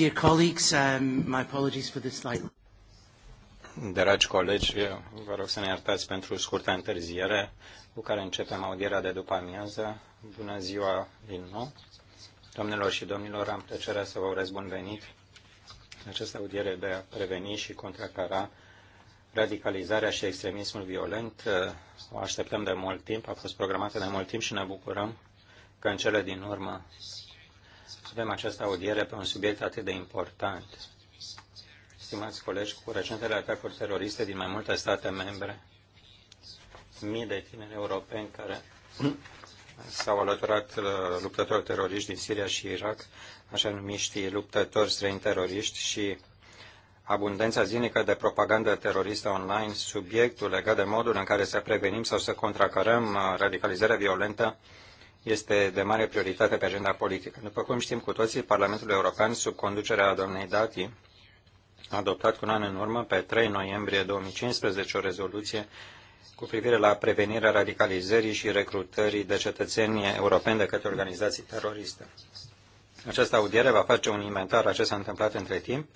Dear colleagues, um, my apologies for slight... Dragi colegi, vă rog să ne iertați pentru scurta întârziere cu care începem audierea de după amiază. Bună ziua din nou! Domnilor și domnilor, am plăcerea să vă urez bun venit în această audiere de a preveni și contracara radicalizarea și extremismul violent. O așteptăm de mult timp, a fost programată de mult timp și ne bucurăm că în cele din urmă să avem această audiere pe un subiect atât de important. Stimați colegi, cu recentele atacuri teroriste din mai multe state membre, mii de tineri europeni care s-au alăturat uh, luptători teroriști din Siria și Irak, așa numiștii luptători străini teroriști și abundența zilnică de propagandă teroristă online, subiectul legat de modul în care să prevenim sau să contracarăm uh, radicalizarea violentă este de mare prioritate pe agenda politică. După cum știm cu toții, Parlamentul European, sub conducerea doamnei Dati, a adoptat cu un an în urmă, pe 3 noiembrie 2015, o rezoluție cu privire la prevenirea radicalizării și recrutării de cetățenii europeni de către organizații teroriste. Această audiere va face un inventar a ce s-a întâmplat între timp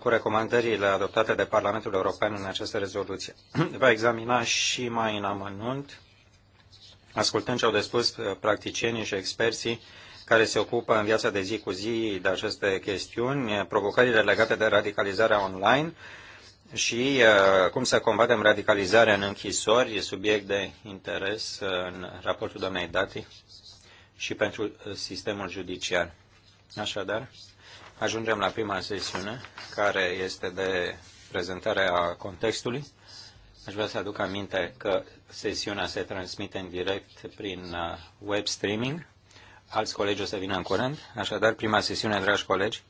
cu recomandările adoptate de Parlamentul European în această rezoluție. Va examina și mai în amănunt Ascultând ce au de spus uh, practicienii și experții care se ocupă în viața de zi cu zi de aceste chestiuni, uh, provocările legate de radicalizarea online și uh, cum să combatem radicalizarea în închisori, e subiect de interes în raportul doamnei Dati și pentru sistemul judiciar. Așadar, ajungem la prima sesiune, care este de prezentare a contextului. Aș vrea să aduc aminte că sesiunea se transmite în direct prin uh, web streaming. Alți colegi o să vină în curând. Așadar, prima sesiune, dragi colegi,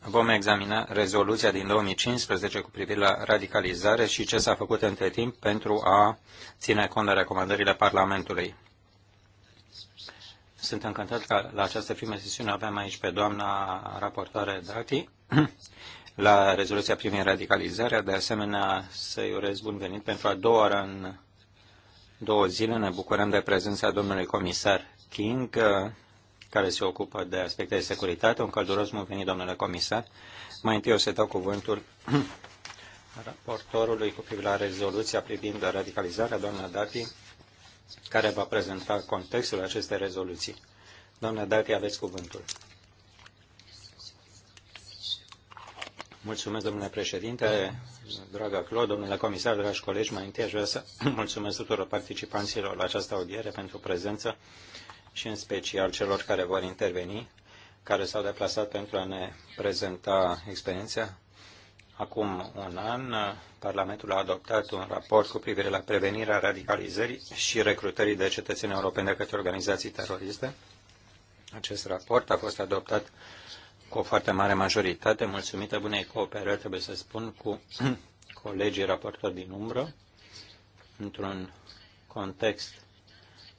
vom examina rezoluția din 2015 cu privire la radicalizare și ce s-a făcut între timp pentru a ține cont de recomandările Parlamentului. Sunt încântat că la această primă sesiune avem aici pe doamna raportoare Dati la rezoluția privind radicalizarea. De asemenea, să-i urez bun venit pentru a doua oară în două zile ne bucurăm de prezența domnului comisar King, uh, care se ocupă de aspecte de securitate. Un călduros bun venit, domnule comisar. Mai întâi o să dau cuvântul raportorului cu privire la rezoluția privind radicalizarea, doamna Dati, care va prezenta contextul acestei rezoluții. Doamna Dati, aveți cuvântul. Mulțumesc, domnule președinte, dragă Claude, domnule comisar, dragi colegi, mai întâi aș vrea să mulțumesc tuturor participanților la această audiere pentru prezență și în special celor care vor interveni, care s-au deplasat pentru a ne prezenta experiența. Acum un an, Parlamentul a adoptat un raport cu privire la prevenirea radicalizării și recrutării de cetățeni europeni de către organizații teroriste. Acest raport a fost adoptat cu o foarte mare majoritate, mulțumită bunei cooperări, trebuie să spun, cu colegii raportori din umbră, într-un context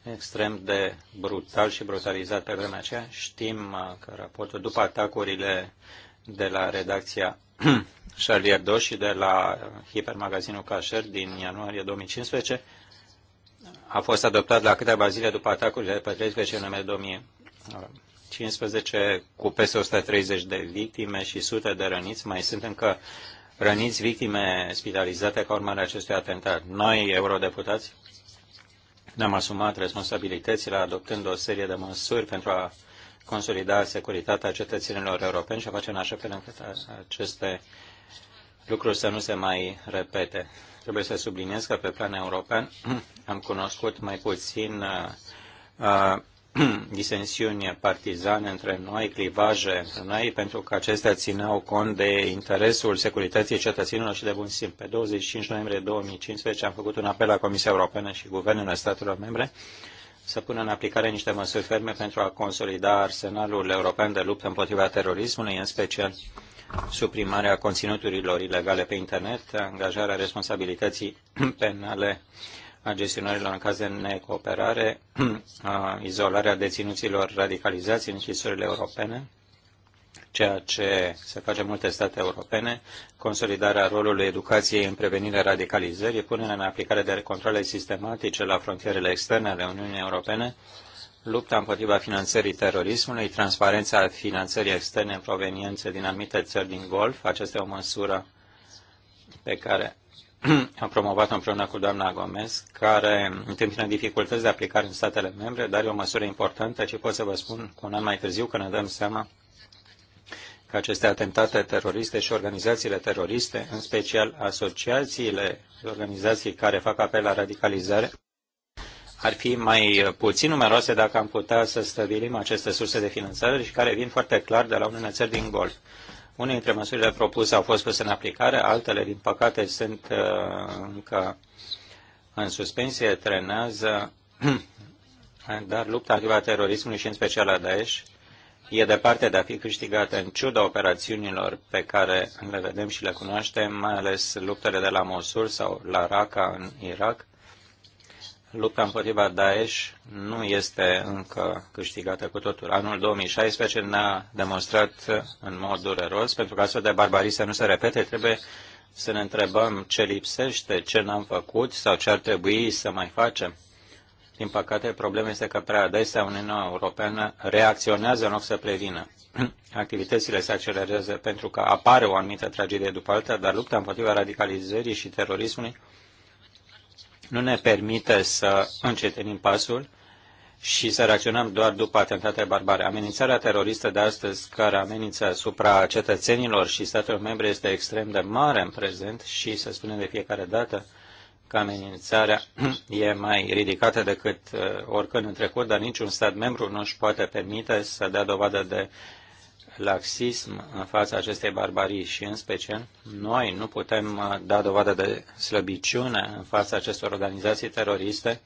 extrem de brutal și brutalizat pe vremea aceea. Știm uh, că raportul, după atacurile de la redacția Charlie Hebdo și de la hipermagazinul Cacher din ianuarie 2015, a fost adoptat la câteva zile după atacurile pe 13 noiembrie 2000 2015 cu peste 130 de victime și sute de răniți. Mai sunt încă răniți victime spitalizate ca urmare a acestui atentat. Noi, eurodeputați, ne-am asumat responsabilitățile adoptând o serie de măsuri pentru a consolida securitatea cetățenilor europeni și a face în așa fel încât aceste lucruri să nu se mai repete. Trebuie să subliniez că pe plan european am cunoscut mai puțin uh, uh disensiuni partizane între noi, clivaje între noi, pentru că acestea țineau cont de interesul securității cetățenilor și de bun simț. Pe 25 noiembrie 2015 am făcut un apel la Comisia Europeană și Guvernele statelor membre să pună în aplicare niște măsuri ferme pentru a consolida arsenalul european de luptă împotriva terorismului, în special suprimarea conținuturilor ilegale pe internet, angajarea responsabilității penale a gestionarilor în caz de necooperare, a izolarea deținuților radicalizați în închisorile europene, ceea ce se face în multe state europene, consolidarea rolului educației în prevenirea radicalizării, punerea în aplicare de controle sistematice la frontierele externe ale Uniunii Europene, lupta împotriva finanțării terorismului, transparența finanțării externe în proveniențe din anumite țări din Golf. Aceasta e o măsură pe care Am promovat împreună cu doamna Gomez, care întâmpină dificultăți de aplicare în statele membre, dar e o măsură importantă și pot să vă spun cu un an mai târziu, când ne dăm seama că aceste atentate teroriste și organizațiile teroriste, în special asociațiile, organizații care fac apel la radicalizare, ar fi mai puțin numeroase dacă am putea să stabilim aceste surse de finanțare și care vin foarte clar de la unele țări din Golf. Unele dintre măsurile propuse au fost puse în aplicare, altele, din păcate, sunt uh, încă în suspensie, trenează, dar lupta împotriva terorismului și în special a Daesh e departe de a fi câștigată în ciuda operațiunilor pe care le vedem și le cunoaștem, mai ales luptele de la Mosul sau la Raqqa în Irak, lupta împotriva Daesh nu este încă câștigată cu totul. Anul 2016 ne-a demonstrat în mod dureros, pentru că astfel de barbarii să nu se repete, trebuie să ne întrebăm ce lipsește, ce n-am făcut sau ce ar trebui să mai facem. Din păcate, problema este că prea adesea Uniunea Europeană reacționează în loc să prevină. Activitățile se accelerează pentru că apare o anumită tragedie după alta, dar lupta împotriva radicalizării și terorismului nu ne permite să încetinim pasul și să reacționăm doar după atentate barbare. Amenințarea teroristă de astăzi, care amenință asupra cetățenilor și statelor membre, este extrem de mare în prezent și, să spunem de fiecare dată, că amenințarea e mai ridicată decât uh, oricând în trecut, dar niciun stat membru nu își poate permite să dea dovadă de laxism în fața acestei barbarii și, în special, noi nu putem uh, da dovadă de slăbiciune în fața acestor organizații teroriste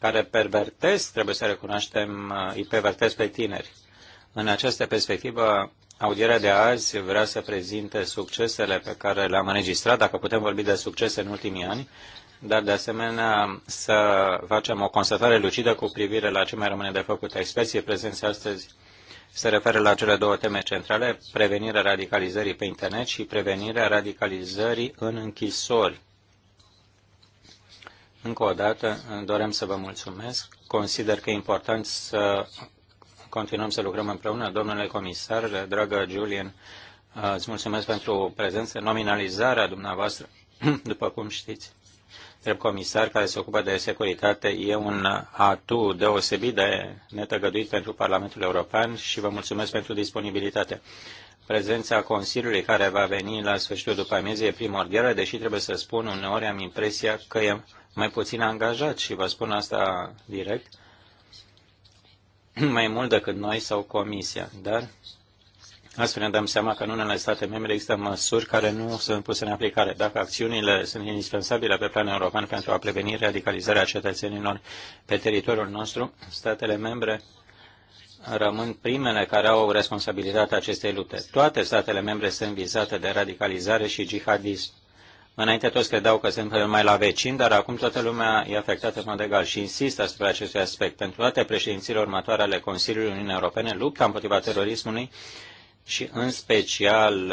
care pervertesc, trebuie să recunoaștem, uh, îi pervertesc pe tineri. În această perspectivă, audierea de azi vrea să prezinte succesele pe care le-am înregistrat, dacă putem vorbi de succese în ultimii ani, dar de asemenea să facem o constatare lucidă cu privire la ce mai rămâne de făcut. Experții prezenți astăzi se referă la cele două teme centrale, prevenirea radicalizării pe internet și prevenirea radicalizării în închisori. Încă o dată, dorem să vă mulțumesc. Consider că e important să continuăm să lucrăm împreună. Domnule comisar, dragă Julian, îți mulțumesc pentru prezență. Nominalizarea dumneavoastră, după cum știți, drept comisar care se ocupă de securitate e un atu deosebit de netăgăduit pentru Parlamentul European și vă mulțumesc pentru disponibilitate. Prezența Consiliului care va veni la sfârșitul după amiezii e primordială, deși trebuie să spun, uneori am impresia că e mai puțin angajat și vă spun asta direct, mai mult decât noi sau Comisia, dar Astfel ne dăm seama că în unele state membre există măsuri care nu sunt puse în aplicare. Dacă acțiunile sunt indispensabile pe plan european pentru a preveni radicalizarea cetățenilor pe teritoriul nostru, statele membre rămân primele care au responsabilitatea acestei lupte. Toate statele membre sunt vizate de radicalizare și jihadism. Înainte toți credeau că sunt mai la vecini, dar acum toată lumea e afectată în mod egal și insist asupra acestui aspect. Pentru toate președințile următoare ale Consiliului Uniunii Europene, lupta împotriva terorismului și în special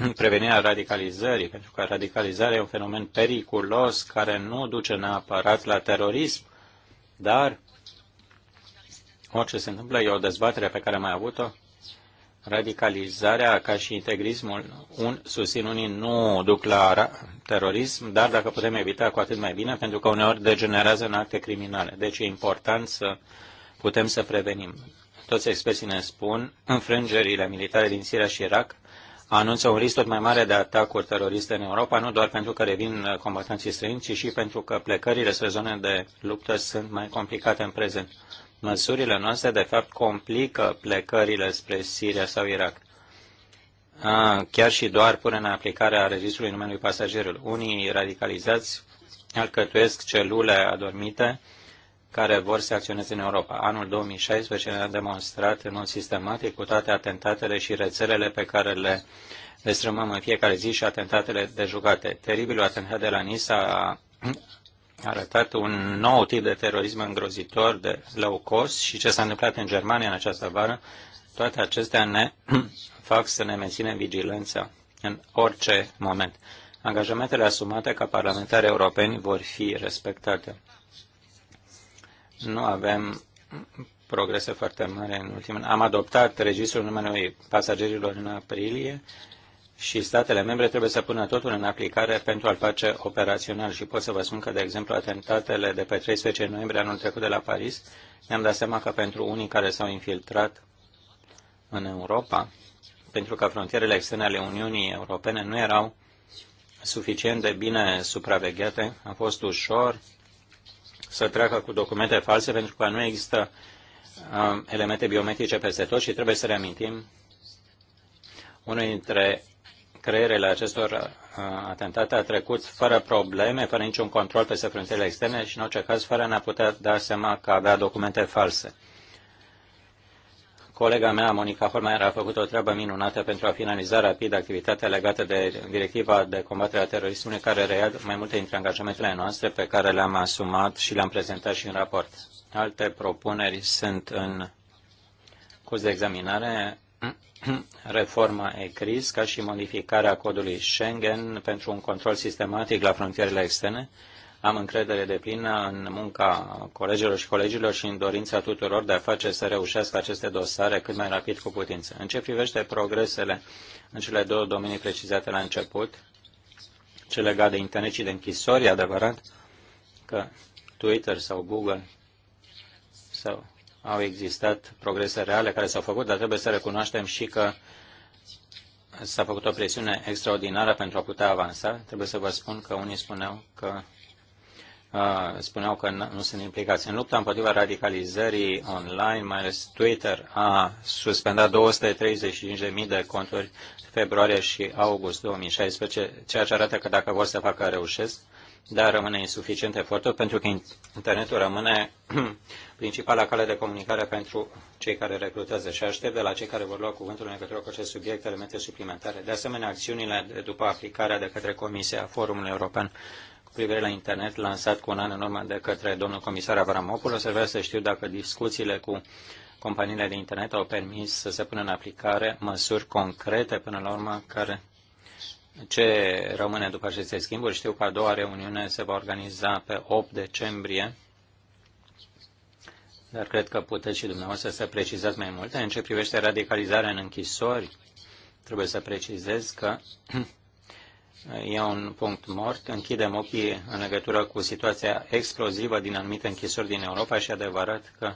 uh, prevenirea radicalizării, pentru că radicalizarea e un fenomen periculos care nu duce neapărat la terorism, dar orice se întâmplă e o dezbatere pe care am mai avut-o. Radicalizarea ca și integrismul un, susțin unii nu duc la terorism, dar dacă putem evita cu atât mai bine, pentru că uneori degenerează în acte criminale. Deci e important să putem să prevenim toți experții ne spun, înfrângerile militare din Siria și Irak anunță un risc tot mai mare de atacuri teroriste în Europa, nu doar pentru că revin uh, combatanții străini, ci și pentru că plecările spre zone de luptă sunt mai complicate în prezent. Măsurile noastre, de fapt, complică plecările spre Siria sau Irak. A, chiar și doar până în aplicarea registrului numelui pasagerului. Unii radicalizați alcătuiesc celule adormite, care vor să acționeze în Europa. Anul 2016 ne-a demonstrat în mod sistematic cu toate atentatele și rețelele pe care le destrămăm în fiecare zi și atentatele de jucate. Teribilul atentat de la Nisa a arătat un nou tip de terorism îngrozitor de low cost și ce s-a întâmplat în Germania în această vară, toate acestea ne fac să ne menținem vigilența în orice moment. Angajamentele asumate ca parlamentari europeni vor fi respectate nu avem progrese foarte mari în ultimul Am adoptat registrul numelui pasagerilor în aprilie și statele membre trebuie să pună totul în aplicare pentru a-l face operațional. Și pot să vă spun că, de exemplu, atentatele de pe 13 noiembrie anul trecut de la Paris, ne-am dat seama că pentru unii care s-au infiltrat în Europa, pentru că frontierele externe ale Uniunii Europene nu erau suficient de bine supravegheate, a fost ușor să treacă cu documente false pentru că nu există uh, elemente biometrice peste tot și trebuie să reamintim unul dintre creierele acestor uh, atentate a trecut fără probleme, fără niciun control peste frontierele externe și, în orice caz, fără a ne putea da seama că avea documente false. Colega mea, Monica Holmeier, a făcut o treabă minunată pentru a finaliza rapid activitatea legată de directiva de combatere a terorismului, care reia mai multe dintre angajamentele noastre pe care le-am asumat și le-am prezentat și în raport. Alte propuneri sunt în curs de examinare, reforma ECRIS, ca și modificarea codului Schengen pentru un control sistematic la frontierele externe, am încredere de plină în munca colegilor și colegilor și în dorința tuturor de a face să reușească aceste dosare cât mai rapid cu putință. În ce privește progresele în cele două domenii precizate la început, ce legat de internet și de închisori, e adevărat că Twitter sau Google sau au existat progrese reale care s-au făcut, dar trebuie să recunoaștem și că s-a făcut o presiune extraordinară pentru a putea avansa. Trebuie să vă spun că unii spuneau că spuneau că nu sunt implicați. În lupta împotriva radicalizării online, mai ales Twitter a suspendat 235.000 de conturi februarie și august 2016, ceea ce arată că dacă vor să facă reușesc, dar rămâne insuficient efortul pentru că internetul rămâne principala cale de comunicare pentru cei care recrutează și aștept de la cei care vor lua cuvântul în legătură cu acest subiect elemente suplimentare. De asemenea, acțiunile după aplicarea de către Comisia Forumului European privire la internet lansat cu un an în urmă de către domnul comisar Avramopoulos. Aș vrea să știu dacă discuțiile cu companiile de internet au permis să se pună în aplicare măsuri concrete până la urmă care ce rămâne după aceste schimburi. Știu că a doua reuniune se va organiza pe 8 decembrie, dar cred că puteți și dumneavoastră să precizați mai multe. În ce privește radicalizarea în închisori, trebuie să precizez că e un punct mort. Închidem ochii în legătură cu situația explozivă din anumite închisori din Europa și adevărat că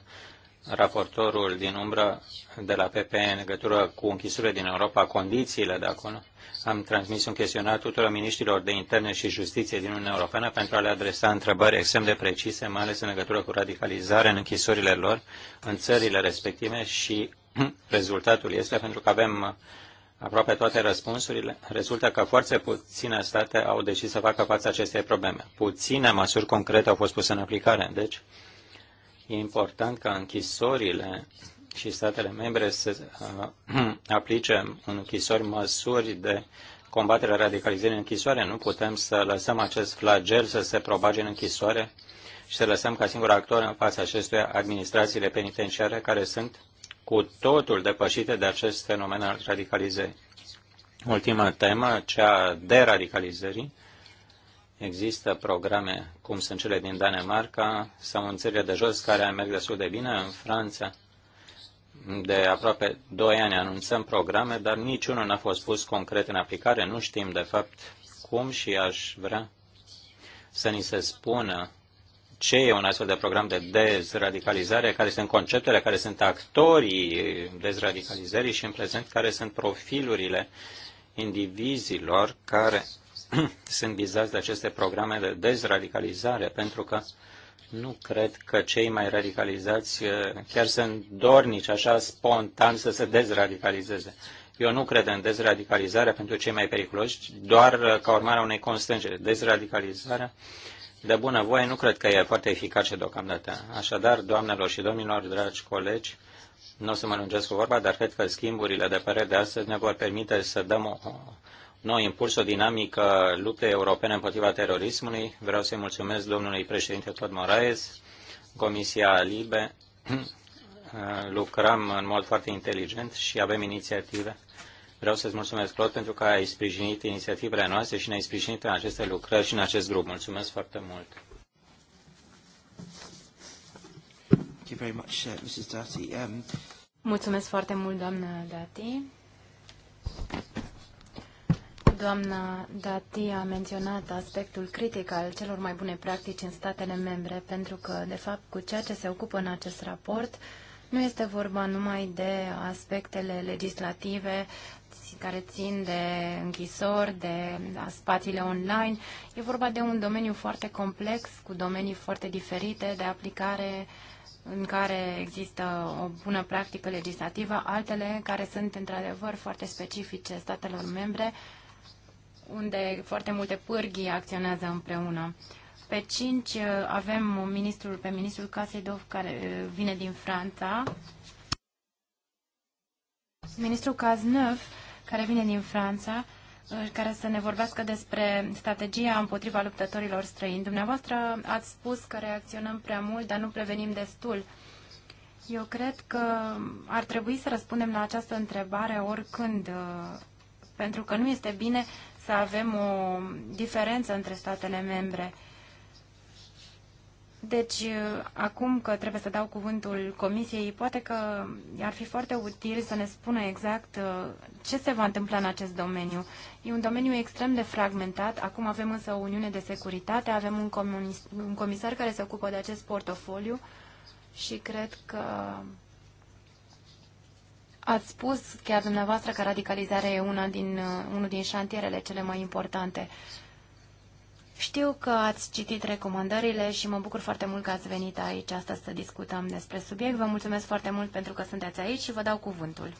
raportorul din umbră de la PP în legătură cu închisurile din Europa, condițiile de acolo. Am transmis un chestionar tuturor miniștrilor de interne și justiție din Uniunea Europeană pentru a le adresa întrebări extrem de precise, mai ales în legătură cu radicalizarea în închisorile lor, în țările respective și rezultatul este pentru că avem aproape toate răspunsurile, rezultă că foarte puține state au decis să facă față acestei probleme. Puține măsuri concrete au fost puse în aplicare, deci e important ca închisorile și statele membre să uh, aplice în închisori măsuri de combaterea radicalizării în închisoare. Nu putem să lăsăm acest flagel să se propage în închisoare și să lăsăm ca singur actor în fața acestuia administrațiile penitenciare care sunt cu totul depășite de acest fenomen al radicalizării. Ultima temă, cea de radicalizării. Există programe, cum sunt cele din Danemarca sau în țările de jos, care merg destul de bine. În Franța, de aproape 2 ani anunțăm programe, dar niciunul n-a fost pus concret în aplicare. Nu știm, de fapt, cum și aș vrea să ni se spună ce e un astfel de program de dezradicalizare, care sunt conceptele, care sunt actorii dezradicalizării și în prezent care sunt profilurile indivizilor care sunt vizați de aceste programe de dezradicalizare, pentru că nu cred că cei mai radicalizați eh, chiar sunt dornici așa spontan să se dezradicalizeze. Eu nu cred în dezradicalizarea pentru cei mai periculoși, doar eh, ca urmare a unei constrângeri. Dezradicalizarea uh, de voie, nu cred că e foarte eficace deocamdată. Așadar, doamnelor și domnilor, dragi colegi, nu o să mă lungesc cu vorba, dar cred că schimburile de părere de astăzi ne vor permite să dăm o, nou impuls, o dinamică luptei europene împotriva terorismului. Vreau să-i mulțumesc domnului președinte Todd Moraes, Comisia Libe. Lucrăm în mod foarte inteligent și avem inițiative Vreau să-ți mulțumesc, Claude, pentru că ai sprijinit inițiativele noastre și ne-ai sprijinit în aceste lucrări și în acest grup. Mulțumesc foarte mult! Uh, um, mulțumesc foarte mult, doamna Dati. Doamna Dati a menționat aspectul critic al celor mai bune practici în statele membre, pentru că, de fapt, cu ceea ce se ocupă în acest raport, nu este vorba numai de aspectele legislative care țin de închisori, de da, spațiile online. E vorba de un domeniu foarte complex, cu domenii foarte diferite de aplicare în care există o bună practică legislativă, altele care sunt într-adevăr foarte specifice statelor membre, unde foarte multe pârghii acționează împreună. Pe 5 avem ministrul, pe ministrul Casedov care uh, vine din Franța. Ministrul Cazneuf, care vine din Franța, uh, care să ne vorbească despre strategia împotriva luptătorilor străini. Dumneavoastră ați spus că reacționăm prea mult, dar nu prevenim destul. Eu cred că ar trebui să răspundem la această întrebare oricând, uh, pentru că nu este bine să avem o diferență între statele membre. Deci, uh, acum că trebuie să dau cuvântul Comisiei, poate că ar fi foarte util să ne spună exact uh, ce se va întâmpla în acest domeniu. E un domeniu extrem de fragmentat, acum avem însă o Uniune de Securitate, avem un, comis un comisar care se ocupă de acest portofoliu și cred că ați spus chiar dumneavoastră că radicalizarea e una din, uh, unul din șantierele cele mai importante. Uh, știu că ați citit recomandările și mă bucur foarte mult că ați venit aici astăzi să discutăm despre subiect. Vă mulțumesc foarte mult pentru că sunteți aici și vă dau cuvântul.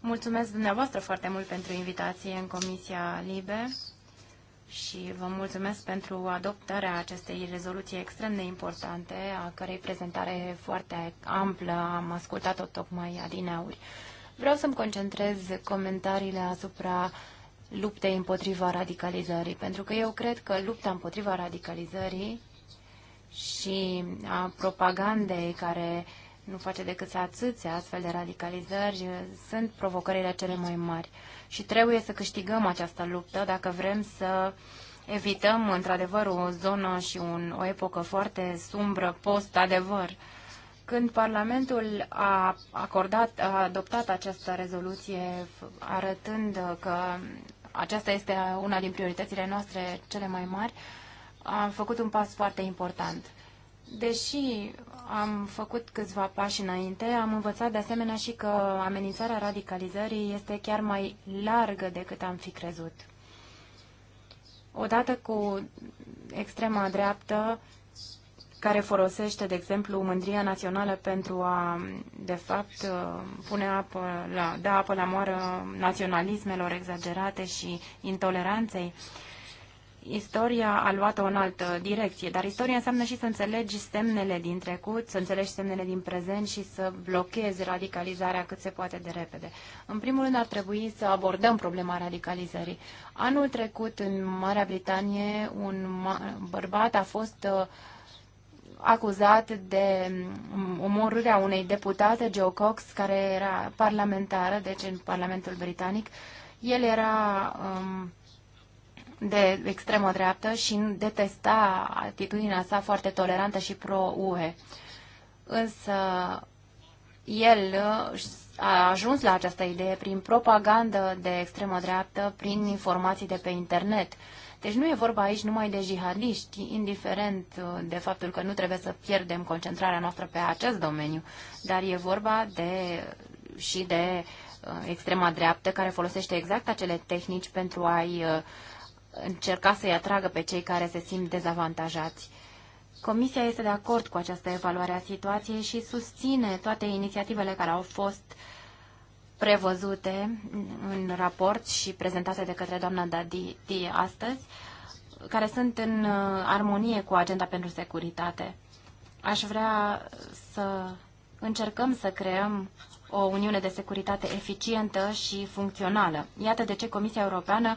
Mulțumesc dumneavoastră foarte mult pentru invitație în Comisia Libe și vă mulțumesc pentru adoptarea acestei rezoluții extrem de importante, a cărei prezentare foarte amplă am ascultat-o tocmai adineauri. Vreau să-mi concentrez comentariile asupra uh, luptei împotriva radicalizării, pentru că eu cred că lupta împotriva radicalizării și a propagandei care nu face decât să atâțe astfel de radicalizări sunt provocările cele mai mari. Și trebuie să câștigăm această luptă dacă vrem să evităm într-adevăr o zonă și un, o epocă foarte sumbră post-adevăr. Când Parlamentul a, acordat, a adoptat această rezoluție arătând că aceasta este una din prioritățile noastre cele mai mari, am făcut un pas foarte important. Deși am făcut câțiva pași înainte, am învățat de asemenea și că amenințarea radicalizării este chiar mai largă decât am fi crezut. Odată cu extrema dreaptă, care folosește, de exemplu, mândria națională pentru a, de fapt, uh, pune apă la, da apă la moară naționalismelor exagerate și intoleranței. Istoria a luat-o în altă direcție, dar istoria înseamnă și să înțelegi semnele din trecut, să înțelegi semnele din prezent și să blochezi radicalizarea cât se poate de repede. În primul rând ar trebui să abordăm problema radicalizării. Anul trecut, în Marea Britanie, un bărbat a fost uh, acuzat de omorârea unei deputate, Joe Cox, care era parlamentară, deci în Parlamentul Britanic. El era um, de extremă dreaptă și detesta atitudinea sa foarte tolerantă și pro-UE. Însă el uh, a ajuns la această idee prin propagandă de extremă dreaptă, prin informații de pe internet. Uh, deci nu e vorba aici numai de jihadiști, indiferent uh, de faptul că nu trebuie să pierdem concentrarea noastră pe acest domeniu, dar e vorba de, și de uh, extrema dreaptă care folosește exact acele tehnici pentru a-i uh, încerca să-i atragă pe cei care se simt dezavantajați. Comisia este de acord cu această evaluare a situației și susține toate inițiativele care au fost uh, prevăzute în raport și prezentate de către doamna Dadi astăzi, care sunt în uh, armonie cu agenda pentru securitate. Aș vrea să încercăm să creăm o uniune de securitate eficientă și funcțională. Iată de ce Comisia Europeană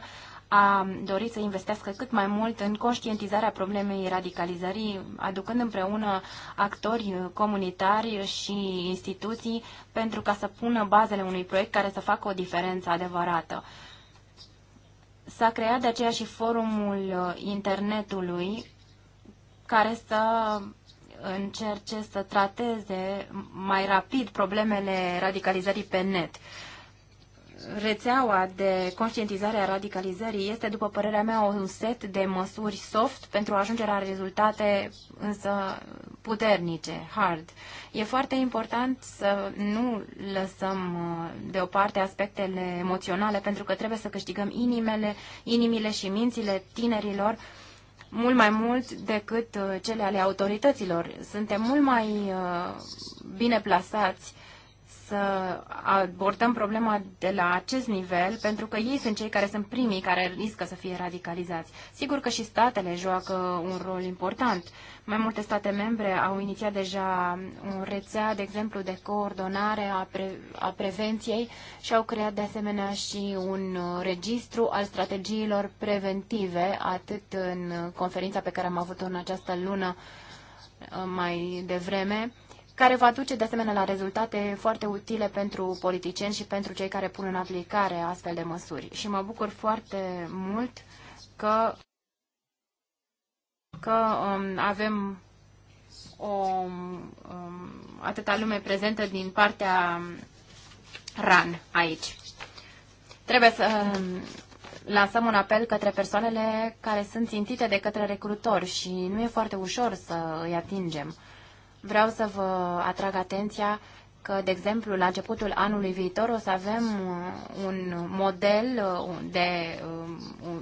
a dorit să investească cât mai mult în conștientizarea problemei radicalizării, aducând împreună actori comunitari și instituții pentru ca să pună bazele unui proiect care să facă o diferență adevărată. S-a creat de aceea și forumul internetului care să încerce să trateze mai rapid problemele radicalizării pe net. Uh, rețeaua de conștientizare a radicalizării este, după părerea mea, un set de măsuri soft pentru ajungerea la rezultate însă puternice, hard. E foarte important să nu lăsăm uh, deoparte aspectele emoționale pentru că trebuie să câștigăm inimele, inimile și mințile tinerilor mult mai mult decât uh, cele ale autorităților. Suntem mult mai uh, bine plasați să abordăm problema de la acest nivel, pentru că ei sunt cei care sunt primii care riscă să fie radicalizați. Sigur că și statele joacă un rol important. Mai multe state membre au inițiat deja un rețea, de exemplu, de coordonare a, pre a prevenției și au creat de asemenea și un registru al strategiilor preventive, atât în conferința pe care am avut-o în această lună uh, mai devreme, care va duce de asemenea la rezultate foarte utile pentru politicieni și pentru cei care pun în aplicare astfel de măsuri. Și mă bucur foarte mult că, că um, avem o, um, atâta lume prezentă din partea um, RAN aici. Trebuie să um, lansăm un apel către persoanele care sunt țintite de către recrutori și nu e foarte ușor să îi atingem. Vreau să vă atrag atenția că, de exemplu, la începutul anului viitor o să avem uh, un model uh, de, uh,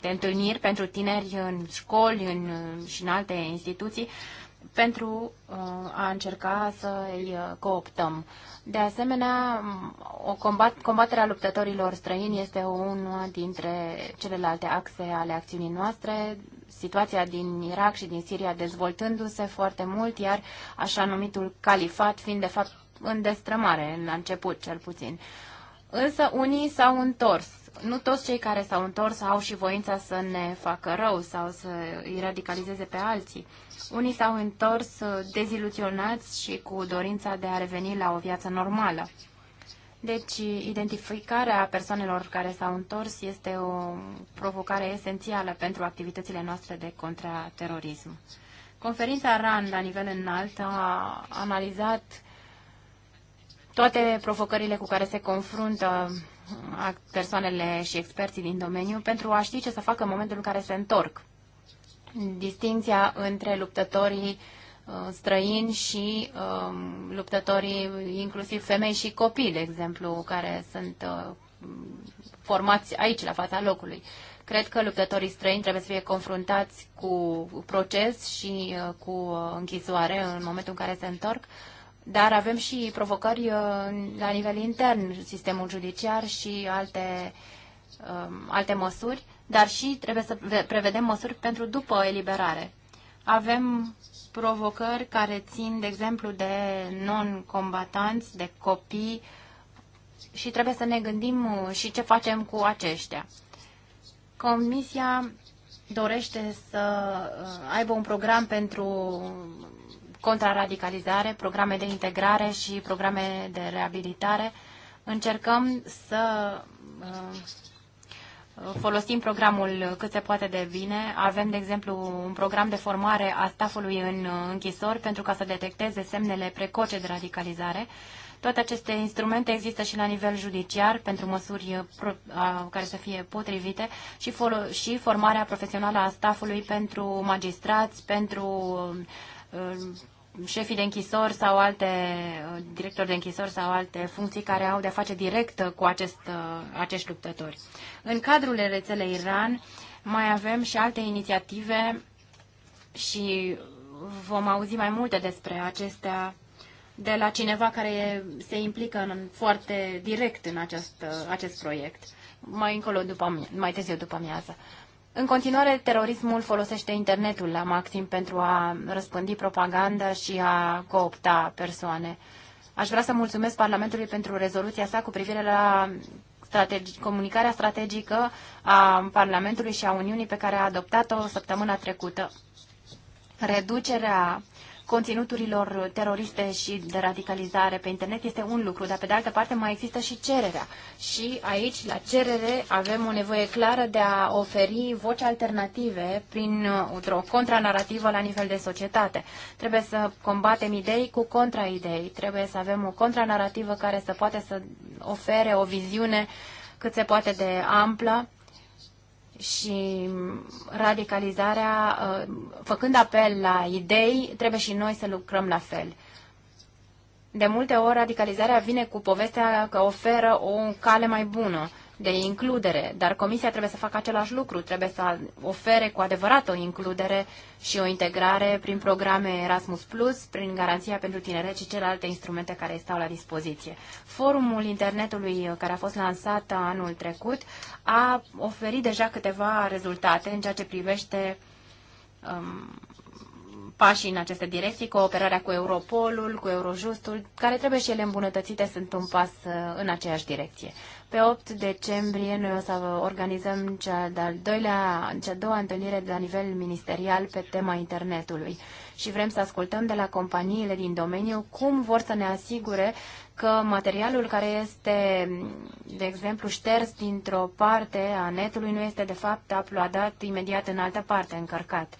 de întâlniri pentru tineri în școli în, și în alte instituții pentru a încerca să îi cooptăm. De asemenea, o combat, combaterea luptătorilor străini este una dintre celelalte axe ale acțiunii noastre situația din Irak și din Siria dezvoltându-se foarte mult, iar așa numitul califat fiind de fapt în destrămare, în început cel puțin. Însă unii s-au întors. Nu toți cei care s-au întors au și voința să ne facă rău sau să îi radicalizeze pe alții. Unii s-au întors uh, deziluționați și cu dorința de a reveni la o viață normală. Deci, identificarea persoanelor care s-au întors este o provocare esențială pentru activitățile noastre de contraterorism. Conferința RAN la nivel înalt a analizat toate provocările cu care se confruntă persoanele și experții din domeniu pentru a ști ce să facă în momentul în care se întorc. Distinția între luptătorii uh, Uh, străini și um, luptătorii, inclusiv femei și copii, de exemplu, care sunt uh, formați aici, la fața locului. Cred că luptătorii străini trebuie să fie confruntați cu proces și uh, cu uh, închisoare în momentul în care se întorc, dar avem și provocări uh, la nivel intern, sistemul judiciar și alte, um, alte măsuri, dar și trebuie să prevedem măsuri pentru după eliberare. Avem provocări care țin, de exemplu, de non-combatanți, de copii și trebuie să ne gândim uh, și ce facem cu aceștia. Comisia dorește să uh, aibă un program pentru contraradicalizare, programe de integrare și programe de reabilitare. Încercăm să uh, folosim programul cât se poate de bine. Avem, de exemplu, un program de formare a stafului în închisori pentru ca să detecteze semnele precoce de radicalizare. Toate aceste instrumente există și la nivel judiciar pentru măsuri care să fie potrivite și, și formarea profesională a stafului pentru magistrați, pentru um, șefii de închisori sau alte uh, directori de închisori sau alte funcții care au de-a face direct uh, cu acest, uh, acești luptători. În cadrul rețelei Iran mai avem și alte inițiative și vom auzi mai multe despre acestea de la cineva care se implică în, foarte direct în acest, acest proiect. Mai încolo, după, mai târziu după amiază. În continuare, terorismul folosește internetul la maxim pentru a răspândi propaganda și a coopta persoane. Aș vrea să mulțumesc Parlamentului pentru rezoluția sa cu privire la strategi- comunicarea strategică a Parlamentului și a Uniunii pe care a adoptat-o săptămâna trecută. Reducerea conținuturilor teroriste și de radicalizare pe internet este un lucru, dar pe de altă parte mai există și cererea. Și aici, la cerere, avem o nevoie clară de a oferi voci alternative prin uh, o contranarativă la nivel de societate. Trebuie să combatem idei cu contraidei, trebuie să avem o contranarativă care să poate să ofere o viziune cât se poate de amplă și radicalizarea, uh, făcând apel la idei, trebuie și noi să lucrăm la fel. De multe ori, radicalizarea vine cu povestea că oferă o cale mai bună de includere, dar Comisia trebuie să facă același lucru, trebuie să ofere cu adevărat o includere și o integrare prin programe Erasmus+, Plus, prin garanția pentru tineret și celelalte instrumente care stau la dispoziție. Forumul internetului uh, care a fost lansat anul trecut a oferit deja câteva rezultate în ceea ce privește um, pașii în aceste direcții, cooperarea cu Europolul, cu Eurojustul, care trebuie și ele îmbunătățite, sunt un pas uh, în aceeași direcție. Pe 8 decembrie noi o să organizăm cea de al doilea, cea doua întâlnire de la nivel ministerial pe tema internetului și vrem să ascultăm de la companiile din domeniu cum vor să ne asigure că materialul care este, de exemplu, șters dintr-o parte a netului nu este, de fapt, uploadat imediat în altă parte, încărcat.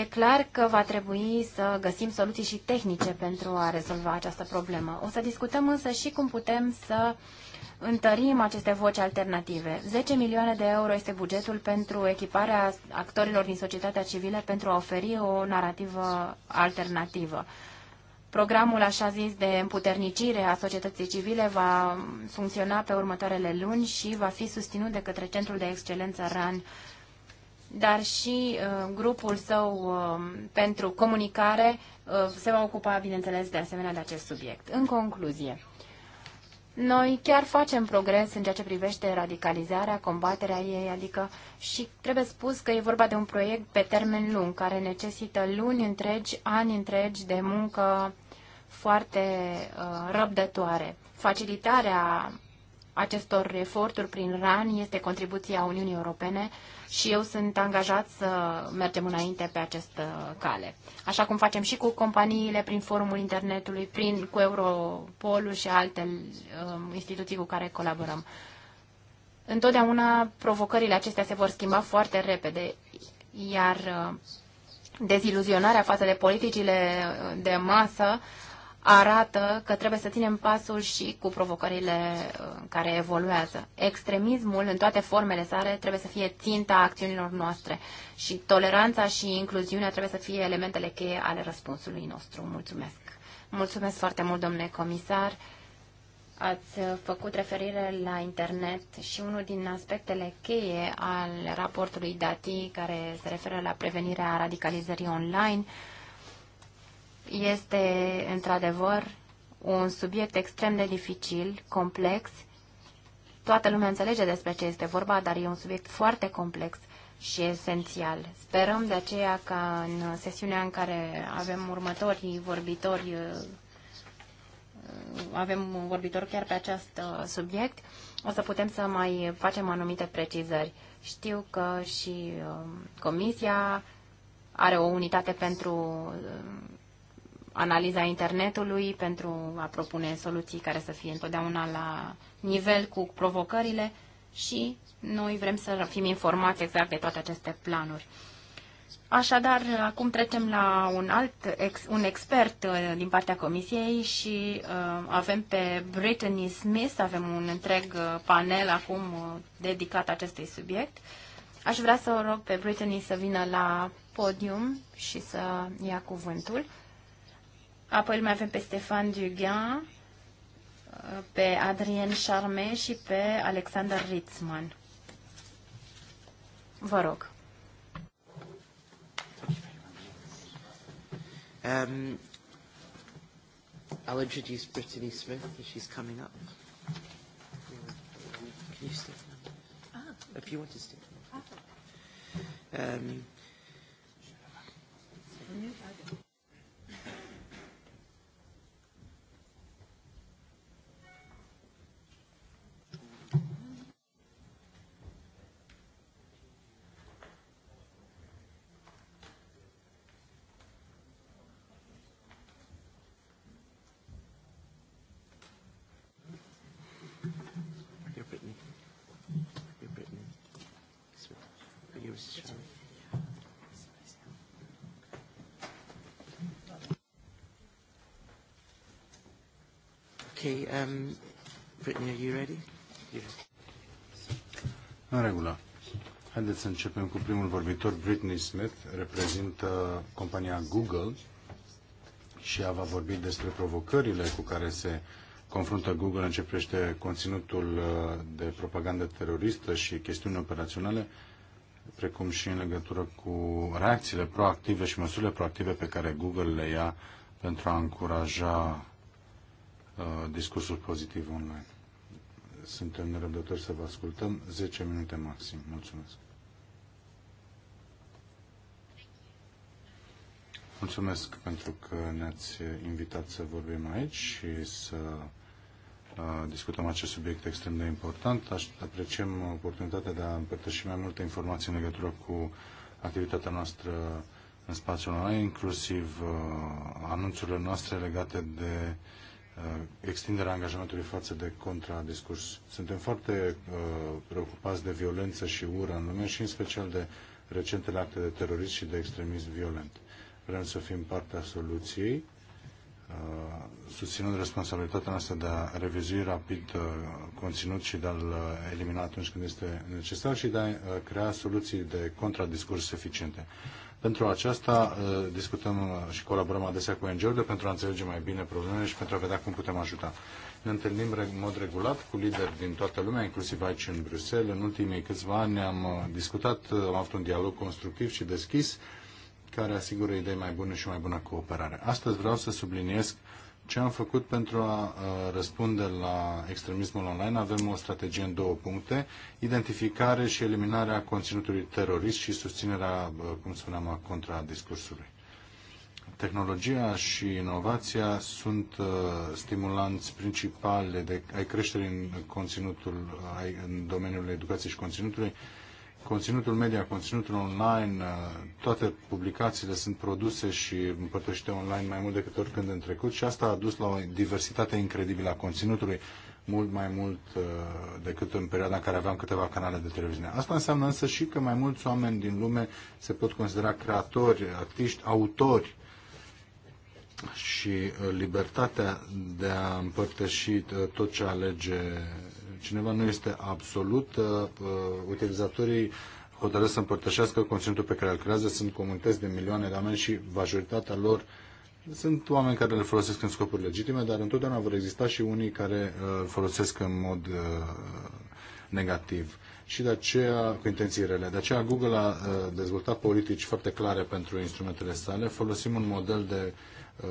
E clar că va trebui să găsim soluții și tehnice pentru a rezolva această problemă. O să discutăm însă și cum putem să uh, întărim aceste voci alternative. 10 milioane de euro este bugetul pentru echiparea actorilor din societatea civilă pentru a oferi o narrativă alternativă. Programul, așa zis, de împuternicire a societății civile va funcționa pe următoarele luni și va fi susținut de către Centrul de Excelență RAN, dar și uh, grupul său uh, pentru comunicare uh, se va ocupa, bineînțeles, de asemenea de acest subiect. În concluzie, noi chiar facem progres în ceea ce privește radicalizarea, combaterea ei, adică și trebuie spus că e vorba de un proiect pe termen lung, care necesită luni întregi, ani întregi de muncă foarte uh, răbdătoare. Facilitarea acestor eforturi prin RAN este contribuția Uniunii Europene și eu sunt angajat să mergem înainte pe această cale. Așa cum facem și cu companiile prin forumul internetului, prin, cu Europolul și alte um, instituții cu care colaborăm. Întotdeauna provocările acestea se vor schimba foarte repede, iar uh, deziluzionarea față de politicile de masă arată că trebuie să ținem pasul și cu provocările uh, care evoluează. Extremismul, în toate formele sale, trebuie să fie ținta acțiunilor noastre și toleranța și incluziunea trebuie să fie elementele cheie ale răspunsului nostru. Mulțumesc! Mulțumesc foarte mult, domnule comisar! Ați uh, făcut referire la internet și unul din aspectele cheie al raportului DATI, care se referă la prevenirea radicalizării online, este într-adevăr un subiect extrem de dificil, complex. Toată lumea înțelege despre ce este vorba, dar e un subiect foarte complex și esențial. Sperăm de aceea ca în sesiunea în care avem următorii vorbitori, uh, avem un vorbitor chiar pe acest uh, subiect, o să putem să mai facem anumite precizări. Știu că și uh, Comisia are o unitate pentru analiza internetului pentru a propune soluții care să fie întotdeauna la nivel cu provocările și noi vrem să fim informați exact de toate aceste planuri. Așadar, acum trecem la un alt ex, un expert uh, din partea comisiei și uh, avem pe Brittany Smith, avem un întreg uh, panel acum uh, dedicat acestui subiect. Aș vrea să o rog pe Brittany să vină la podium și să ia cuvântul. Apoi îl mai avem pe Stefan Dugan, pe Adrien Charme și pe Alexander Ritzman. Vă rog. Um, I'll introduce Brittany Smith as she's coming up. Can you stay? Ah. If you want to stay. Um, Okay, um, Brittany, are you ready? Yeah. În regulă. Haideți să începem cu primul vorbitor. Britney Smith reprezintă compania Google și ea va vorbi despre provocările cu care se confruntă Google în ce privește conținutul uh, de propagandă teroristă și chestiuni operaționale, precum și în legătură cu reacțiile proactive și măsurile proactive pe care Google le ia pentru a încuraja Uh, Discursul pozitiv online. Suntem nerăbdători să vă ascultăm. 10 minute maxim. Mulțumesc. Mulțumesc pentru că ne-ați invitat să vorbim aici și să uh, discutăm acest subiect extrem de important. Aș apreciem oportunitatea de a împărtăși mai multe informații în legătură cu activitatea noastră în spațiul online, inclusiv uh, anunțurile noastre legate de uh, Uh, extinderea angajamentului față de contradiscurs. Suntem foarte uh, preocupați de violență și ură în lume și în special de recentele acte de terorism și de extremism violent. Vrem să fim partea soluției, uh, susținând responsabilitatea noastră de a revizui rapid uh, conținut și de a-l uh, elimina atunci când este necesar și de a uh, crea soluții de contradiscurs eficiente. Pentru aceasta uh, discutăm și colaborăm adesea cu NGO-urile pentru a înțelege mai bine problemele și pentru a vedea cum putem ajuta. Ne întâlnim în mod regulat cu lideri din toată lumea, inclusiv aici în Bruxelles. În ultimii câțiva ani am uh, discutat, uh, am avut un dialog constructiv și deschis care asigură idei mai bune și mai bună cooperare. Astăzi vreau să subliniez ce am făcut pentru a răspunde la extremismul online. Avem o strategie în două puncte, identificare și eliminarea conținutului terorist și susținerea, cum spuneam, a contradiscursului. Tehnologia și inovația sunt uh, stimulanți principale de, ai creșterii în, conținutul, ai, în domeniul educației și conținutului, uh, conținutul media, conținutul online, uh, toate publicațiile sunt produse și împărtășite online mai mult decât oricând în trecut și asta a dus la o diversitate incredibilă a conținutului, mult mai mult uh, decât în perioada în care aveam câteva canale de televiziune. Asta înseamnă însă și că mai mulți oameni din lume se pot considera creatori, artiști, autori și uh, libertatea de a împărtăși tot ce alege cineva nu este absolut, uh, uh, utilizatorii hotărăsc să împărtășească conținutul pe care îl creează, sunt comunități de milioane de oameni și majoritatea lor sunt oameni care le folosesc în scopuri legitime, dar întotdeauna vor exista și unii care uh, îl folosesc în mod negativ și de aceea, cu intențiile, De aceea Google a uh, dezvoltat politici foarte clare pentru instrumentele sale. Folosim un model de uh,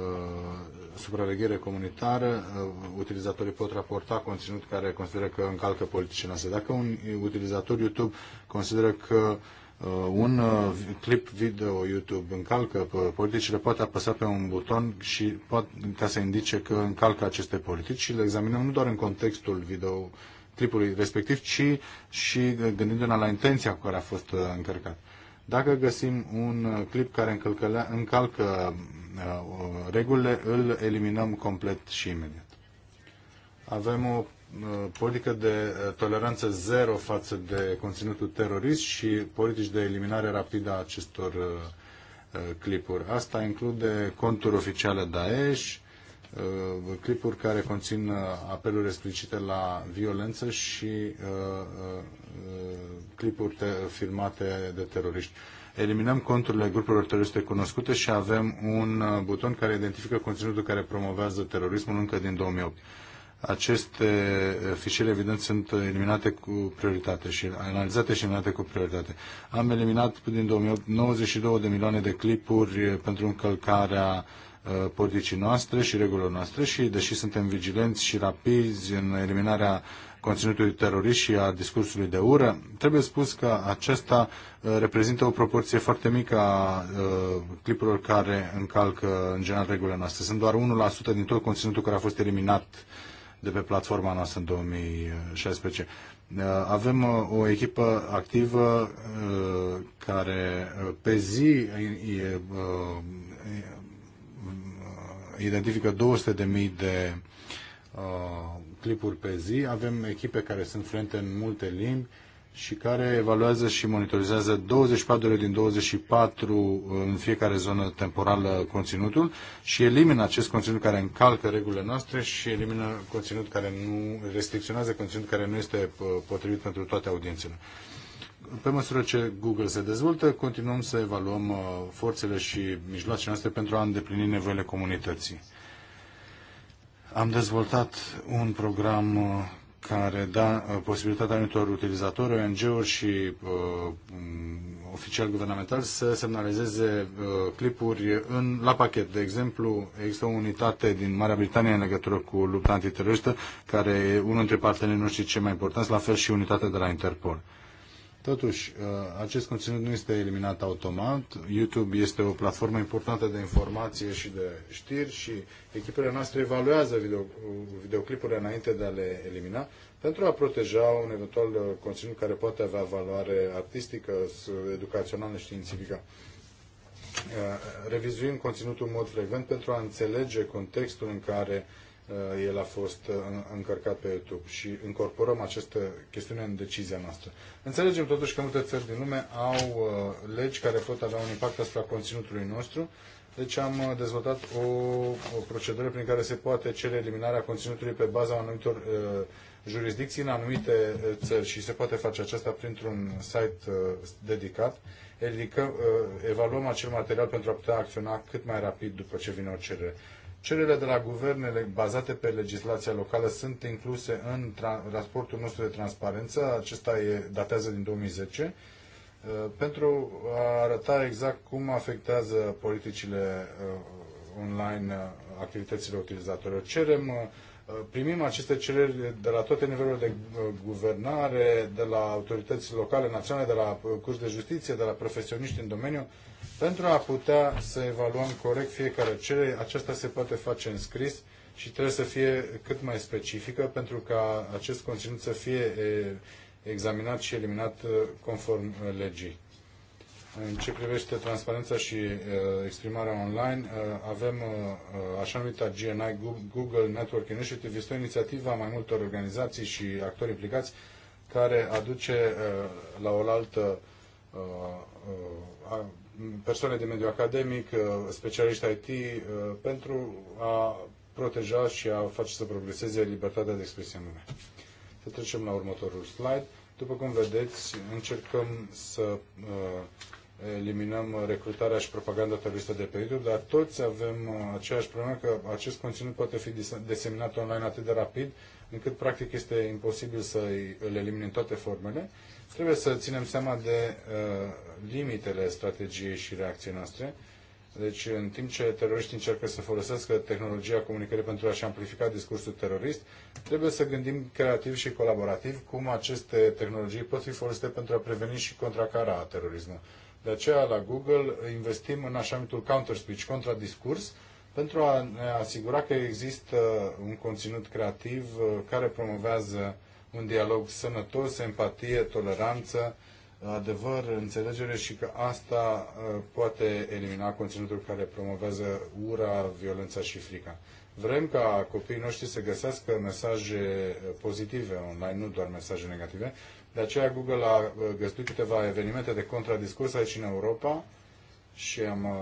supraveghere comunitară. Uh, utilizatorii pot raporta conținut care consideră că încalcă politicile noastre. Dacă un utilizator YouTube consideră că uh, un uh, clip video YouTube încalcă uh, politicile, poate apăsa pe un buton și poate, ca să indice că încalcă aceste politici și le examinăm nu doar în contextul video tripului respectiv, ci și gândindu-ne la intenția cu care a fost uh, încărcat. Dacă găsim un uh, clip care încalcă uh, regulile, îl eliminăm complet și imediat. Avem o politică de toleranță zero față de conținutul terorist și politici de eliminare rapidă a acestor clipuri. Asta include conturi oficiale Daesh, Uh, clipuri care conțin uh, apeluri explicite la violență și uh, clipuri filmate de teroriști. Eliminăm conturile grupurilor teroriste cunoscute și avem un buton care identifică conținutul care promovează terorismul încă din 2008. Aceste fișiere, evident, sunt eliminate cu prioritate și analizate și eliminate cu prioritate. Am eliminat din 2008 92 de milioane de clipuri pentru încălcarea uh, Uh, politicii noastre și regulilor noastre și, deși suntem vigilenți și rapizi în eliminarea conținutului terorist și a discursului de ură, trebuie spus că acesta uh, reprezintă o proporție foarte mică a uh, clipurilor care încalcă în general regulile noastre. Sunt doar 1% din tot conținutul care a fost eliminat de pe platforma noastră în 2016. Avem o echipă activă care pe zi identifică 200.000 de uh, clipuri pe zi. Avem echipe care sunt fluente în multe limbi și care evaluează și monitorizează 24 ore din 24 uh, în fiecare zonă temporală conținutul și elimină acest conținut care încalcă regulile noastre și elimină conținut care nu restricționează conținut care nu este uh, potrivit pentru toate audiențele pe măsură ce Google se dezvoltă, continuăm să evaluăm uh, forțele și mijloacele noastre pentru a îndeplini nevoile comunității. Am dezvoltat un program uh, care dă da, uh, posibilitatea anumitor utilizatori, ONG-uri și uh, oficial guvernamental să semnalizeze uh, clipuri în, la pachet. De exemplu, există o unitate din Marea Britanie în legătură cu lupta antiteroristă, care e unul dintre partenerii noștri cei mai importanți, la fel și unitatea de la Interpol. Totuși, uh, acest conținut nu este eliminat automat. YouTube este o platformă importantă de informație și de știri și echipele noastre evaluează video, videoclipurile înainte de a le elimina pentru a proteja un eventual uh, conținut care poate avea valoare artistică, educațională, științifică. Uh, revizuim conținutul în mod frecvent pentru a înțelege contextul în care uh, Uh, el a fost uh, încărcat pe YouTube și incorporăm această chestiune în decizia noastră. Înțelegem totuși că multe țări din lume au uh, legi care pot avea un impact asupra conținutului nostru, deci am dezvoltat o, o procedură prin care se poate cere eliminarea conținutului pe baza anumitor uh, jurisdicții în anumite țări și se poate face aceasta printr-un site uh, dedicat. Adică uh, evaluăm acel material pentru a putea acționa cât mai rapid după ce vine o cerere. Cererile de la guvernele bazate pe legislația locală sunt incluse în raportul nostru de transparență, acesta e, datează din 2010, uh, pentru a arăta exact cum afectează politicile uh, online uh, activitățile utilizatorilor. Cerem, primim aceste cereri de la toate nivelurile de guvernare, de la autorități locale, naționale, de la curs de justiție, de la profesioniști în domeniu, pentru a putea să evaluăm corect fiecare cerere, aceasta se poate face în scris și trebuie să fie cât mai specifică pentru ca acest conținut să fie examinat și eliminat conform legii. În ce privește transparența și uh, exprimarea online, uh, avem uh, așa numita GNI, Google Network Initiative, este o inițiativă a mai multor organizații și actori implicați care aduce uh, la oaltă uh, uh, persoane de mediu academic, uh, specialiști IT, uh, pentru a proteja și a face să progreseze libertatea de expresie în lume. Să trecem la următorul slide. După cum vedeți, încercăm să uh, eliminăm recrutarea și propaganda teroristă de pe YouTube, dar toți avem uh, aceeași problemă că acest conținut poate fi diseminat online atât de rapid, încât practic este imposibil să îl în toate formele Trebuie să ținem seama de uh, limitele strategiei și reacției noastre. Deci, în timp ce teroriștii încearcă să folosească tehnologia comunicării pentru a-și amplifica discursul terorist, trebuie să gândim creativ și colaborativ cum aceste tehnologii pot fi folosite pentru a preveni și contracara terorismul. De aceea, la Google, investim în așa numitul counter speech, contradiscurs, pentru a ne asigura că există un conținut creativ uh, care promovează un dialog sănătos, empatie, toleranță, adevăr, înțelegere și că asta uh, poate elimina conținutul care promovează ura, violența și frica. Vrem ca copiii noștri să găsească mesaje uh, pozitive online, nu doar mesaje negative. De aceea Google a uh, găsit câteva evenimente de contradiscurs aici în Europa, și am uh,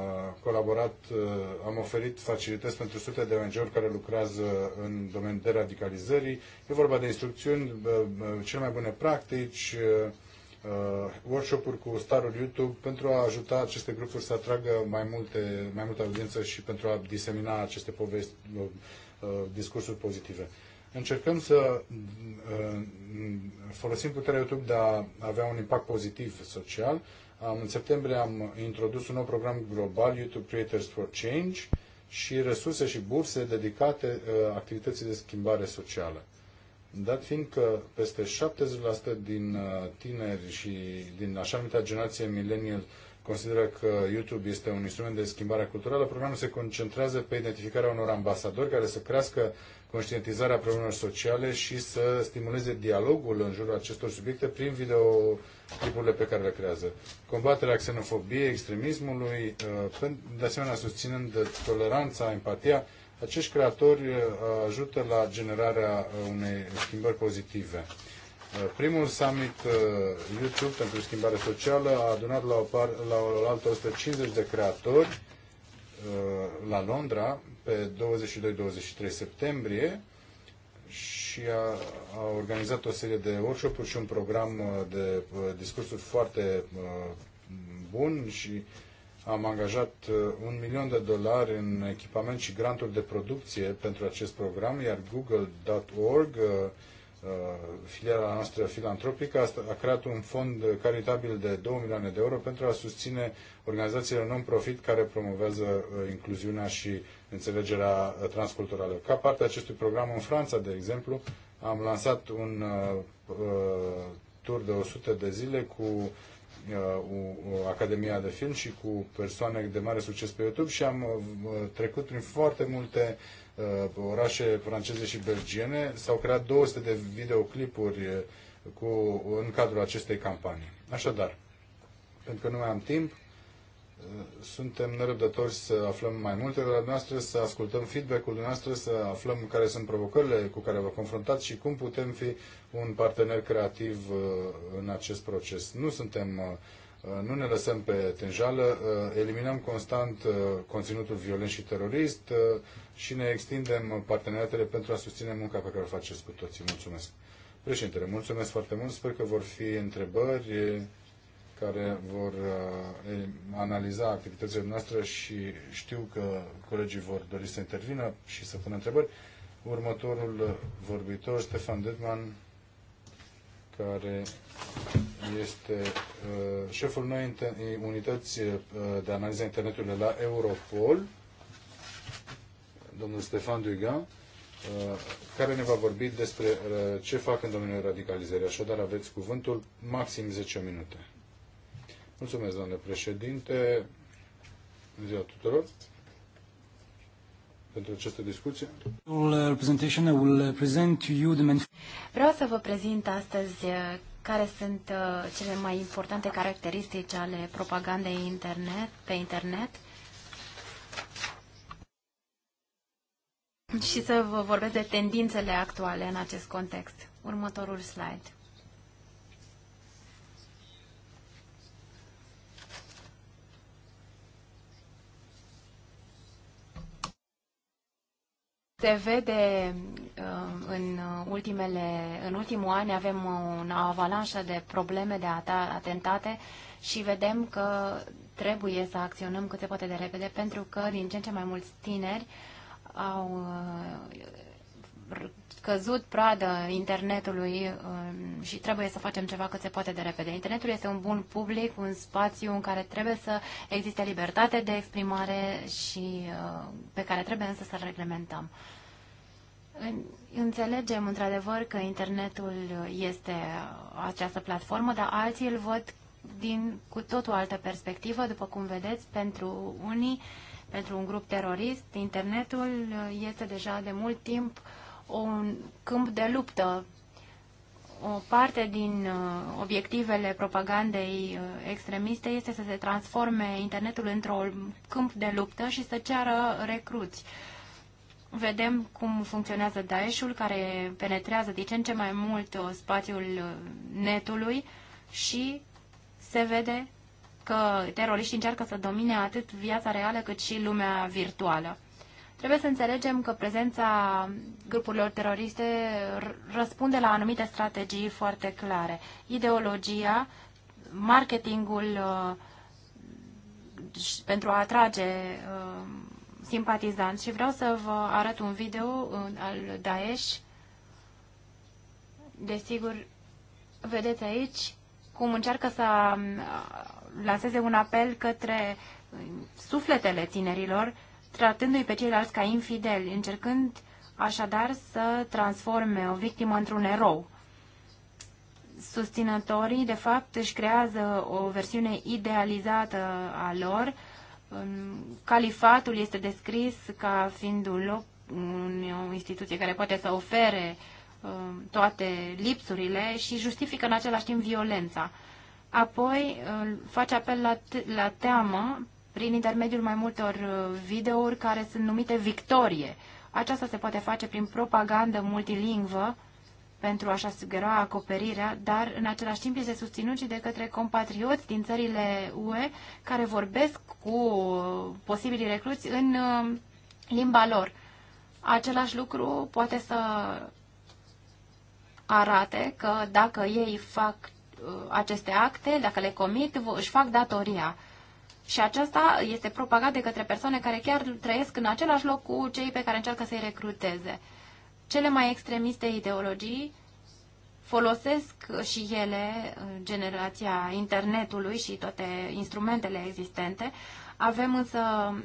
colaborat, uh, am oferit facilități pentru sute de ONG-uri care lucrează în domeniul de radicalizării. E vorba de instrucțiuni, uh, cele mai bune practici, workshop-uri cu starul YouTube pentru a ajuta aceste grupuri să atragă mai, multe, mai multă audiență și pentru a disemina aceste povesti, discursuri pozitive. Încercăm să folosim puterea YouTube de a avea un impact pozitiv social am, în septembrie am introdus un nou program global, YouTube Creators for Change, și resurse și burse dedicate uh, activității de schimbare socială. Dat fiind că peste 70% din uh, tineri și din așa numită generație millennial consideră că YouTube este un instrument de schimbare culturală, programul se concentrează pe identificarea unor ambasadori care să crească conștientizarea problemelor sociale și să stimuleze dialogul în jurul acestor subiecte prin video tipurile pe care le creează. Combaterea xenofobiei, extremismului, uh, de asemenea susținând toleranța, empatia, acești creatori uh, ajută la generarea uh, unei schimbări pozitive. Primul summit YouTube pentru schimbare socială a adunat la, o par, la o altă 150 de creatori la Londra pe 22-23 septembrie și a, a organizat o serie de workshop-uri și un program uh, de uh, discursuri foarte uh, bun și am angajat un milion de dolari în echipament și granturi de producție pentru acest program, iar google.org, filiala noastră filantropică, a creat un fond caritabil de 2 milioane de euro pentru a susține organizațiile non-profit care promovează incluziunea și înțelegerea uh, transculturală. Ca parte a acestui program în Franța, de exemplu, am lansat un uh, uh tur de 100 de zile cu uh, o Academia de Film și cu persoane de mare succes pe YouTube și am uh, trecut prin foarte multe uh, orașe franceze și belgiene. S-au creat 200 de videoclipuri uh, cu, în cadrul acestei campanii. Așadar, pentru că nu mai am timp, suntem nerăbdători să aflăm mai multe de la dumneavoastră, să ascultăm feedback-ul dumneavoastră, să aflăm care sunt provocările cu care vă confruntați și cum putem fi un partener creativ uh, în acest proces. Nu suntem uh, uh, nu ne lăsăm pe tenjală, eliminăm constant conținutul violent și terorist și ne extindem parteneriatele pentru a susține munca pe care o faceți cu toții. Mulțumesc. Președintele, mulțumesc foarte mult. Sper că vor fi întrebări care vor uh, analiza activitățile noastre și știu că colegii vor dori să intervină și să pună întrebări. Următorul vorbitor, Stefan Dedman, care este uh, șeful noi unități uh, de analiză internetului la Europol, domnul Stefan uh, care ne va vorbi despre ce fac în domeniul radicalizării. Așadar, aveți cuvântul maxim 10 minute. Mulțumesc, domnule președinte. Bună ziua tuturor pentru această discuție. Vreau să vă prezint astăzi uh, care sunt uh, cele mai importante caracteristici ale propagandei internet, pe internet și să vă vorbesc de tendințele actuale în acest context. Următorul slide. se vede uh, în, ultimele, în ultimul an avem un avalanșă de probleme, de atentate și vedem că trebuie să acționăm cât se poate de repede pentru că din ce în ce mai mulți tineri au uh, căzut pradă internetului um, și trebuie să facem ceva cât se poate de repede. Internetul este un bun public, un spațiu în care trebuie să existe libertate de exprimare și uh, pe care trebuie însă să-l reglementăm. Înțelegem într-adevăr că internetul este această platformă, dar alții îl văd din cu tot o altă perspectivă, după cum vedeți, pentru unii, pentru un grup terorist, internetul este deja de mult timp uh, un câmp de luptă. O parte din uh, obiectivele propagandei uh, extremiste este să se transforme internetul într-un câmp de luptă și să ceară recruți. Vedem cum funcționează Daeshul, care penetrează din ce în ce mai mult uh, spațiul netului și se vede că teroriștii încearcă să domine atât viața reală cât și lumea virtuală. Trebuie să înțelegem că prezența grupurilor teroriste răspunde la anumite strategii foarte clare. Ideologia, marketingul uh, pentru a atrage uh, simpatizanți și vreau să vă arăt un video uh, al Daesh. Desigur, vedeți aici cum încearcă să lanseze un apel către sufletele tinerilor tratându-i pe ceilalți ca infideli, încercând așadar să transforme o victimă într-un erou. Susținătorii, de fapt, își creează o versiune idealizată a lor. Califatul este descris ca fiind un loc, o instituție care poate să ofere uh, toate lipsurile și justifică în același timp violența. Apoi face apel la, la teamă prin intermediul mai multor uh, videouri care sunt numite victorie. Aceasta se poate face prin propagandă multilingvă pentru a-și asigura acoperirea, dar în același timp este susținut și de către compatrioți din țările UE care vorbesc cu uh, posibilii recruți în uh, limba lor. Același lucru poate să arate că dacă ei fac aceste acte, dacă le comit, își fac datoria. Și aceasta este propagat de către persoane care chiar trăiesc în același loc cu cei pe care încearcă să-i recruteze. Cele mai extremiste ideologii folosesc și ele uh, generația internetului și toate instrumentele existente. Avem însă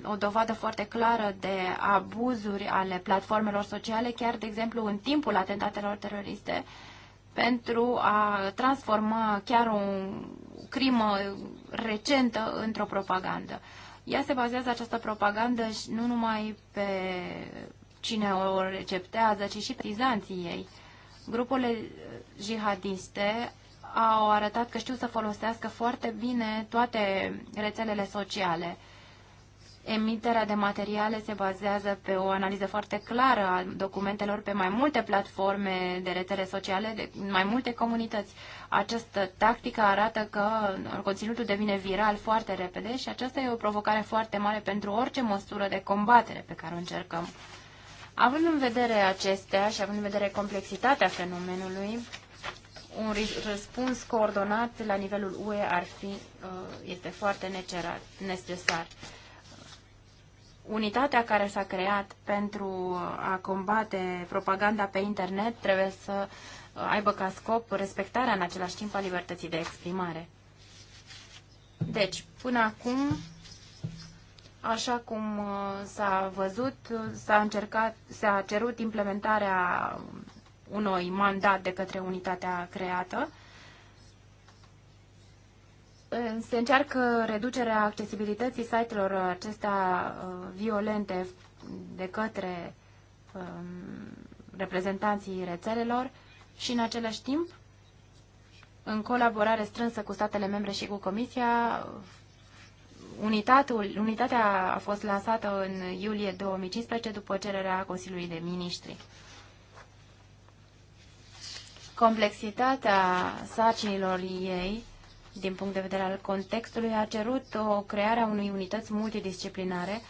o dovadă foarte clară de abuzuri ale platformelor sociale, chiar de exemplu în timpul atentatelor teroriste, pentru a transforma chiar o crimă recentă într-o propagandă. Ea se bazează această propagandă nu numai pe cine o receptează, ci și pe tizanții ei. Grupurile jihadiste au arătat că știu să folosească foarte bine toate rețelele sociale. Emiterea de materiale se bazează pe o analiză foarte clară a documentelor pe mai multe platforme de rețele sociale, de mai multe comunități. Această tactică arată că conținutul devine viral foarte repede și aceasta e o provocare foarte mare pentru orice măsură de combatere pe care o încercăm. Având în vedere acestea și având în vedere complexitatea fenomenului, un răspuns coordonat la nivelul UE ar fi, uh, este foarte necesar unitatea care s-a creat pentru a combate propaganda pe internet trebuie să aibă ca scop respectarea în același timp a libertății de exprimare. Deci, până acum, așa cum uh, s-a văzut, s-a încercat, s-a cerut implementarea unui mandat de către unitatea creată se încearcă reducerea accesibilității site-urilor acestea uh, violente de către um, reprezentanții rețelelor și în același timp, în colaborare strânsă cu statele membre și cu Comisia, unitatul, unitatea a fost lansată în iulie 2015 după cererea Consiliului de Ministri. Complexitatea sarcinilor ei din punct de vedere al contextului, a cerut o creare a unei unități multidisciplinare.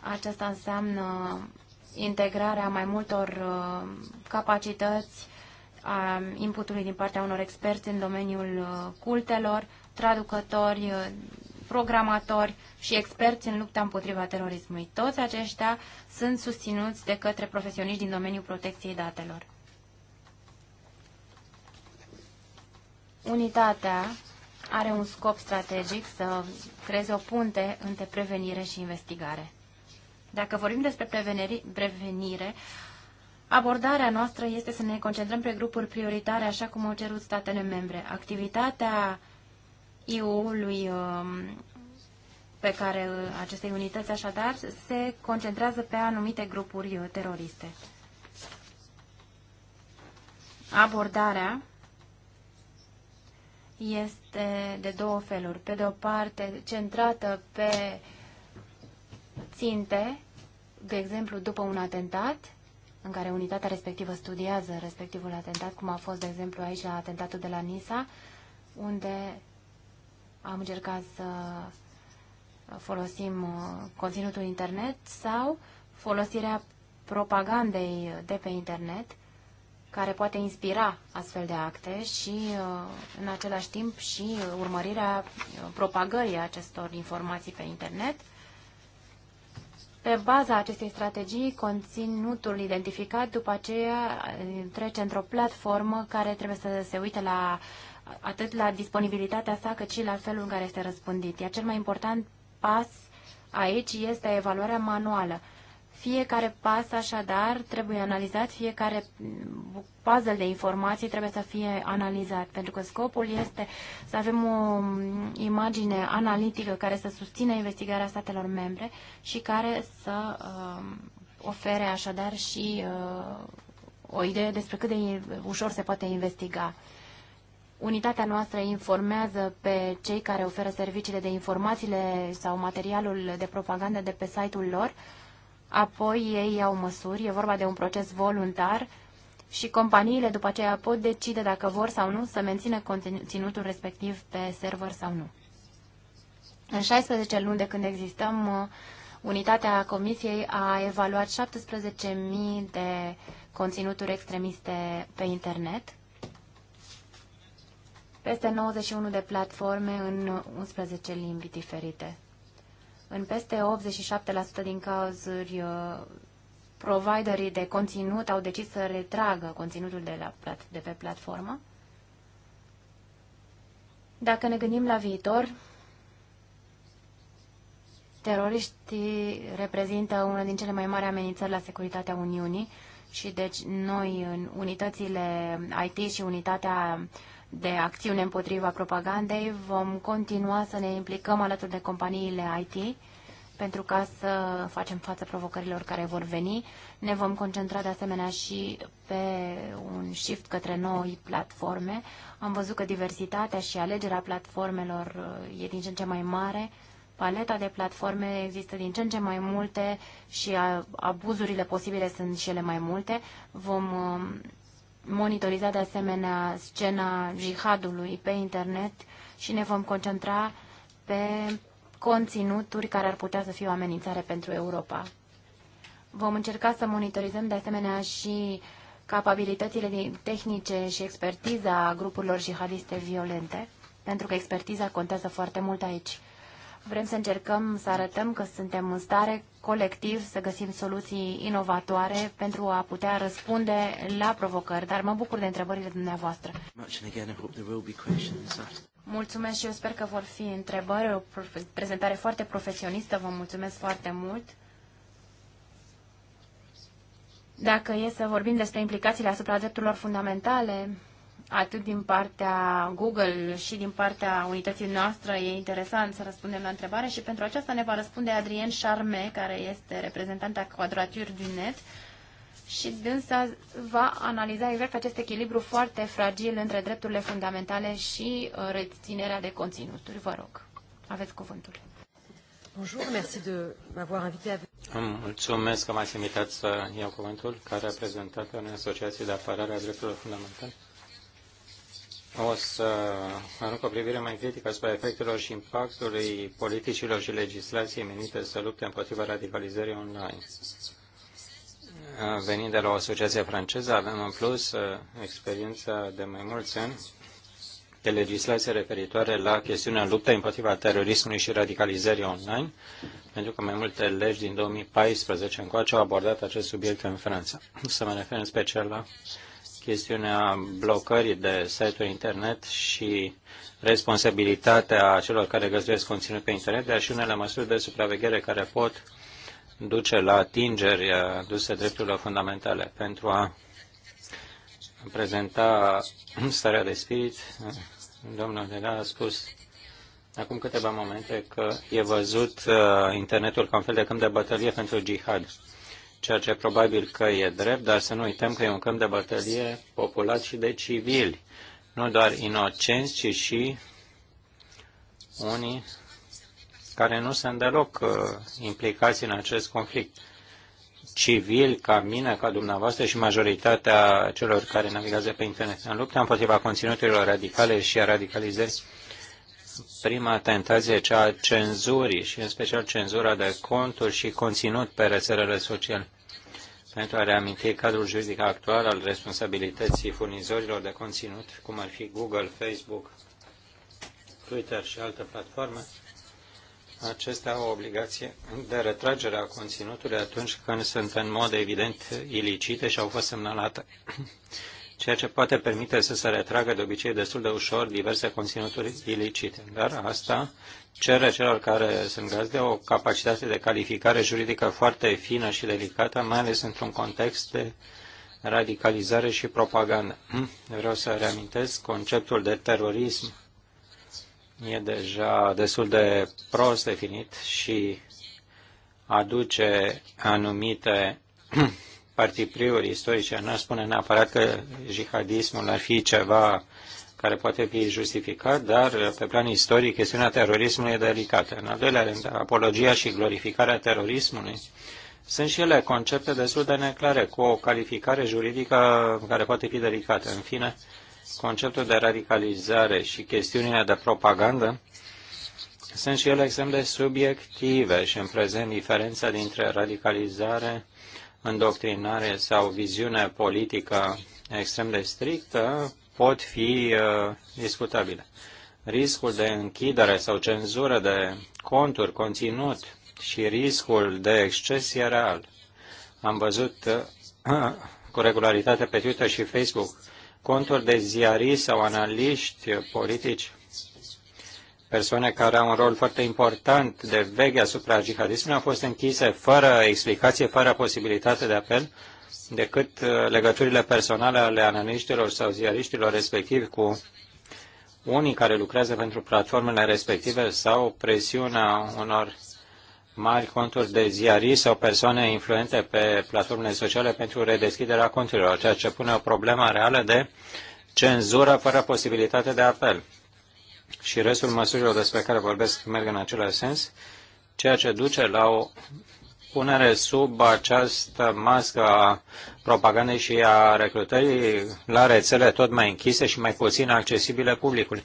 Aceasta înseamnă integrarea mai multor uh, capacități a inputului din partea unor experți în domeniul uh, cultelor, traducători, uh, programatori și experți în lupta împotriva terorismului. Toți aceștia sunt susținuți de către profesioniști din domeniul protecției datelor. Unitatea are un scop strategic să creeze o punte între prevenire și investigare. Dacă vorbim despre prevenire, abordarea noastră este să ne concentrăm pe grupuri prioritare, așa cum au cerut statele membre. Activitatea EU-ului um, pe care uh, acestei unități așadar se concentrează pe anumite grupuri uh, teroriste. Abordarea este de două feluri. Pe de o parte, centrată pe ținte, de exemplu, după un atentat, în care unitatea respectivă studiază respectivul atentat, cum a fost, de exemplu, aici la atentatul de la Nisa, unde am încercat să folosim uh, conținutul internet sau folosirea propagandei de pe internet care poate inspira astfel de acte și, uh, în același timp, și urmărirea uh, propagării acestor informații pe internet. Pe baza acestei strategii, conținutul identificat după aceea uh, trece într-o platformă care trebuie să se uite la atât la disponibilitatea sa, cât și la felul în care este răspândit. Iar cel mai important pas aici este evaluarea manuală. Fiecare pas, așadar, trebuie analizat, fiecare puzzle de informații trebuie să fie analizat, pentru că scopul este să avem o imagine analitică care să susțină investigarea statelor membre și care să uh, ofere, așadar, și uh, o idee despre cât de ușor se poate investiga. Unitatea noastră informează pe cei care oferă serviciile de informațiile sau materialul de propagandă de pe site-ul lor uh, apoi ei iau măsuri, e vorba de un proces voluntar și companiile după aceea pot decide dacă vor sau nu să mențină conținutul respectiv pe server sau nu. În 16 luni de când existăm, unitatea Comisiei a evaluat 17.000 de conținuturi extremiste pe internet, peste 91 de platforme în 11 limbi diferite. În peste 87% din cazuri, uh, providerii de conținut au decis să retragă conținutul de, la, de pe platformă. Dacă ne gândim la viitor, teroriștii reprezintă una din cele mai mari amenințări la securitatea Uniunii și deci noi în unitățile IT și unitatea uh, de acțiune împotriva propagandei, vom continua să ne implicăm alături de companiile IT pentru ca să facem față provocărilor care vor veni. Ne vom concentra de asemenea și pe un shift către noi platforme. Am văzut că diversitatea și alegerea platformelor uh, e din ce în ce mai mare. Paleta de platforme există din ce în ce mai multe și abuzurile posibile sunt și ele mai multe. Vom um, monitoriza de asemenea scena jihadului pe internet și ne vom concentra pe conținuturi care ar putea să fie o amenințare pentru Europa. Vom încerca să monitorizăm de asemenea și capabilitățile tehnice și expertiza grupurilor jihadiste violente, pentru că expertiza contează foarte mult aici. Vrem să încercăm să arătăm că suntem în stare colectiv să găsim soluții inovatoare pentru a putea răspunde la provocări, dar mă bucur de întrebările dumneavoastră. Mulțumesc și eu sper că vor fi întrebări, o prezentare foarte profesionistă, vă mulțumesc foarte mult. Dacă e să vorbim despre implicațiile asupra drepturilor fundamentale, atât din partea Google și din partea unității noastre, e interesant să răspundem la întrebare și pentru aceasta ne va răspunde Adrien Charme, care este reprezentanta Quadrature du Net și dânsa va analiza exact acest echilibru foarte fragil între drepturile fundamentale și uh, reținerea de conținuturi. Vă rog, aveți cuvântul. Bonjour, merci de m'avoir invité à... Mulțumesc că m-ați invitat să iau cuvântul ca reprezentant în Asociației de Apărare a Drepturilor Fundamentale o să arunc o privire mai critică asupra efectelor și impactului politicilor și legislației menite să lupte împotriva radicalizării online. Venind de la o asociație franceză, avem în plus uh, experiența de mai mulți ani de legislație referitoare la chestiunea luptei împotriva terorismului și radicalizării online, pentru că mai multe legi din 2014 încoace au abordat acest subiect în Franța. Să mă refer în special la chestiunea blocării de site-uri internet și responsabilitatea celor care găzduiesc conținut pe internet, dar și unele măsuri de supraveghere care pot duce la atingeri aduse drepturilor fundamentale pentru a prezenta starea de spirit. Domnul Dela a spus acum câteva momente că e văzut uh, internetul ca un fel de câmp de bătălie pentru jihad ceea ce probabil că e drept, dar să nu uităm că e un câmp de bătălie populat și de civili, nu doar inocenți, ci și unii care nu sunt deloc uh, implicați în acest conflict. Civili ca mine, ca dumneavoastră și majoritatea celor care navigează pe internet. În lupta împotriva conținuturilor radicale și a radicalizării, prima tentație cea a cenzurii și în special cenzura de conturi și conținut pe rețelele sociale pentru a reaminti cadrul juridic actual al responsabilității furnizorilor de conținut, cum ar fi Google, Facebook, Twitter și alte platforme, acestea au o obligație de retragere a conținutului atunci când sunt în mod evident ilicite și au fost semnalate, ceea ce poate permite să se retragă de obicei destul de ușor diverse conținuturi ilicite. Dar asta cere celor care sunt gazde o capacitate de calificare juridică foarte fină și delicată, mai ales într-un context de radicalizare și propagandă. Vreau să reamintesc conceptul de terorism. E deja destul de prost definit și aduce anumite partipriuri istorice. Nu ar spune neapărat că jihadismul ar fi ceva care poate fi justificat, dar pe plan istoric chestiunea terorismului e delicată. În al doilea rând, apologia și glorificarea terorismului sunt și ele concepte destul de neclare, cu o calificare juridică care poate fi delicată. În fine, conceptul de radicalizare și chestiunile de propagandă sunt și ele extrem de subiective și în prezent diferența dintre radicalizare, îndoctrinare sau viziune politică extrem de strictă pot fi uh, discutabile. Riscul de închidere sau cenzură de conturi, conținut și riscul de exces e real. Am văzut uh, cu regularitate pe Twitter și Facebook conturi de ziariști sau analiști politici, persoane care au un rol foarte important de veghe asupra jihadismului, au fost închise fără explicație, fără posibilitate de apel, decât uh, legăturile personale ale analiștilor sau ziariștilor respectivi cu unii care lucrează pentru platformele respective sau presiunea unor mari conturi de ziari sau persoane influente pe platformele sociale pentru redeschiderea conturilor, ceea ce pune o problemă reală de cenzură fără posibilitate de apel. Și restul măsurilor despre care vorbesc merg în același sens, ceea ce duce la o punere sub această mască a propagandei și a recrutării la rețele tot mai închise și mai puțin accesibile publicului.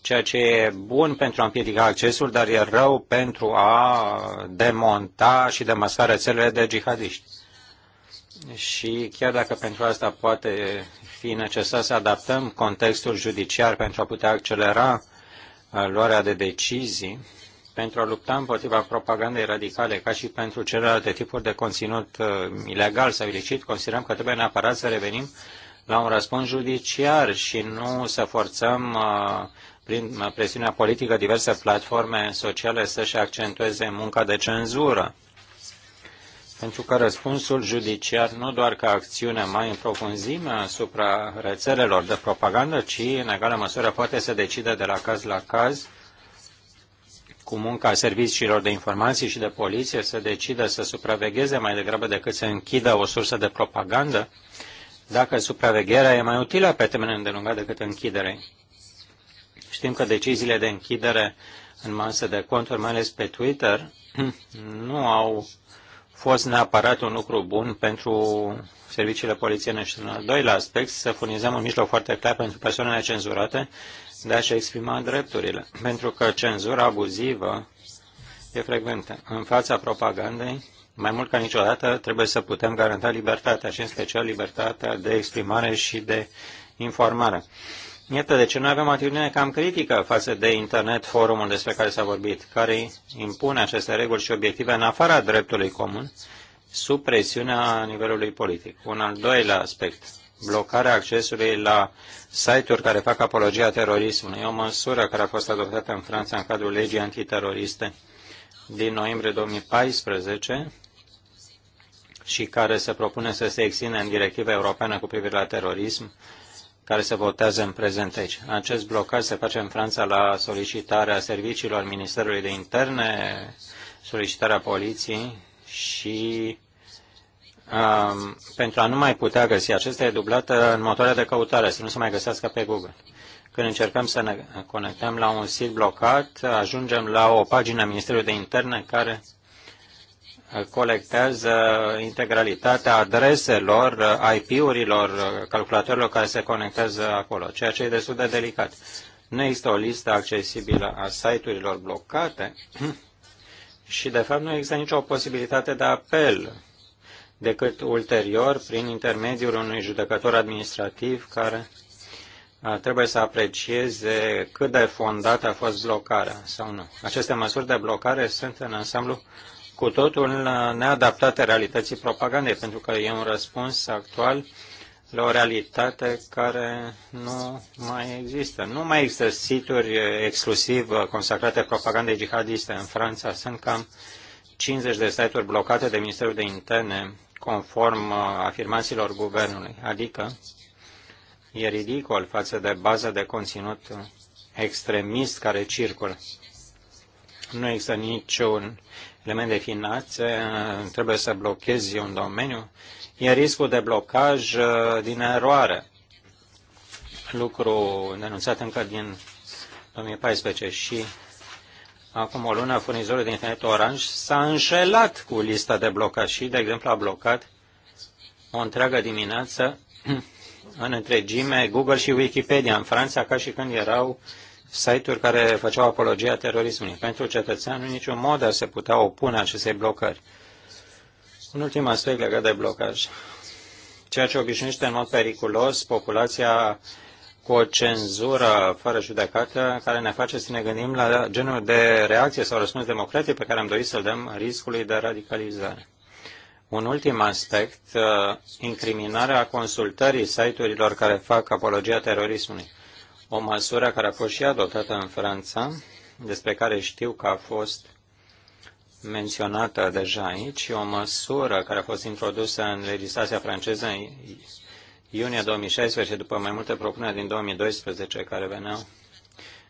Ceea ce e bun pentru a împiedica accesul, dar e rău pentru a demonta și demasca rețelele de jihadiști. Și chiar dacă pentru asta poate fi necesar să adaptăm contextul judiciar pentru a putea accelera luarea de decizii, pentru a lupta împotriva propagandei radicale, ca și pentru celelalte tipuri de conținut uh, ilegal sau ilicit, considerăm că trebuie neapărat să revenim la un răspuns judiciar și nu să forțăm uh, prin presiunea politică diverse platforme sociale să-și accentueze munca de cenzură. Pentru că răspunsul judiciar nu doar ca acțiune mai în profunzime asupra rețelelor de propagandă, ci în egală măsură poate să decide de la caz la caz cu munca serviciilor de informații și de poliție să decidă să supravegheze mai degrabă decât să închidă o sursă de propagandă, dacă supravegherea e mai utilă pe termen îndelungat decât închiderea. Știm că deciziile de închidere în masă de conturi, mai ales pe Twitter, nu au fost neapărat un lucru bun pentru serviciile polițienești. În al doilea aspect, să furnizăm un mijloc foarte clar pentru persoanele cenzurate de a-și exprima drepturile, pentru că cenzura abuzivă e frecventă. În fața propagandei, mai mult ca niciodată, trebuie să putem garanta libertatea și în special libertatea de exprimare și de informare. Iată de ce noi avem atitudine cam critică față de internet, forumul despre care s-a vorbit, care impune aceste reguli și obiective în afara dreptului comun, sub presiunea nivelului politic. Un al doilea aspect blocarea accesului la site-uri care fac apologia terorismului. E o măsură care a fost adoptată în Franța în cadrul legii antiteroriste din noiembrie 2014 și care se propune să se extindă în directiva europeană cu privire la terorism, care se votează în prezent aici. Acest blocaj se face în Franța la solicitarea serviciilor Ministerului de Interne, solicitarea poliției și Um, pentru a nu mai putea găsi. Acesta e dublată în motoarea de căutare, să nu se mai găsească pe Google. Când încercăm să ne conectăm la un sit blocat, ajungem la o pagină a Ministerului de Interne care colectează integralitatea adreselor, IP-urilor, calculatorilor care se conectează acolo, ceea ce e destul de delicat. Nu există o listă accesibilă a site-urilor blocate și, de fapt, nu există nicio posibilitate de apel decât ulterior prin intermediul unui judecător administrativ care trebuie să aprecieze cât de fondată a fost blocarea sau nu. Aceste măsuri de blocare sunt în ansamblu cu totul neadaptate realității propagandei, pentru că e un răspuns actual la o realitate care nu mai există. Nu mai există situri exclusiv consacrate propagandei jihadiste în Franța. Sunt cam 50 de site-uri blocate de Ministerul de Interne conform uh, afirmațiilor guvernului, adică e ridicol față de baza de conținut extremist care circulă. Nu există niciun element de finanțe, uh, trebuie să blochezi un domeniu, e riscul de blocaj uh, din eroare, lucru denunțat încă din 2014 și acum o lună furnizorul de internet Orange s-a înșelat cu lista de blocat și, de exemplu, a blocat o întreagă dimineață în întregime Google și Wikipedia în Franța, ca și când erau site-uri care făceau apologia terorismului. Pentru cetățean, în niciun mod ar se putea opune acestei blocări. Un ultim aspect legat de blocaj. Ceea ce obișnuiește în mod periculos populația cu o cenzură fără judecată care ne face să ne gândim la genul de reacție sau răspuns democratic pe care am dorit să-l dăm riscului de radicalizare. Un ultim aspect, uh, incriminarea consultării site-urilor care fac apologia terorismului. O măsură care a fost și adoptată în Franța, despre care știu că a fost menționată deja aici, o măsură care a fost introdusă în legislația franceză iunie 2016, după mai multe propuneri din 2012 care veneau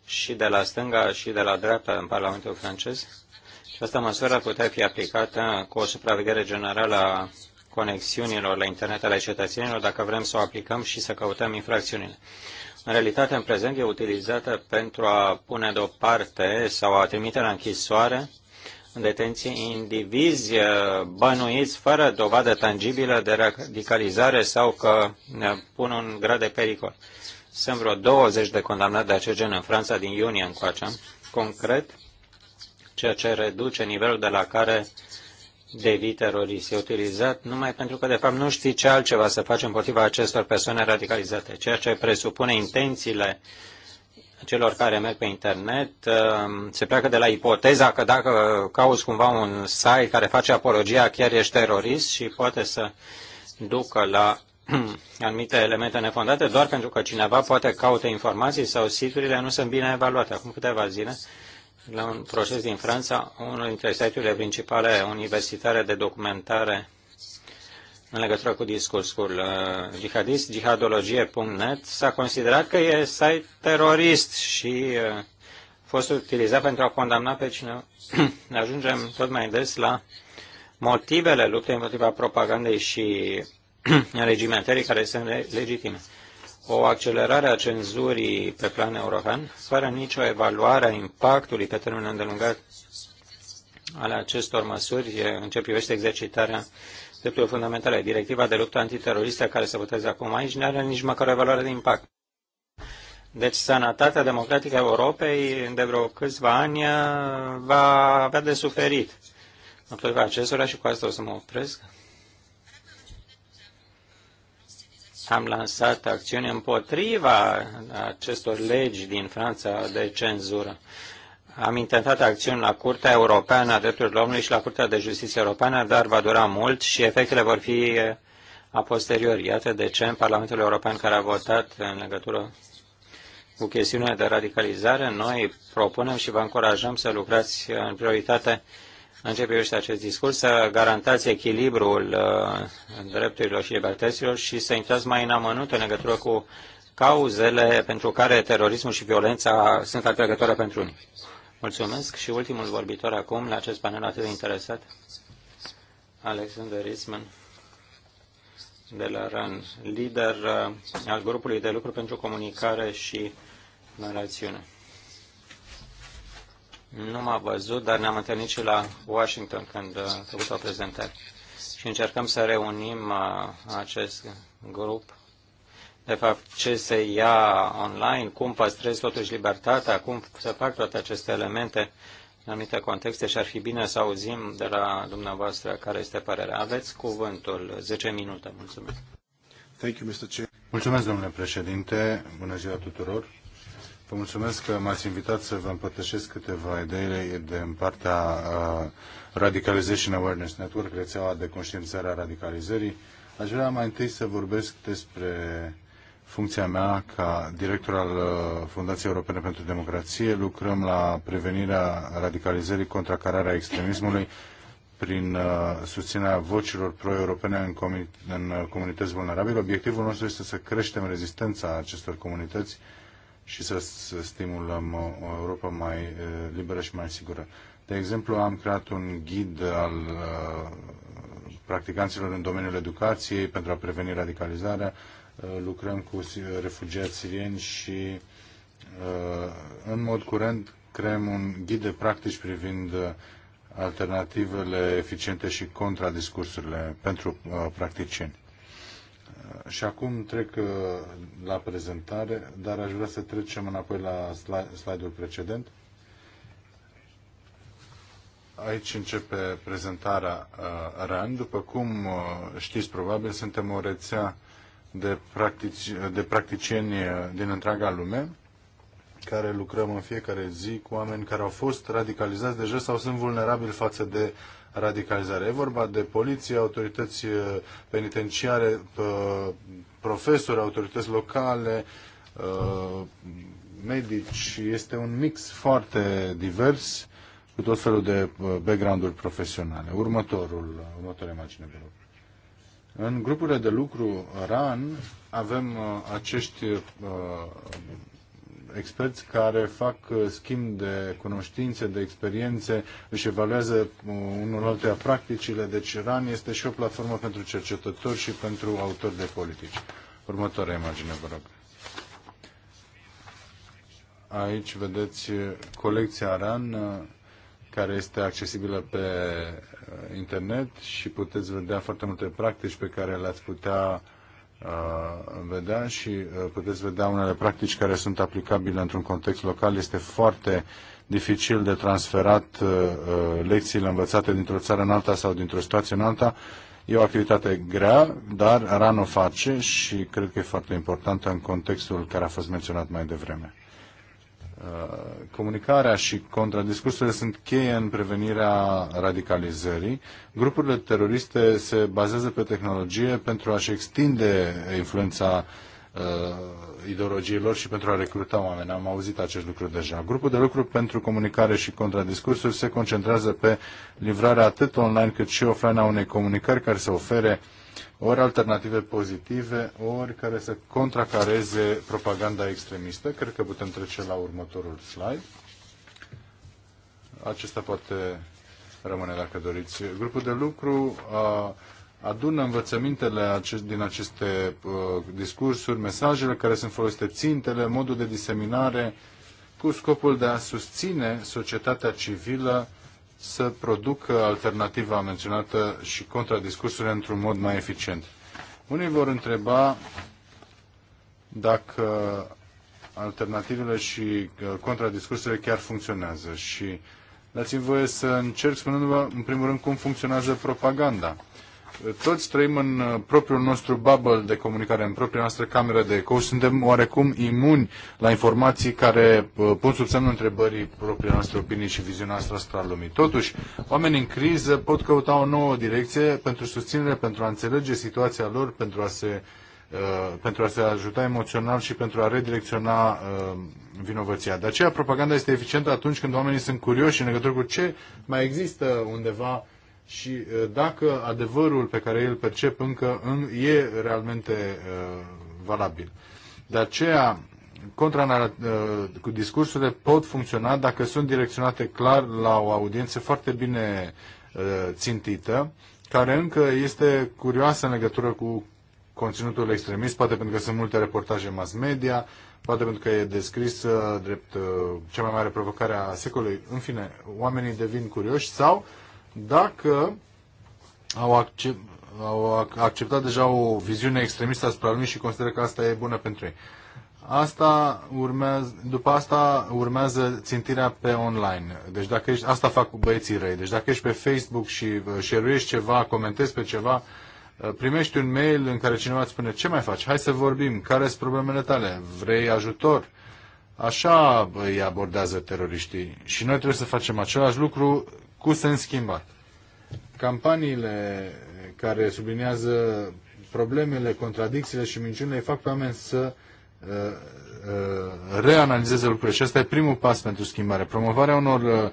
și de la stânga și de la dreapta în Parlamentul francez. această măsură ar putea fi aplicată cu o supraveghere generală a conexiunilor la internet ale cetățenilor dacă vrem să o aplicăm și să căutăm infracțiunile. În realitate, în prezent, e utilizată pentru a pune deoparte sau a trimite la închisoare în detenție indivizi uh, bănuiți fără dovadă tangibilă de radicalizare sau că pun un grad de pericol. Sunt vreo 20 de condamnați de acest gen în Franța din iunie încoace. Concret, ceea ce reduce nivelul de la care devii terorist. E utilizat numai pentru că, de fapt, nu știi ce altceva să faci împotriva acestor persoane radicalizate, ceea ce presupune intențiile uh, celor care merg pe internet uh, se pleacă de la ipoteza că dacă cauți cumva un site care face apologia, chiar ești terorist și poate să ducă la anumite elemente nefondate doar pentru că cineva poate caute informații sau siturile nu sunt bine evaluate. Acum câteva zile, la un proces din Franța, unul dintre site-urile principale universitare de documentare în legătură cu discursul uh, jihadist, jihadologie.net, s-a considerat că e site terorist și uh, a fost utilizat pentru a condamna pe Ne Ajungem tot mai des la motivele luptei împotriva propagandei și regimentării care sunt legitime. O accelerare a cenzurii pe plan european, fără nicio evaluare a impactului pe termen îndelungat ale acestor măsuri în ce privește exercitarea drepturi fundamentale. Directiva de luptă antiteroristă care se votează acum aici nu are nici măcar o valoare de impact. Deci sănătatea democratică a Europei de vreo câțiva ani va avea de suferit. Împotriva acestora și cu asta o să mă opresc. Am lansat acțiuni împotriva acestor legi din Franța de cenzură. Am intentat acțiuni la Curtea Europeană a Drepturilor Omului și la Curtea de Justiție Europeană, dar va dura mult și efectele vor fi a posteriori. Iată de ce în Parlamentul European care a votat în legătură cu chestiunea de radicalizare, noi propunem și vă încurajăm să lucrați în prioritate în ce privește acest discurs, să garantați echilibrul drepturilor și libertăților și să intrați mai în amănunt în legătură cu cauzele pentru care terorismul și violența sunt atrăgătoare pentru unii. Mulțumesc și ultimul vorbitor acum la acest panel atât de interesat, Alexander Isman de la RAN, lider uh, al grupului de lucru pentru comunicare și narațiune. Nu m-a văzut, dar ne-am întâlnit și la Washington când uh, a făcut o prezentare. Și încercăm să reunim uh, acest grup de fapt, ce se ia online, cum păstrezi totuși libertatea, cum se fac toate aceste elemente în anumite contexte și ar fi bine să auzim de la dumneavoastră care este părerea. Aveți cuvântul, 10 minute, mulțumesc. Thank you, Mr. Chair. Mulțumesc, domnule președinte, bună ziua tuturor. Vă mulțumesc că m-ați invitat să vă împărtășesc câteva idei de în partea uh, Radicalization Awareness Network, rețeaua de conștiințare a radicalizării. Aș vrea mai întâi să vorbesc despre funcția mea ca director al uh, Fundației Europene pentru Democrație. Lucrăm la prevenirea radicalizării, contracararea extremismului prin uh, susținerea vocilor pro-europene în, comuni- în uh, comunități vulnerabile. Obiectivul nostru este să creștem rezistența acestor comunități și să, să stimulăm o Europa mai liberă și mai sigură. De exemplu, am creat un ghid al practicanților în domeniul educației pentru a preveni radicalizarea, lucrăm cu refugiați sirieni și uh, în mod curent creăm un ghid de practici privind alternativele eficiente și contradiscursurile pentru uh, practicieni. Uh, și acum trec la prezentare, dar aș vrea să trecem înapoi la slide-ul precedent. Aici începe prezentarea RAN. După cum știți probabil, suntem o rețea de, practici, de practicieni din întreaga lume, care lucrăm în fiecare zi cu oameni care au fost radicalizați deja sau sunt vulnerabili față de radicalizare. E vorba de poliție, autorități uh, penitenciare, uh, profesori, autorități locale, uh, medici. Este un mix foarte divers cu tot felul de background-uri profesionale. Următorul, următoarea imagine, vă rog. În grupurile de lucru RAN avem uh, acești uh, experți care fac uh, schimb de cunoștințe, de experiențe, își evaluează unul altuia practicile, deci RAN este și o platformă pentru cercetători și pentru autori de politici. Următoarea imagine, vă rog. Aici vedeți colecția RAN care este accesibilă pe uh, internet și puteți vedea foarte multe practici pe care le-ați putea uh, vedea și uh, puteți vedea unele practici care sunt aplicabile într-un context local. Este foarte dificil de transferat lecțiile învățate dintr-o țară în alta sau dintr-o situație în alta. E o activitate grea, dar RAN o face și cred că e foarte importantă în contextul care a fost menționat mai devreme. Uh, comunicarea și contradiscursurile sunt cheie în prevenirea radicalizării. Grupurile teroriste se bazează pe tehnologie pentru a-și extinde influența uh, ideologiilor și pentru a recruta oameni. Am auzit acest lucru deja. Grupul de lucru pentru comunicare și contradiscursuri se concentrează pe livrarea atât online cât și offline a unei comunicări care să ofere uh, ori alternative pozitive, ori care să contracareze propaganda extremistă. Cred că putem trece la următorul slide. Acesta poate rămâne dacă doriți. Grupul de lucru adună învățămintele din aceste uh, discursuri, mesajele care sunt folosite, țintele, modul de diseminare, cu scopul de a susține societatea civilă să producă alternativa menționată și contradiscursurile într-un mod mai eficient. Unii vor întreba dacă alternativele și uh, contradiscursurile chiar funcționează și dați-mi voie să încerc spunându-vă în primul rând cum funcționează propaganda toți trăim în uh, propriul nostru bubble de comunicare, în propria noastră cameră de eco. Suntem oarecum imuni la informații care uh, pun sub semnul întrebării propria noastră opinii și viziunea noastră asupra lumii. Totuși, oamenii în criză pot căuta o nouă direcție pentru susținere, pentru a înțelege situația lor, pentru a se uh, pentru a se ajuta emoțional și pentru a redirecționa vinovăția. De aceea propaganda este eficientă atunci când oamenii sunt curioși în legătură cu ce mai există undeva și uh, dacă adevărul pe care el percep încă e realmente uh, valabil. De aceea, contra uh, cu discursurile pot funcționa dacă sunt direcționate clar la o audiență foarte bine țintită, care încă este curioasă în legătură cu conținutul extremist, poate pentru că sunt multe reportaje mass media, poate pentru că e descris drept cea mai mare provocare a secolului. În fine, oamenii devin curioși sau dacă au, accept, au acceptat deja o viziune extremistă asupra lumii și consideră că asta e bună pentru ei. Asta urmează, după asta urmează țintirea pe online. Deci dacă ești, asta fac băieții răi. Deci dacă ești pe Facebook și share uh, ceva, comentezi pe ceva, uh, primești un mail în care cineva îți spune ce mai faci, hai să vorbim, care sunt problemele tale, vrei ajutor? Așa îi abordează teroriștii. Și noi trebuie să facem același lucru cu sens schimbat. Campaniile care sublinează problemele, contradicțiile și minciunile îi fac pe oameni să uh, uh, reanalizeze lucrurile. Și asta e primul pas pentru schimbare. Promovarea unor uh,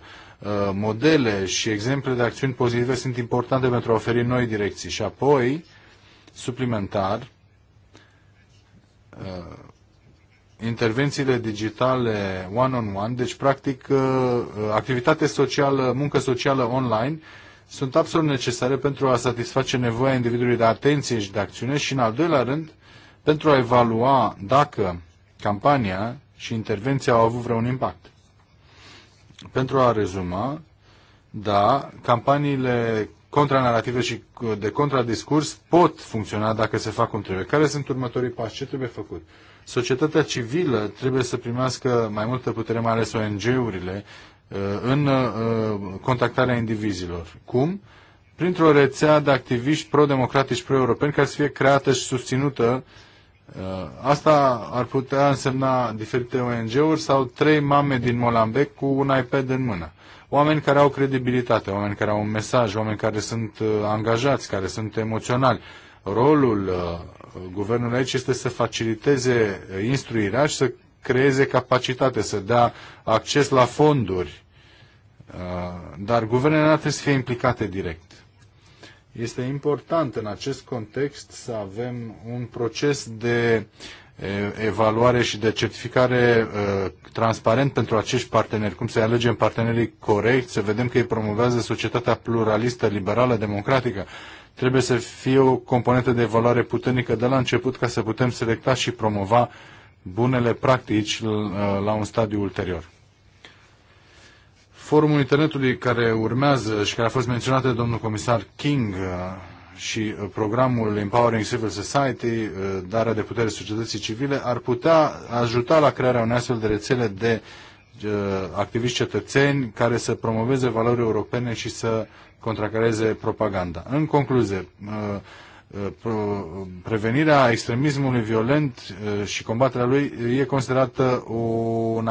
modele și exemple de acțiuni pozitive sunt importante pentru a oferi noi direcții. Și apoi, suplimentar, uh, intervențiile digitale one-on-one, -on -one, deci practic uh, activitate socială, muncă socială online, sunt absolut necesare pentru a satisface nevoia individului de atenție și de acțiune și, în al doilea rând, pentru a evalua dacă campania și intervenția au avut vreun impact. Pentru a rezuma, da, campaniile contranarrative și de contradiscurs pot funcționa dacă se fac cum trebuie. Care sunt următorii pași? Ce trebuie făcut? Societatea civilă trebuie să primească mai multă putere, mai ales ONG-urile, uh, în uh, contactarea indivizilor. Cum? Printr-o rețea de activiști pro-democratici, pro-europeni, care să fie creată și susținută. Uh, asta ar putea însemna diferite ONG-uri sau trei mame din Molambec cu un iPad în mână. Oameni care au credibilitate, oameni care au un mesaj, oameni care sunt angajați, care sunt emoționali Rolul uh, guvernului aici este să faciliteze uh, instruirea și să creeze capacitate, să dea acces la fonduri, uh, dar guvernele nu trebuie să fie implicate direct. Este important în acest context să avem un proces de evaluare și de certificare transparent pentru acești parteneri, cum să alegem partenerii corect, să vedem că ei promovează societatea pluralistă, liberală, democratică, trebuie să fie o componentă de valoare puternică de la început ca să putem selecta și promova bunele practici uh, la un stadiu ulterior. Forumul internetului care urmează și care a fost menționat de domnul comisar King uh, și uh, programul Empowering Civil Society, darea de putere societății civile, ar putea ajuta la crearea unei astfel de rețele de Uh, activiști cetățeni care să promoveze valori europene și să contracareze propaganda. În concluzie, uh, uh, prevenirea extremismului violent și combaterea lui e considerată o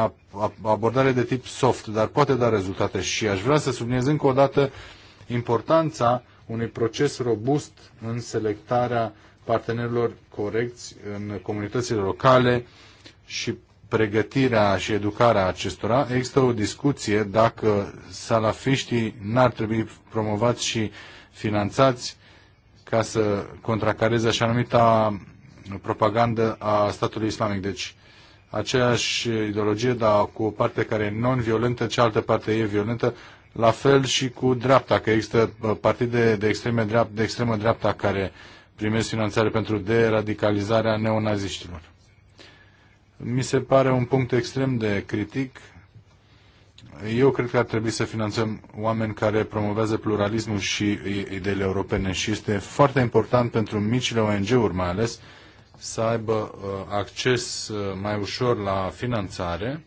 abordare de tip soft, dar poate da rezultate și aș vrea să subliniez încă o dată importanța unui proces robust în selectarea partenerilor corecți în comunitățile locale și pregătirea și educarea acestora, există o discuție dacă salafiștii n-ar trebui promovați și finanțați ca să contracareze așa numita propagandă a statului islamic. Deci, aceeași ideologie, dar cu o parte care e non-violentă, cealaltă parte e violentă, la fel și cu dreapta, că există uh, partide de, extreme dreapta, de extremă dreapta care primesc finanțare pentru deradicalizarea neonaziștilor mi se pare un punct extrem de critic. Eu cred că ar trebui să finanțăm oameni care promovează pluralismul și ideile europene și este foarte important pentru micile ONG-uri mai ales să aibă uh, acces uh, mai ușor la finanțare.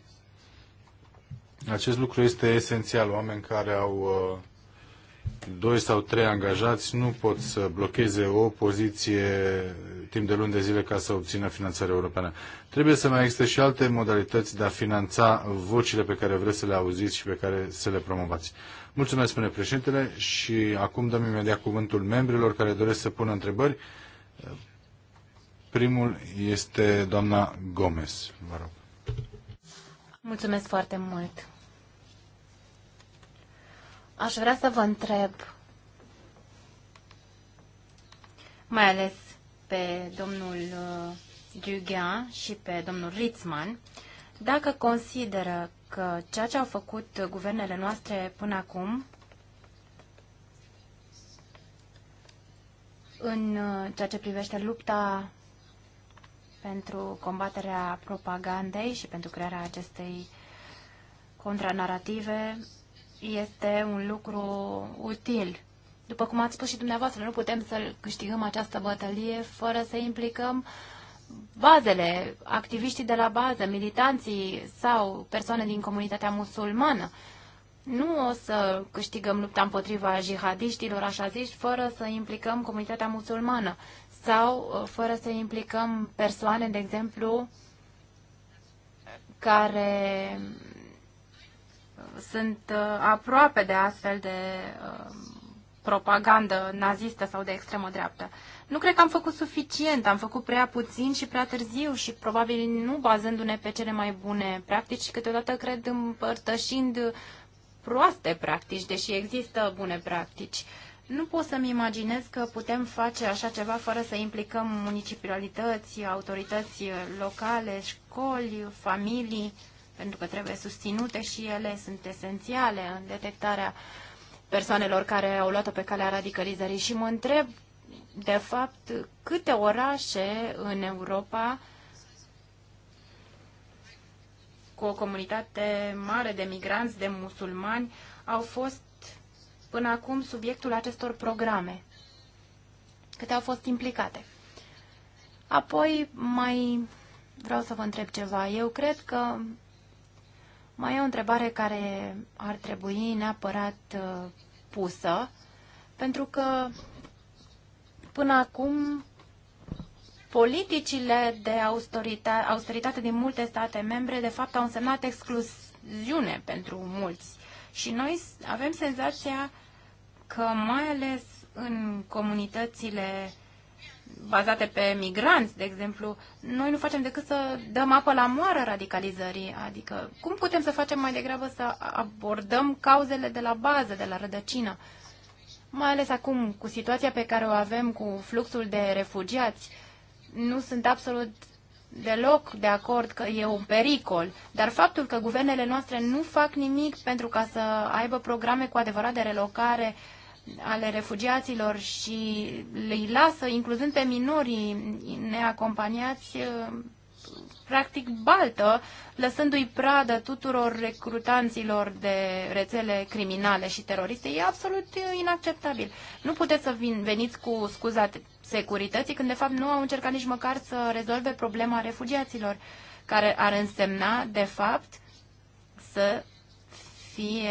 Acest lucru este esențial. Oameni care au uh, doi sau trei angajați nu pot să blocheze o poziție timp de luni de zile ca să obțină finanțare europeană. Trebuie să mai există și alte modalități de a finanța vocile pe care vreți să le auziți și pe care să le promovați. Mulțumesc, spune președintele, și acum dăm imediat cuvântul membrilor care doresc să pună întrebări. Primul este doamna Gomez, vă rog. Mulțumesc foarte mult. Aș vrea să vă întreb, mai ales pe domnul Dugan uh, și pe domnul Ritzman, dacă consideră că ceea ce au făcut guvernele noastre până acum în uh, ceea ce privește lupta pentru combaterea propagandei și pentru crearea acestei contranarative este un lucru util. După cum ați spus și dumneavoastră, nu putem să câștigăm această bătălie fără să implicăm bazele, activiștii de la bază, militanții sau persoane din comunitatea musulmană. Nu o să câștigăm lupta împotriva jihadiștilor, așa zici, fără să implicăm comunitatea musulmană sau uh, fără să implicăm persoane, de exemplu, care sunt uh, aproape de astfel de uh, propagandă nazistă sau de extremă dreaptă. Nu cred că am făcut suficient, am făcut prea puțin și prea târziu și probabil nu bazându-ne pe cele mai bune practici și câteodată cred împărtășind proaste practici, deși există bune practici. Nu pot să-mi imaginez că putem face așa ceva fără să implicăm municipalități, autorități locale, școli, familii pentru că trebuie susținute și ele sunt esențiale în detectarea persoanelor care au luat-o pe calea radicalizării. Și mă întreb, de fapt, câte orașe în Europa cu o comunitate mare de migranți, de musulmani, au fost până acum subiectul acestor programe? Câte au fost implicate? Apoi mai vreau să vă întreb ceva. Eu cred că mai e o întrebare care ar trebui neapărat uh, pusă, pentru că până acum politicile de austeritate, austeritate din multe state membre, de fapt, au însemnat excluziune pentru mulți. Și noi avem senzația că, mai ales în comunitățile bazate pe migranți, de exemplu, noi nu facem decât să dăm apă la moară radicalizării. Adică, cum putem să facem mai degrabă să abordăm cauzele de la bază, de la rădăcină? Mai ales acum, cu situația pe care o avem cu fluxul de refugiați, nu sunt absolut deloc de acord că e un pericol, dar faptul că guvernele noastre nu fac nimic pentru ca să aibă programe cu adevărat de relocare uh, ale refugiaților și le lasă, incluzând pe minorii neacompaniați, eh, practic baltă, lăsându-i pradă tuturor recrutanților de rețele criminale și teroriste. E absolut inacceptabil. Nu puteți să vin, veniți cu scuza securității când de fapt nu au încercat nici măcar să rezolve problema refugiaților, care ar însemna de fapt să fi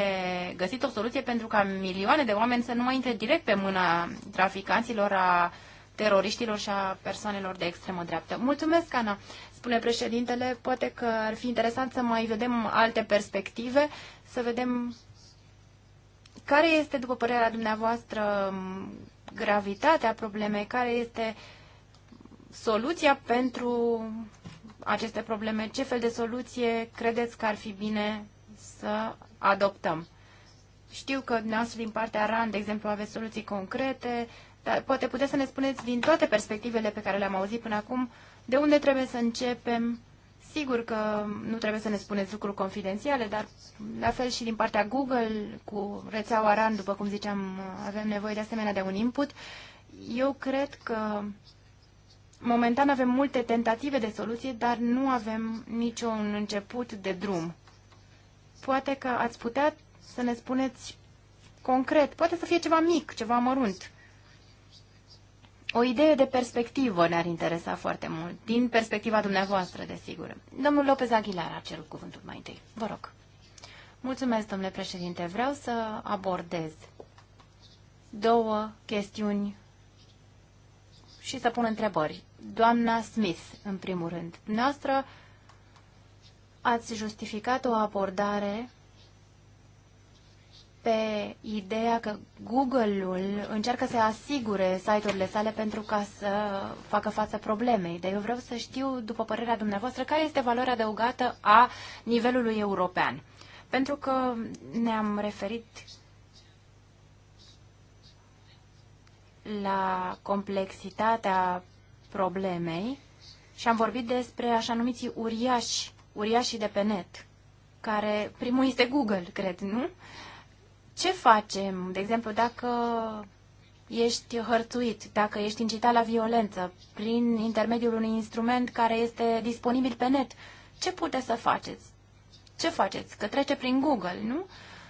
găsit o soluție pentru ca milioane de oameni să nu mai intre direct pe mâna traficanților, a teroriștilor și a persoanelor de extremă dreaptă. Mulțumesc, Ana, spune președintele. Poate că ar fi interesant să mai vedem alte perspective, să vedem care este, după părerea dumneavoastră, gravitatea problemei, care este soluția pentru aceste probleme, ce fel de soluție credeți că ar fi bine să adoptăm. Știu că dumneavoastră din partea RAN, de exemplu, aveți soluții concrete, dar poate puteți să ne spuneți din toate perspectivele pe care le-am auzit până acum, de unde trebuie să începem. Sigur că nu trebuie să ne spuneți lucruri confidențiale, dar la fel și din partea Google, cu rețeaua RAN, după cum ziceam, avem nevoie de asemenea de un input. Eu cred că momentan avem multe tentative de soluție, dar nu avem niciun început de drum poate că ați putea să ne spuneți concret, poate să fie ceva mic, ceva mărunt. O idee de perspectivă ne-ar interesa foarte mult, din perspectiva dumneavoastră, desigur. Domnul Lopez Aguilar a cerut cuvântul mai întâi. Vă rog. Mulțumesc, domnule președinte. Vreau să abordez două chestiuni și să pun întrebări. Doamna Smith, în primul rând. Noastră ați justificat o abordare pe ideea că Google-ul încearcă să asigure site-urile sale pentru ca să facă față problemei. Dar eu vreau să știu, după părerea dumneavoastră, care este valoarea adăugată a nivelului european. Pentru că ne-am referit la complexitatea problemei și am vorbit despre așa numiții uriași uriașii de pe net, care primul este Google, cred, nu? Ce facem, de exemplu, dacă ești hărțuit, dacă ești incitat la violență prin intermediul unui instrument care este disponibil pe net? Ce puteți să faceți? Ce faceți? Că trece prin Google, nu?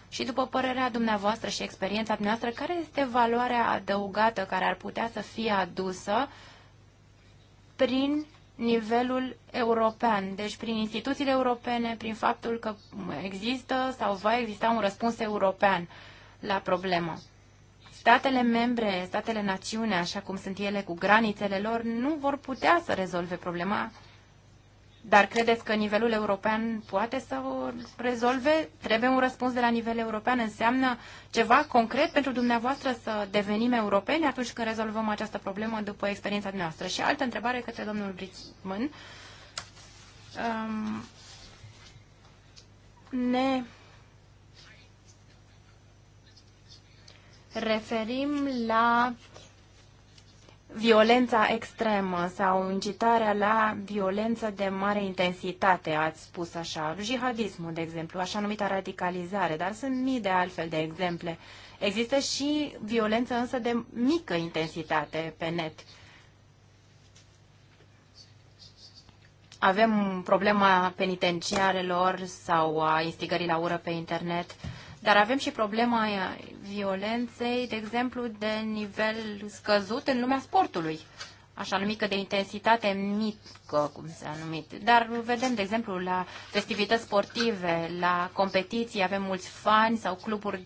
Și după părerea dumneavoastră și experiența dumneavoastră, care este valoarea adăugată care ar putea să fie adusă prin nivelul european, deci prin instituțiile europene, prin faptul că există sau va exista un răspuns european la problemă. Statele membre, statele națiune, așa cum sunt ele cu granițele lor, nu vor putea să rezolve problema dar credeți că nivelul european poate să o rezolve? Trebuie un răspuns de la nivel european? Înseamnă ceva concret pentru dumneavoastră să devenim europeni atunci când rezolvăm această problemă după experiența noastră? Și altă întrebare către domnul Brickman. Um, ne referim la violența extremă sau incitarea la violență de mare intensitate, ați spus așa, jihadismul, de exemplu, așa numita radicalizare, dar sunt mii de altfel de exemple. Există și violență însă de mică intensitate pe net. Avem problema penitenciarelor sau a instigării la ură pe internet. Uh, dar avem și problema violenței, de exemplu, de nivel scăzut în lumea sportului, așa numită de intensitate mică, cum s-a numit. Dar vedem, de exemplu, la festivități sportive, la competiții, avem mulți fani sau cluburi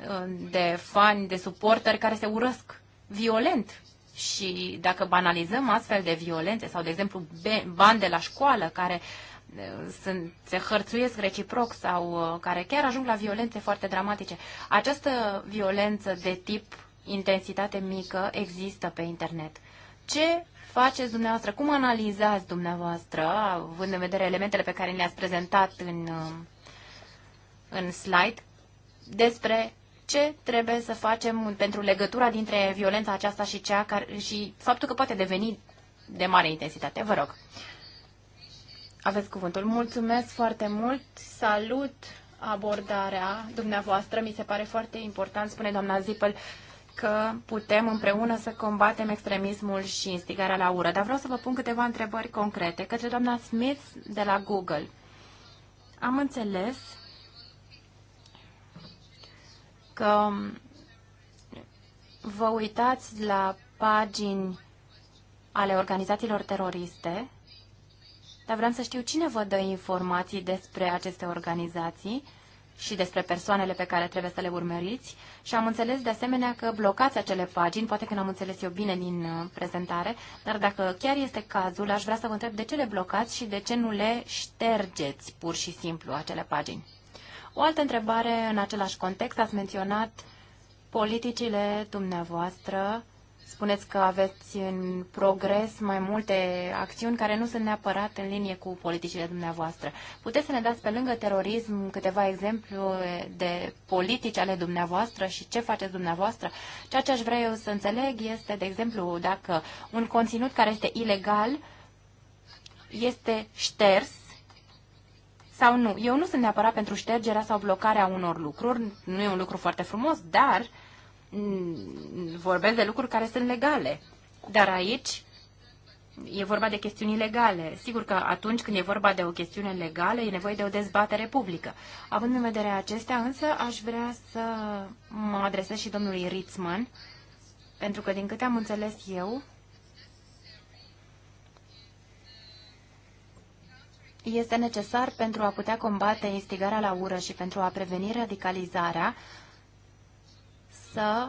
uh, de fani, de suporteri care se urăsc violent și dacă banalizăm astfel de violențe sau, de exemplu, bani de la școală care uh, sunt, se hărțuiesc reciproc sau uh, care chiar ajung la violențe foarte dramatice. Această violență de tip intensitate mică există pe internet. Ce faceți dumneavoastră? Cum analizați dumneavoastră, având în vedere elementele pe care le-ați prezentat în, uh, în slide, despre ce trebuie să facem pentru legătura dintre violența aceasta și, cea care, și faptul că poate deveni de mare intensitate? Vă rog. Aveți cuvântul. Mulțumesc foarte mult. Salut abordarea dumneavoastră. Mi se pare foarte important, spune doamna Zipel, că putem împreună să combatem extremismul și instigarea la ură. Dar vreau să vă pun câteva întrebări concrete către doamna Smith de la Google. Am înțeles că vă uitați la pagini ale organizațiilor teroriste dar vreau să știu cine vă dă informații despre aceste organizații și despre persoanele pe care trebuie să le urmăriți și am înțeles de asemenea că blocați acele pagini, poate că n-am înțeles eu bine din uh, prezentare, dar dacă chiar este cazul, aș vrea să vă întreb de ce le blocați și de ce nu le ștergeți pur și simplu acele pagini. O altă întrebare în același context, ați menționat politicile dumneavoastră Spuneți că aveți în progres mai multe acțiuni care nu sunt neapărat în linie cu politicile dumneavoastră. Puteți să ne dați pe lângă terorism câteva exemplu de politici ale dumneavoastră și ce faceți dumneavoastră? Ceea ce aș vrea eu să înțeleg este, de exemplu, dacă un conținut care este ilegal este șters sau nu. Eu nu sunt neapărat pentru ștergerea sau blocarea unor lucruri, nu e un lucru foarte frumos, dar uh, Mm, vorbesc de lucruri care sunt legale. Dar aici e vorba de chestiuni legale. Sigur că atunci când e vorba de o chestiune legală, e nevoie de o dezbatere publică. Având în vedere acestea, însă, aș vrea să mă adresez și domnului Ritzman, pentru că, din câte am înțeles eu, este necesar pentru a putea combate instigarea la ură și pentru a preveni radicalizarea, să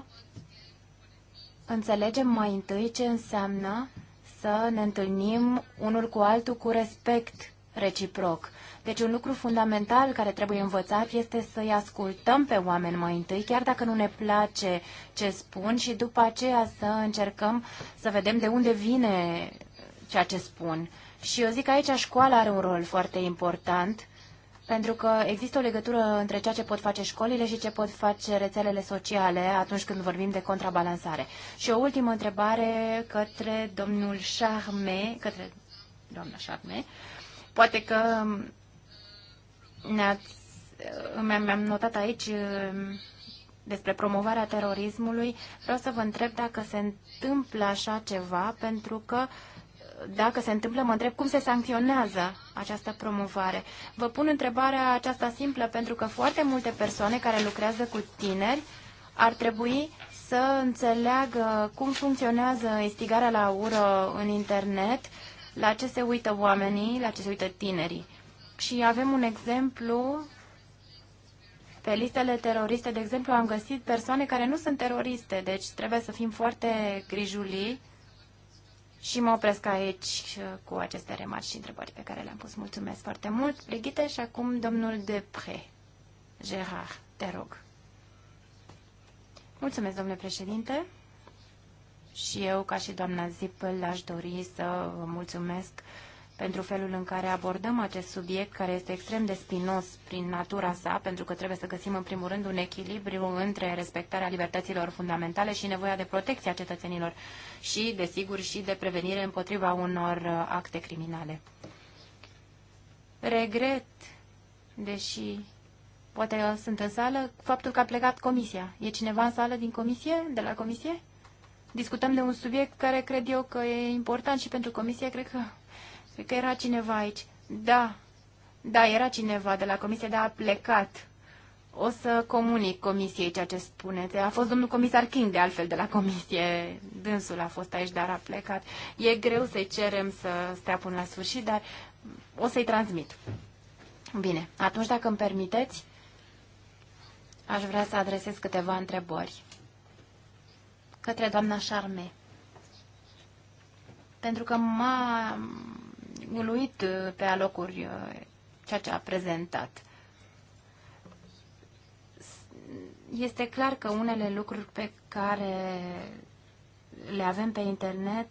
înțelegem mai întâi ce înseamnă să ne întâlnim unul cu altul cu respect reciproc. Deci un lucru fundamental care trebuie învățat este să-i ascultăm pe oameni mai întâi, chiar dacă nu ne place ce spun și după aceea să încercăm să vedem de unde vine ceea ce spun. Și eu zic că aici școala are un rol foarte important pentru că există o legătură între ceea ce pot face școlile și ce pot face rețelele sociale atunci când vorbim de contrabalansare. Și o ultimă întrebare către domnul Charme, către doamna Charme. Poate că mi-am notat aici um, despre promovarea terorismului. Vreau să vă întreb dacă se întâmplă așa ceva, pentru că uh, dacă se întâmplă, mă întreb cum se sancționează această promovare. Vă pun întrebarea aceasta simplă pentru că foarte multe persoane care lucrează cu tineri ar trebui să înțeleagă cum funcționează instigarea la ură în internet, la ce se uită oamenii, la ce se uită tinerii. Și avem un exemplu pe listele teroriste, de exemplu, am găsit persoane care nu sunt teroriste, deci trebuie să fim foarte grijulii și mă opresc aici cu aceste remarci și întrebări pe care le-am pus. Mulțumesc foarte mult, Brigitte, și acum domnul Depre. Gerard, te rog. Mulțumesc, domnule președinte. Și eu, ca și doamna Zipel, aș dori să vă mulțumesc uh, pentru felul în care abordăm acest subiect, care este extrem de spinos prin natura sa, pentru că trebuie să găsim în primul rând un echilibru între respectarea libertăților fundamentale și nevoia de protecție a cetățenilor și, desigur, și de prevenire împotriva unor uh, acte criminale. Regret, deși poate eu uh, sunt în sală, faptul că a plecat comisia. E cineva în sală din comisie, de la comisie? Discutăm de un subiect care cred eu că e important și pentru comisie, cred că Cred că era cineva aici. Da, da, era cineva de la comisie, dar a plecat. O să comunic comisiei ceea ce spuneți. A fost domnul comisar King, de altfel, de la comisie. Dânsul a fost aici, dar a plecat. E greu să-i cerem să stea până la sfârșit, dar o să-i transmit. Bine, atunci, dacă îmi permiteți, aș vrea să adresez câteva întrebări către doamna Charme. Pentru că m-a uluit uh, pe alocuri uh, ceea ce a prezentat. Este clar că unele lucruri pe care le avem pe internet,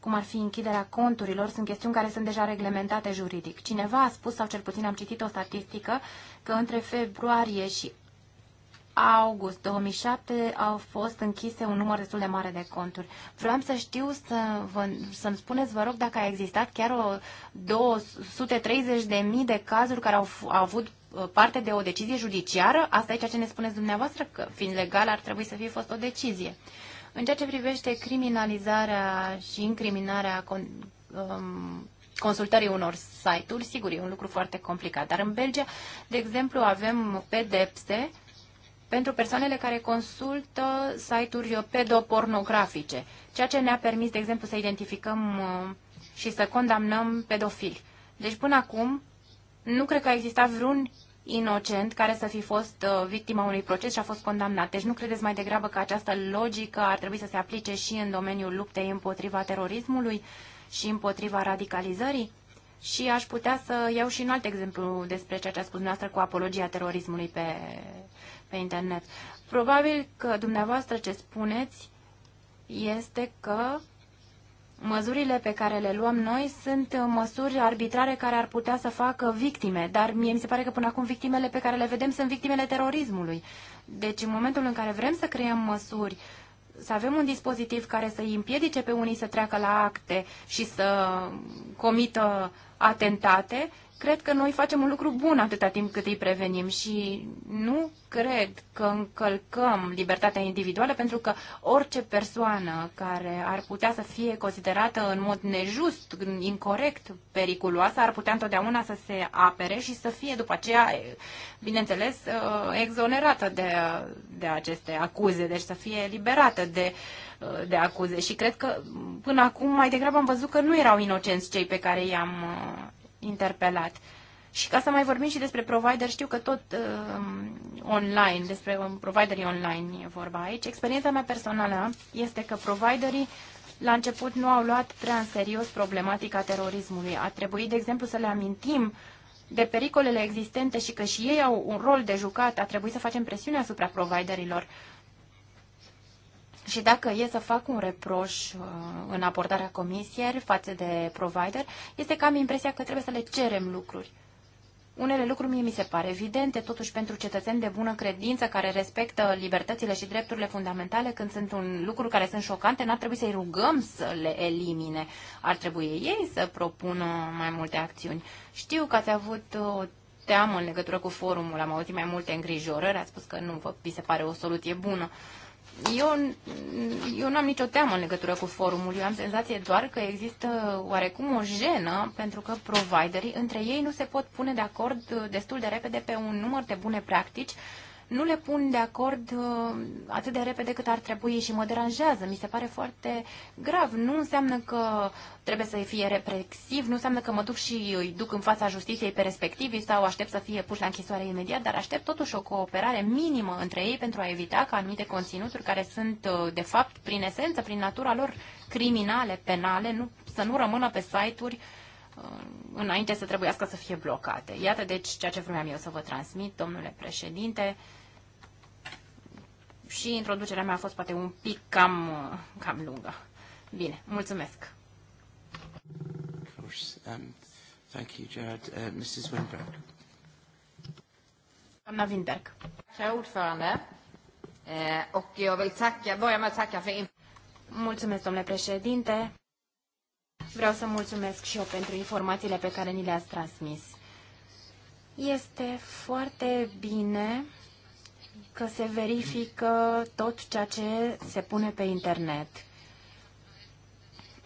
cum ar fi închiderea conturilor, sunt chestiuni care sunt deja reglementate juridic. Cineva a spus, sau cel puțin am citit o statistică, că între februarie și august 2007 au fost închise un număr destul de mare de conturi. Vreau să știu să vă, să-mi spuneți, vă rog, dacă a existat chiar o 230 de mii de cazuri care au, au avut uh, parte de o decizie judiciară. Asta e ceea ce ne spuneți dumneavoastră, că fiind legal ar trebui să fie fost o decizie. În ceea ce privește criminalizarea și incriminarea con, um, consultării unor site-uri, sigur, e un lucru foarte complicat. Dar în Belgia, de exemplu, avem pedepse uh, pentru persoanele care consultă site-uri pedopornografice, ceea ce ne-a permis, de exemplu, să identificăm uh, și să condamnăm pedofili. Deci, până acum, nu cred că a existat vreun inocent care să fi fost uh, victima unui proces și a fost condamnat. Deci nu credeți mai degrabă că această logică ar trebui să se aplice și în domeniul luptei împotriva terorismului și împotriva radicalizării? Și aș putea să iau și un alt exemplu despre ceea ce a spus dumneavoastră cu apologia terorismului pe pe internet. Probabil că dumneavoastră ce spuneți este că măsurile pe care le luăm noi sunt măsuri arbitrare care ar putea să facă victime, dar mie mi se pare că până acum victimele pe care le vedem sunt victimele terorismului. Deci în momentul în care vrem să creăm măsuri, să avem un dispozitiv care să îi împiedice pe unii să treacă la acte și să comită atentate, cred că noi facem un lucru bun atâta timp cât îi prevenim și nu cred că încălcăm libertatea individuală pentru că orice persoană care ar putea să fie considerată în mod nejust, incorrect, periculoasă, ar putea întotdeauna să se apere și să fie după aceea, bineînțeles, uh, exonerată de, de aceste acuze, deci să fie liberată de uh, de acuze și cred că până acum mai degrabă am văzut că nu erau inocenți cei pe care i-am uh, interpelat. Și ca să mai vorbim și despre provider, știu că tot uh, online, despre providerii online e vorba aici. Experiența mea personală este că providerii la început nu au luat prea în serios problematica terorismului. A trebuit, de exemplu, să le amintim de pericolele existente și că și ei au un rol de jucat. A trebuit să facem presiune asupra providerilor. Uh, și dacă e să fac un reproș uh, în abordarea comisiei față de provider, este că am impresia că trebuie să le cerem lucruri. Unele lucruri mie mi se pare evidente, totuși pentru cetățeni de bună credință care respectă libertățile și drepturile fundamentale, când sunt un lucru care sunt șocante, n-ar trebui să-i rugăm să le elimine. Ar trebui ei să propună mai multe acțiuni. Știu că ați avut o teamă în legătură cu forumul, am auzit mai multe îngrijorări, ați spus că nu vă, vi se pare o soluție bună. Uh, eu, eu nu am nicio teamă în legătură cu forumul. Eu am senzație doar că există oarecum o jenă pentru că providerii între ei nu se pot pune de acord uh, destul de repede pe un număr de bune practici nu le pun de acord uh, atât de repede cât ar trebui și mă deranjează. Mi se pare foarte grav. Nu înseamnă că trebuie să fie represiv, nu înseamnă că mă duc și îi duc în fața justiției pe respectivii sau aștept să fie puși la închisoare imediat, dar aștept totuși o cooperare minimă între ei pentru a evita ca anumite conținuturi care sunt, uh, de fapt, prin esență, prin natura lor, criminale, penale, nu, să nu rămână pe site-uri uh, înainte să trebuiască să fie blocate. Iată deci ceea ce vreau eu să vă transmit, domnule președinte și introducerea mea a fost poate un pic cam, cam lungă. Bine, mulțumesc. Of course. Um, thank you, Gerard. Uh, Mrs. Winberg. Anna Winberg. ordförande, eh, och jag vill tacka, börja med att tacka för Mulțumesc, domnule președinte. Vreau să mulțumesc și eu pentru informațiile pe care ni le-ați transmis. Este foarte bine că se verifică tot ceea ce se pune pe internet.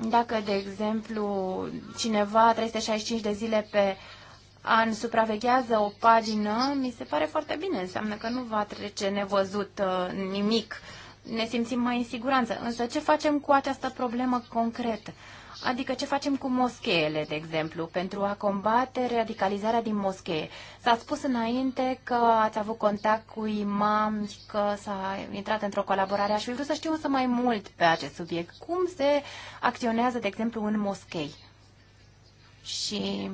Dacă, de exemplu, cineva 365 de zile pe an supraveghează o pagină, mi se pare foarte bine. Înseamnă că nu va trece nevăzut uh, nimic. Ne simțim mai în siguranță. Însă ce facem cu această problemă concretă? Adică ce facem cu moscheele, de exemplu, pentru a combate radicalizarea din moschee. S-a spus înainte că ați avut contact cu imam, că s-a intrat într-o colaborare. Aș fi vrut să știu însă mai mult pe acest subiect. Cum se acționează, de exemplu, în moschei? Și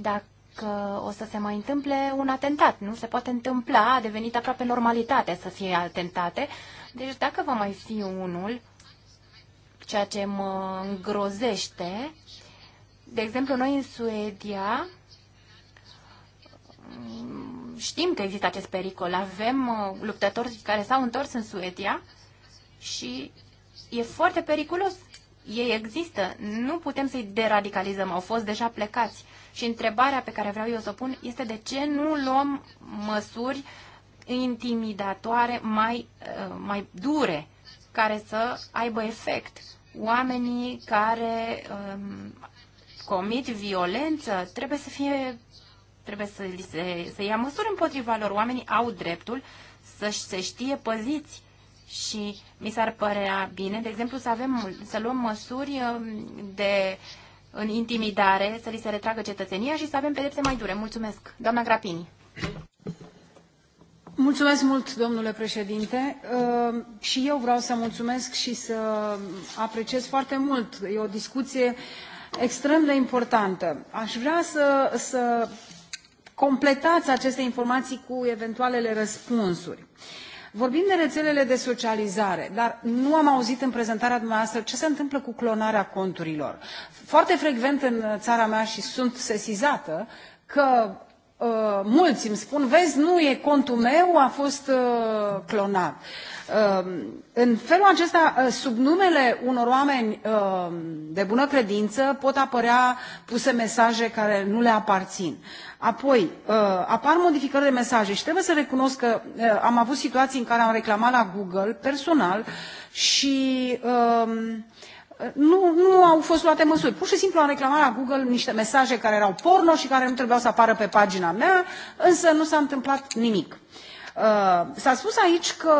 dacă că o să se mai întâmple un atentat. Nu se poate întâmpla, a devenit aproape normalitate să fie atentate. Deci dacă va mai fi unul, ceea ce mă îngrozește. De exemplu, noi în Suedia mm, știm că există acest pericol. Avem uh, luptători care s-au întors în Suedia și e foarte periculos. Ei există, nu putem să-i deradicalizăm, au fost deja plecați. Și întrebarea pe care vreau eu să o pun este de ce nu luăm măsuri intimidatoare mai, uh, mai dure care să aibă efect. Oamenii care um, comit violență trebuie să fie trebuie să, se, să ia măsuri împotriva lor. Oamenii au dreptul să se știe păziți și mi s-ar părea bine, de exemplu, să, avem, să luăm măsuri um, de în intimidare, să li se retragă cetățenia și să avem pedepse mai dure. Mulțumesc. Doamna Grapini. Mulțumesc mult, domnule președinte. Ehm, și eu vreau să mulțumesc și să apreciez foarte mult. E o discuție extrem de importantă. Aș vrea să, să completați aceste informații cu eventualele răspunsuri. Vorbim de rețelele de socializare, dar nu am auzit în prezentarea dumneavoastră ce se întâmplă cu clonarea conturilor. Foarte frecvent în țara mea și sunt sesizată că Uh, mulți îmi spun, vezi, nu e contul meu, a fost uh, clonat. Uh, în felul acesta, uh, sub numele unor oameni uh, de bună credință pot apărea puse mesaje care nu le aparțin. Apoi, apar modificări de mesaje și trebuie să recunosc că am avut situații în care am reclamat la Google personal și uh, nu, nu au fost luate măsuri. Pur și simplu am reclamat la Google niște mesaje care erau porno și care nu trebuiau să apară pe pagina mea, însă nu s-a întâmplat nimic. Uh, s-a spus aici că,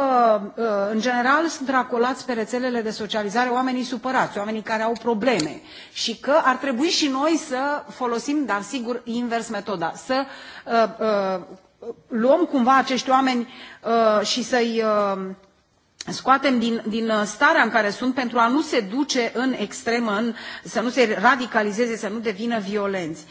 uh, în general, sunt racolați pe rețelele de socializare oamenii supărați, oamenii care au probleme și că ar trebui și noi să folosim, dar sigur, invers metoda, să uh, uh, luăm cumva acești oameni uh, și să-i uh, scoatem din, din uh, starea în care sunt pentru a nu se duce în extremă, în, să nu se radicalizeze, să nu devină violenți.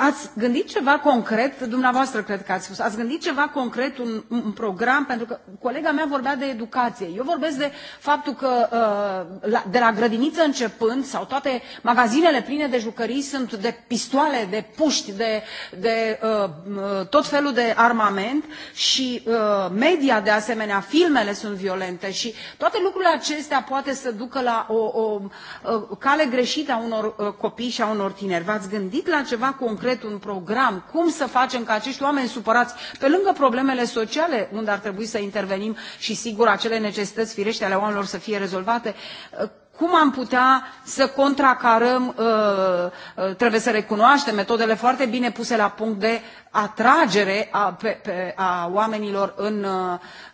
Ați gândit ceva concret, dumneavoastră cred că ați spus, ați gândit ceva concret, un, un program, pentru că colega mea vorbea de educație. Eu vorbesc de faptul că uh, de la grădiniță începând sau toate magazinele pline de jucării sunt de pistoale, de puști, de, de uh, uh, tot felul de armament și media de asemenea, filmele sunt violente și toate lucrurile acestea poate să ducă la o, o cale greșită a unor copii și a unor tineri. V-ați gândit la ceva concret? concret un program cum să facem ca acești oameni supărați pe lângă problemele sociale unde ar trebui să intervenim și sigur acele necesități firește ale oamenilor să fie rezolvate ă, cum am putea să contracarăm ă, ă, trebuie să recunoaștem metodele foarte bine puse la punct de atragere a, pe, pe, a oamenilor în,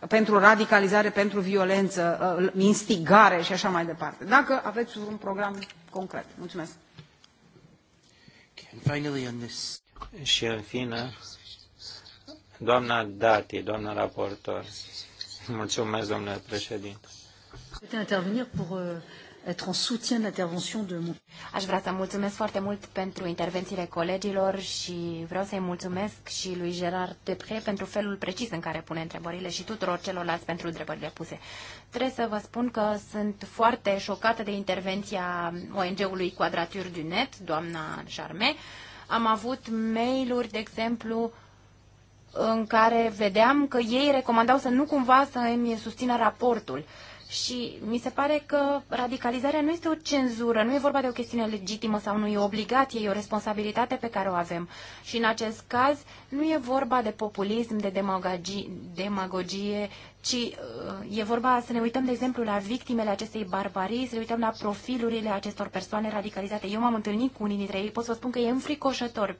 pentru radicalizare pentru violență instigare și așa mai departe dacă aveți un program concret. mulțumesc. Și în fine, doamna Dati, doamna raportor. Mulțumesc, domnule președinte être en soutien de l'intervention de mon... Aș vrea să mulțumesc foarte mult pentru intervențiile colegilor și vreau să-i mulțumesc și lui Gerard Depre pentru felul precis în care pune întrebările și tuturor celorlalți pentru întrebările puse. Trebuie să vă spun că sunt foarte șocată de intervenția ONG-ului Quadratur du Net, doamna Jarme. Am avut mail-uri, de exemplu, în care vedeam că ei recomandau să nu cumva să îmi susțină raportul. Uh, și mi se pare că radicalizarea nu este o cenzură, nu e vorba de o chestiune legitimă sau nu e o obligație, e o responsabilitate pe care o avem. Și în acest caz nu e vorba de populism, de demagogie, demagogie ci uh, e vorba să ne uităm, de exemplu, la victimele acestei barbarii, să ne uităm la profilurile acestor persoane radicalizate. Eu m-am întâlnit cu unii dintre ei, pot să vă spun că e înfricoșător.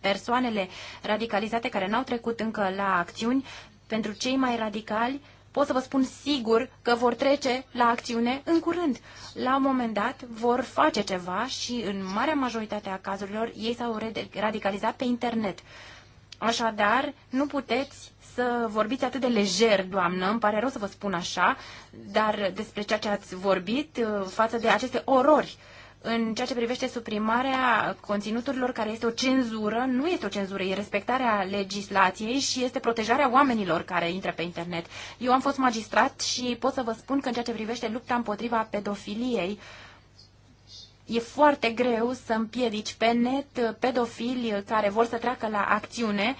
Persoanele radicalizate care n-au trecut încă la acțiuni, pentru cei mai radicali, pot să vă spun sigur că vor trece la acțiune în curând. La un moment dat vor face ceva și în marea majoritate a cazurilor ei s-au radicalizat pe internet. Așadar, nu puteți să vorbiți atât de lejer, doamnă, îmi pare rău să vă spun așa, dar despre ceea ce ați vorbit uh, față de aceste orori în ceea ce privește suprimarea conținuturilor care este o cenzură, nu este o cenzură, e respectarea legislației și este protejarea oamenilor care intră pe internet. Eu am fost magistrat și pot să vă spun că în ceea ce privește lupta împotriva pedofiliei, e foarte greu să împiedici pe net pedofili care vor să treacă la acțiune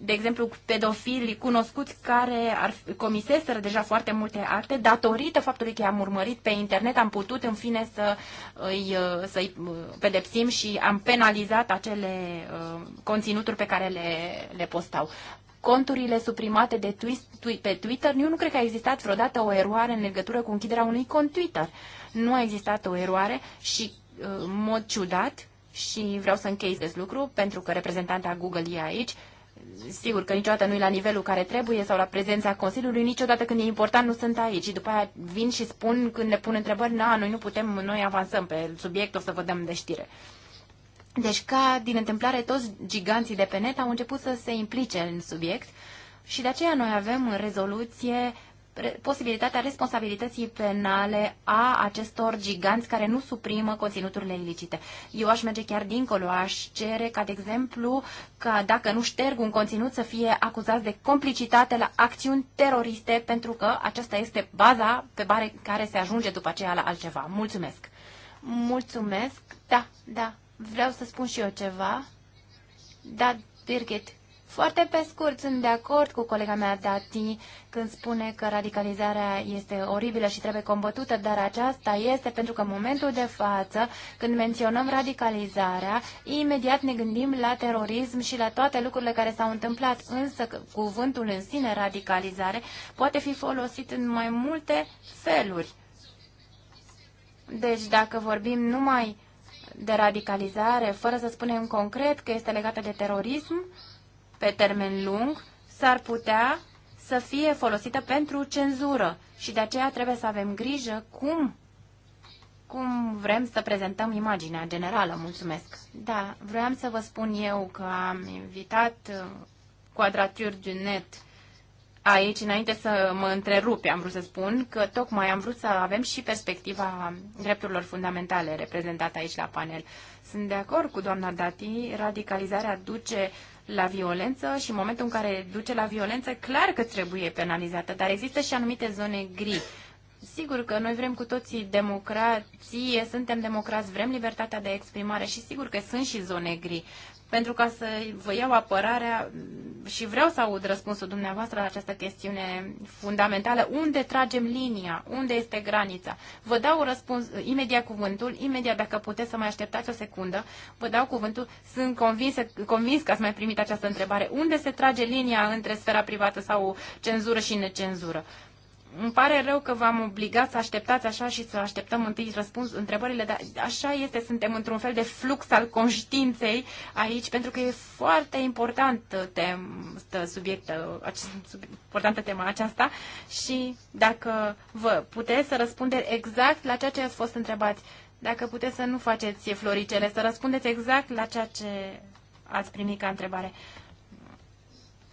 de exemplu, pedofili cunoscuți care ar comiseseră deja foarte multe acte, datorită faptului că i-am urmărit pe internet, am putut în fine să îi, să îi uh, pedepsim și am penalizat acele uh, conținuturi pe care le, le postau. Conturile suprimate de twist, twi, pe Twitter, eu nu cred că a existat vreodată o eroare în legătură cu închiderea unui cont Twitter. Nu a existat o eroare și, uh, în uh, mod ciudat, și vreau să închei acest lucru, pentru că reprezentanta Google e aici, sigur că niciodată nu e la nivelul care trebuie sau la prezența Consiliului, niciodată când e important nu sunt aici. Și după aia vin și spun când le pun întrebări, na, noi nu putem, noi avansăm pe subiect, o să vă dăm de știre. Deci ca din întâmplare toți giganții de pe net au început să se implice în subiect și de aceea noi avem în rezoluție uh, posibilitatea responsabilității penale a acestor giganți care nu suprimă conținuturile ilicite. Eu aș merge chiar dincolo, aș cere ca, de exemplu, ca dacă nu șterg un conținut să fie acuzați de complicitate la acțiuni teroriste, pentru că aceasta este baza pe care se ajunge după aceea la altceva. Mulțumesc! Mulțumesc! Da, da, vreau să spun și eu ceva. Da, Birgit, foarte pe scurt, sunt de acord cu colega mea Tati când spune că radicalizarea este oribilă și trebuie combătută, dar aceasta este pentru că în momentul de față, când menționăm radicalizarea, imediat ne gândim la terorism și la toate lucrurile care s-au întâmplat, însă cuvântul în sine, radicalizare, poate fi folosit în mai multe feluri. Deci dacă vorbim numai de radicalizare, fără să spunem concret că este legată de terorism, pe termen lung s-ar putea să fie folosită pentru cenzură și de aceea trebuie să avem grijă cum, cum vrem să prezentăm imaginea generală. Mulțumesc! Da, vreau să vă spun eu că am invitat uh, quadraturi din Net aici, înainte să mă întrerupe, am vrut să spun că tocmai am vrut să avem și perspectiva drepturilor fundamentale reprezentată aici la panel. Sunt de acord cu doamna Dati, radicalizarea duce la violență și în momentul în care duce la violență, clar că trebuie penalizată, dar există și anumite zone gri. Sigur că noi vrem cu toții democrație, suntem democrați, vrem libertatea de exprimare și sigur că sunt și zone gri pentru ca să vă iau apărarea și vreau să aud răspunsul dumneavoastră la această chestiune fundamentală. Unde tragem linia? Unde este granița? Vă dau răspuns, imediat cuvântul, imediat dacă puteți să mai așteptați o secundă, vă dau cuvântul. Sunt convins, convins că ați mai primit această întrebare. Unde se trage linia între sfera privată sau cenzură și necenzură? Îmi pare rău că v-am obligat să așteptați așa și să așteptăm întâi răspuns întrebările, dar așa este, suntem într-un fel de flux al conștiinței aici, pentru că e foarte important uh, tem, subiect, uh, importantă tema aceasta și dacă vă puteți să răspundeți exact la ceea ce ați fost întrebați, dacă puteți să nu faceți floricele, să răspundeți exact la ceea ce ați primit ca întrebare.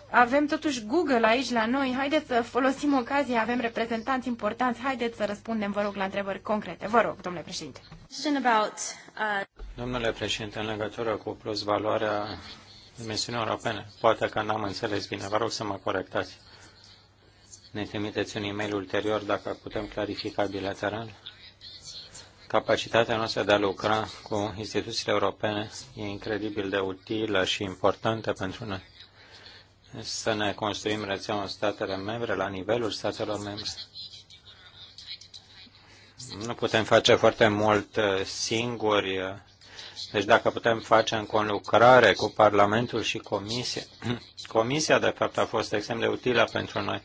Avem totuși Google aici la noi. Haideți să folosim ocazia, avem reprezentanți importanți. Haideți să răspundem, vă rog, la întrebări concrete. Vă rog, domnule președinte. Uh, domnule președinte, în legătură cu plus valoarea dimensiunii europene, poate că n-am înțeles bine, vă rog să mă corectați. Ne trimiteți un e-mail ulterior dacă putem clarifica bilateral. Capacitatea noastră de a lucra cu instituțiile europene e incredibil de utilă și importantă pentru noi să ne construim rețeaua în statele membre, la nivelul statelor membre. Nu putem face foarte mult uh, singuri, deci dacă putem face în conlucrare cu Parlamentul și Comisia. Comisia, de fapt, a fost extrem de utilă pentru noi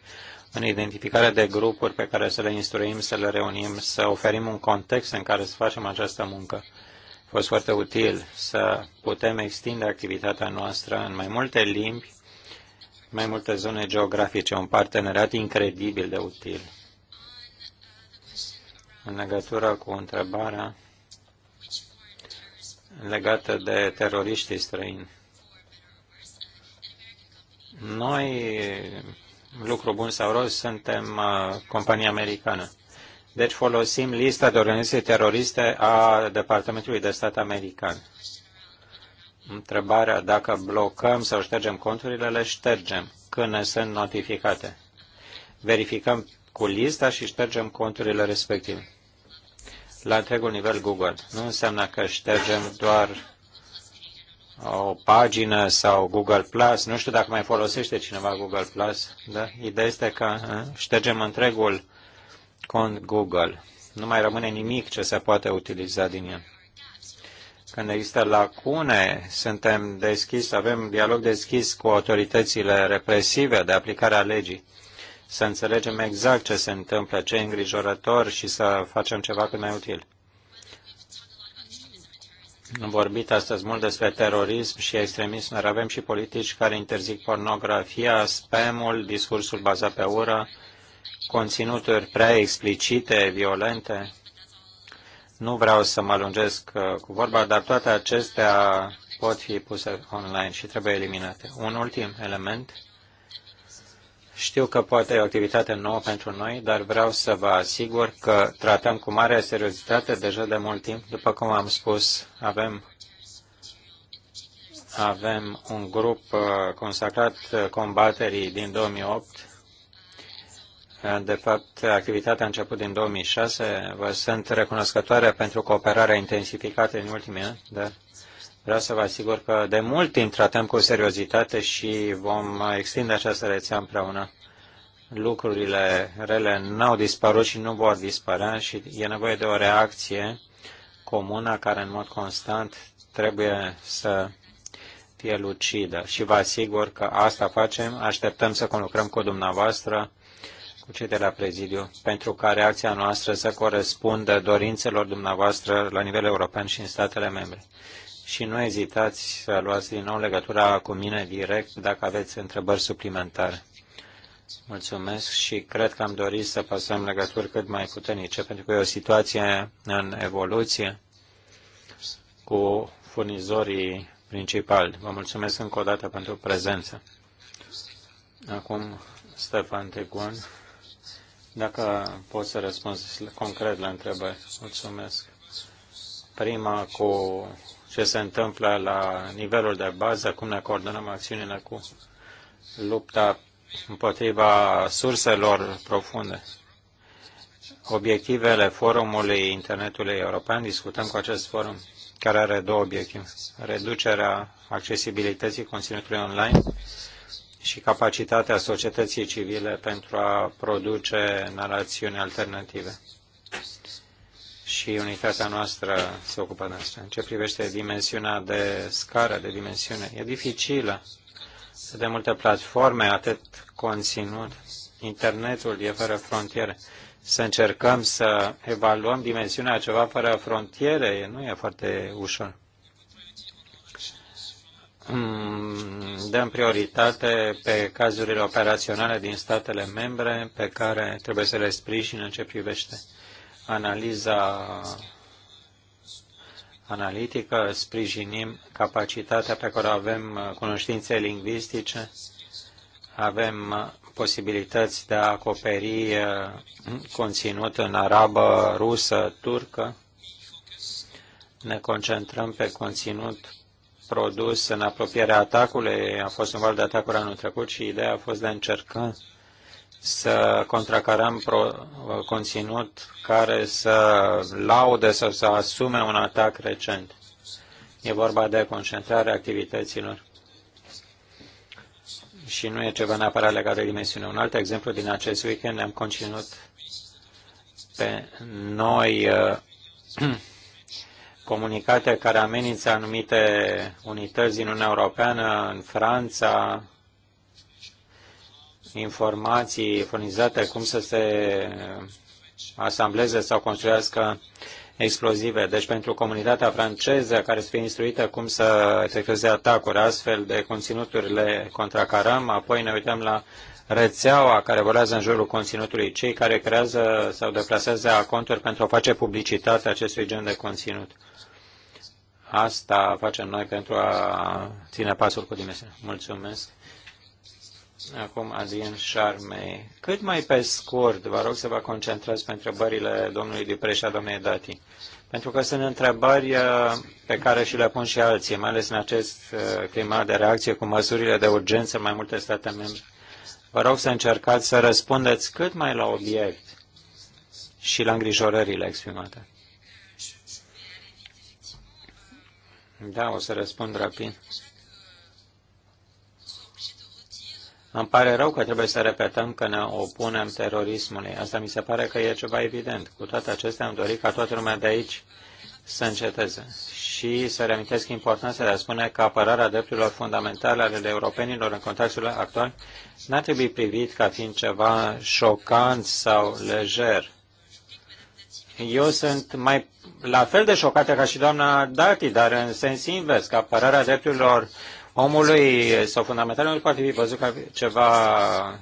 în identificarea de grupuri pe care să le instruim, să le reunim, să oferim un context în care să facem această muncă. A fost foarte util să putem extinde activitatea noastră în mai multe limbi mai multe zone geografice, un parteneriat incredibil de util. În legătură cu întrebarea legată de teroriștii străini. Noi, lucru bun sau rău, suntem uh, companie americană. Deci folosim lista de organizații teroriste a Departamentului de Stat American. Întrebarea dacă blocăm sau ștergem conturile, le ștergem când ne sunt notificate. Verificăm cu lista și ștergem conturile respective. La întregul nivel Google. Nu înseamnă că ștergem doar o pagină sau Google Plus. Nu știu dacă mai folosește cineva Google Plus. Da? Ideea este că ă, ștergem întregul cont Google. Nu mai rămâne nimic ce se poate utiliza din el. Când există lacune, suntem deschiși, avem dialog deschis cu autoritățile represive de aplicare a legii. Să înțelegem exact ce se întâmplă, ce e îngrijorător și să facem ceva cât mai util. Am vorbit astăzi mult despre terorism și extremism, dar avem și politici care interzic pornografia, spamul, discursul bazat pe ură, conținuturi prea explicite, violente. Nu vreau să mă lungesc uh, cu vorba, dar toate acestea pot fi puse online și trebuie eliminate. Un ultim element. Știu că poate e o activitate nouă pentru noi, dar vreau să vă asigur că tratăm cu mare seriozitate deja de mult timp. După cum am spus, avem avem un grup uh, consacrat uh, combaterii din 2008 de fapt, activitatea a început din 2006. Vă sunt recunoscătoare pentru cooperarea intensificată în ultimii ani, Da. vreau să vă asigur că de mult timp tratăm cu seriozitate și vom extinde această rețea împreună. Lucrurile rele n-au dispărut și nu vor dispărea și e nevoie de o reacție comună care în mod constant trebuie să fie lucidă. Și vă asigur că asta facem, așteptăm să conlucrăm cu dumneavoastră cu cei de la prezidiu pentru ca reacția noastră să corespundă dorințelor dumneavoastră la nivel european și în statele membre. Și nu ezitați să luați din nou legătura cu mine direct dacă aveți întrebări suplimentare. Mulțumesc și cred că am dorit să pasăm legături cât mai puternice, pentru că e o situație în evoluție cu furnizorii principali. Vă mulțumesc încă o dată pentru prezență. Acum, Stefan Tegun. Dacă pot să răspund concret la întrebări, mulțumesc. Prima cu ce se întâmplă la nivelul de bază, cum ne coordonăm acțiunile cu lupta împotriva surselor profunde. Obiectivele Forumului Internetului European, discutăm cu acest forum, care are două obiective. Reducerea accesibilității conținutului online și capacitatea societății civile pentru a produce narațiuni alternative. Și unitatea noastră se ocupă de asta. În ce privește dimensiunea de scară, de dimensiune, e dificilă. Sunt de multe platforme, atât conținut. Internetul e fără frontiere. Să încercăm să evaluăm dimensiunea ceva fără frontiere nu e foarte ușor. Mm, dăm prioritate pe cazurile operaționale din statele membre pe care trebuie să le sprijin în ce privește analiza analitică, sprijinim capacitatea pe care avem, uh, cunoștințe lingvistice, avem uh, posibilități de a acoperi uh, conținut în arabă, rusă, turcă. Ne concentrăm pe conținut produs în apropierea atacului. A fost un val de atacuri anul trecut și ideea a fost de a încerca să contracarăm pro, conținut care să laude sau să asume un atac recent. E vorba de concentrarea activităților și nu e ceva neapărat legat de dimensiune. Un alt exemplu din acest weekend ne-am conținut pe noi uh, comunicate care amenință anumite unități din Uniunea Europeană, în Franța, informații furnizate cum să se asambleze sau construiască explozive. Deci pentru comunitatea franceză care să fie instruită cum să efectueze atacuri, astfel de conținuturile contracarăm, apoi ne uităm la rețeaua care volează în jurul conținutului, cei care creează sau deplasează conturi pentru a face publicitate acestui gen de conținut. Asta facem noi pentru a ține pasul cu dimensiunea. Mulțumesc. Acum Adrian Șarmei. Cât mai pe scurt, vă rog să vă concentrați pe întrebările domnului Dipre și a domnului Dati. Pentru că sunt întrebări uh, pe care și le pun și alții, mai ales în acest uh, climat de reacție cu măsurile de urgență în mai multe state membre Vă rog să încercați să răspundeți cât mai la obiect și la îngrijorările exprimate. Da, o să răspund rapid. Îmi pare rău că trebuie să repetăm că ne opunem terorismului. Asta mi se pare că e ceva evident. Cu toate acestea am dorit ca toată lumea de aici să înceteze și să reamintesc importanța de a spune că apărarea drepturilor fundamentale ale europenilor în contextul actual n-ar trebui privit ca fiind ceva șocant sau lejer. Eu sunt mai la fel de șocată ca și doamna Dati, dar în sens invers, că apărarea drepturilor omului sau fundamentale nu poate fi văzut ca ceva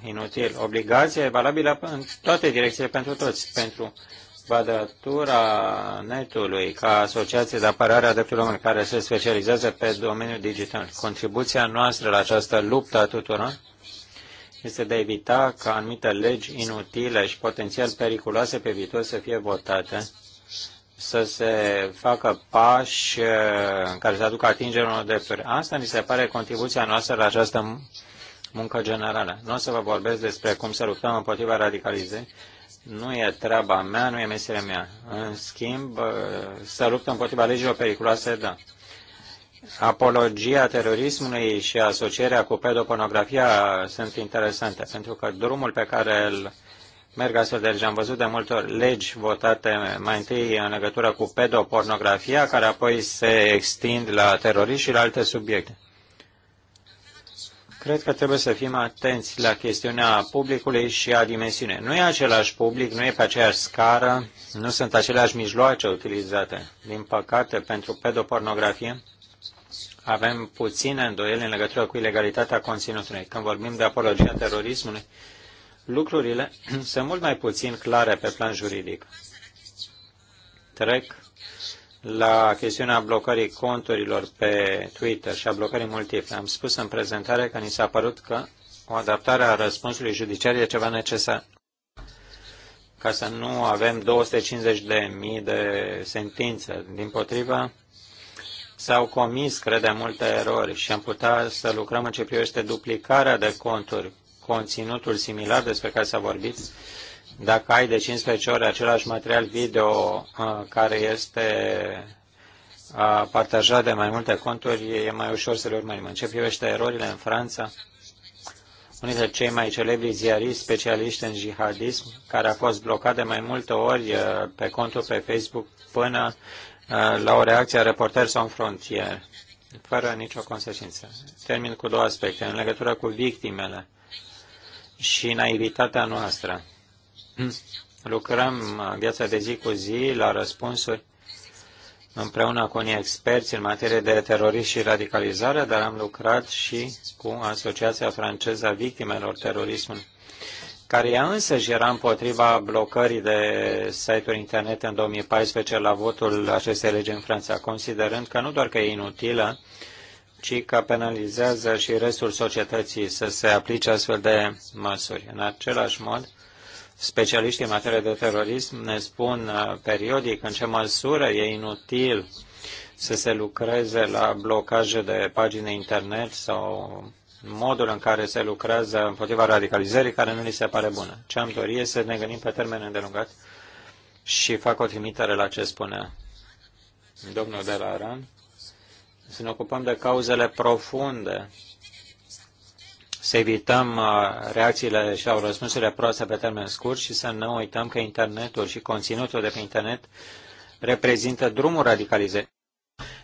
inutil. Obligația e valabilă în toate direcțiile pentru toți, pentru Quadratura Netului, ca asociație de apărare a drepturilor omului care se specializează pe domeniul digital. Contribuția noastră la această luptă a tuturor este de a evita ca anumite legi inutile și potențial periculoase pe viitor să fie votate, să se facă pași în eh, care să aducă atingere unor drepturi. Asta mi se pare contribuția noastră la această muncă generală. Nu o să vă vorbesc despre cum să luptăm împotriva radicalizării, nu e treaba mea, nu e meseria mea. În schimb, uh, să luptă împotriva legilor periculoase, da. Apologia terorismului și asocierea cu pedopornografia sunt interesante, pentru că drumul pe care îl merg astfel de legi. Am văzut de multe ori legi votate mai întâi în legătură cu pedopornografia, care apoi se extind la terorism și la alte subiecte. Cred că trebuie să fim atenți la chestiunea publicului și a dimensiunii. Nu e același public, nu e pe aceeași scară, nu sunt aceleași mijloace utilizate. Din păcate, pentru pedopornografie, avem puține îndoieli în legătură cu ilegalitatea conținutului. Când vorbim de apologia terorismului, lucrurile sunt mult mai puțin clare pe plan juridic. Trec la chestiunea blocării conturilor pe Twitter și a blocării multiple. Am spus în prezentare că ni s-a părut că o adaptare a răspunsului judiciar e ceva necesar ca să nu avem 250.000 de, mii de sentințe. Din potrivă, s-au comis, credem, multe erori și am putea să lucrăm în ce privește duplicarea de conturi, conținutul similar despre care s-a vorbit, dacă ai de 15 ore același material video uh, care este uh, partajat de mai multe conturi, e mai ușor să le urmărim. În ce privește erorile în Franța, unul dintre cei mai celebri ziariști specialiști în jihadism, care a fost blocat de mai multe ori uh, pe contul pe Facebook până la o reacție a reporteri sau în frontier, fără nicio consecință. Termin cu două aspecte, în legătură cu victimele și naivitatea noastră. Lucrăm viața de zi cu zi la răspunsuri împreună cu unii experți în materie de terorism și radicalizare, dar am lucrat și cu Asociația franceză a victimelor terorismului, care ea însă era împotriva blocării de site-uri internet în 2014 la votul acestei legi în Franța, considerând că nu doar că e inutilă, ci că penalizează și restul societății să se aplice astfel de măsuri. În același mod, specialiștii în materie de terorism ne spun uh, periodic în ce măsură e inutil să se lucreze la blocaje de pagini internet sau modul în care se lucrează împotriva radicalizării care nu li se pare bună. Ce am dori este să ne gândim pe termen îndelungat și fac o trimitere la ce spunea domnul de la Aran, să ne ocupăm de cauzele profunde să evităm uh, reacțiile și au răspunsurile proaste pe termen scurt și să nu uităm că internetul și conținutul de pe internet reprezintă drumul radicalizării.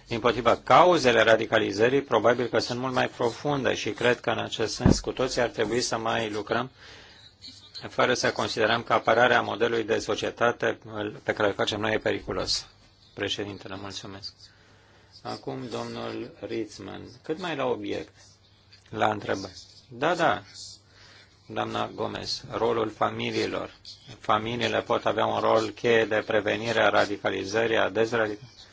Din potriva, cauzele radicalizării probabil că sunt mult mai profunde și cred că în acest sens cu toții ar trebui să mai lucrăm fără să considerăm că apărarea modelului de societate pe care îl facem noi e periculos. Președintele, mulțumesc. Acum domnul Ritzman, cât mai la obiect, la întrebări. Da, da, doamna Gomez, rolul familiilor. Familiile pot avea un rol cheie de prevenire a radicalizării, a dezradicalizării,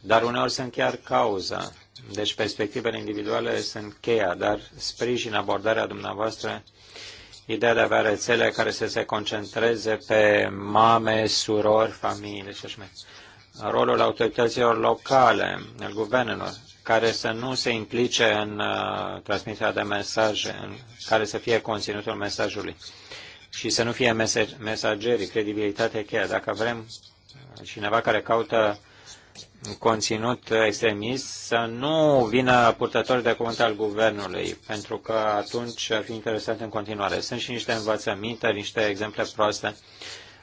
dar uneori sunt chiar cauza. Deci perspectivele individuale sunt cheia, dar sprijin abordarea dumneavoastră ideea de a avea rețele care să se concentreze pe mame, surori, familii și așa mai. Rolul autorităților locale, al guvernelor, care să nu se implice în uh, transmiterea de mesaje, în care să fie conținutul mesajului și să nu fie mesagerii, credibilitatea cheia. Dacă vrem uh, cineva care caută conținut extremist să nu vină purtători de cuvânt al guvernului, pentru că atunci ar fi interesant în continuare. Sunt și niște învățăminte, niște exemple proaste.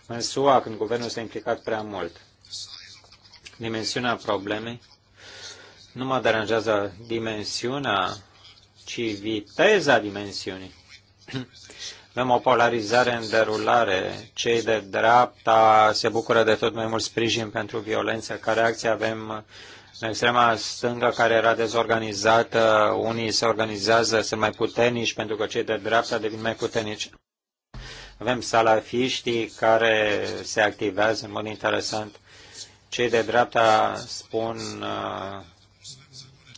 În SUA, când guvernul s-a implicat prea mult, dimensiunea problemei nu mă deranjează dimensiunea, ci viteza dimensiunii. Avem o polarizare în derulare. Cei de dreapta se bucură de tot mai mult sprijin pentru violență. Ca reacție avem în extrema stângă care era dezorganizată, unii se organizează, sunt mai puternici pentru că cei de dreapta devin mai puternici. Avem salafiștii care se activează în mod interesant. Cei de dreapta spun uh,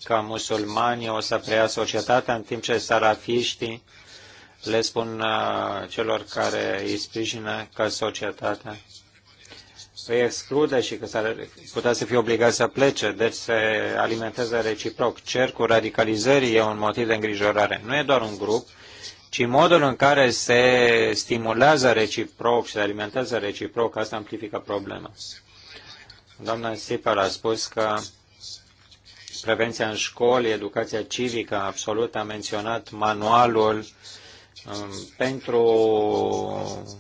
ca musulmanii o să preia societatea, în timp ce sarafiștii le spun uh, celor care îi sprijină că societatea îi exclude și că s-ar putea să fie obligat să plece, deci se alimentează reciproc. Cercul radicalizării e un motiv de îngrijorare. Nu e doar un grup, ci modul în care se stimulează reciproc și se alimentează reciproc, asta amplifică problema. Doamna Sipar a spus că prevenția în școli, educația civică, absolut, am menționat manualul um, pentru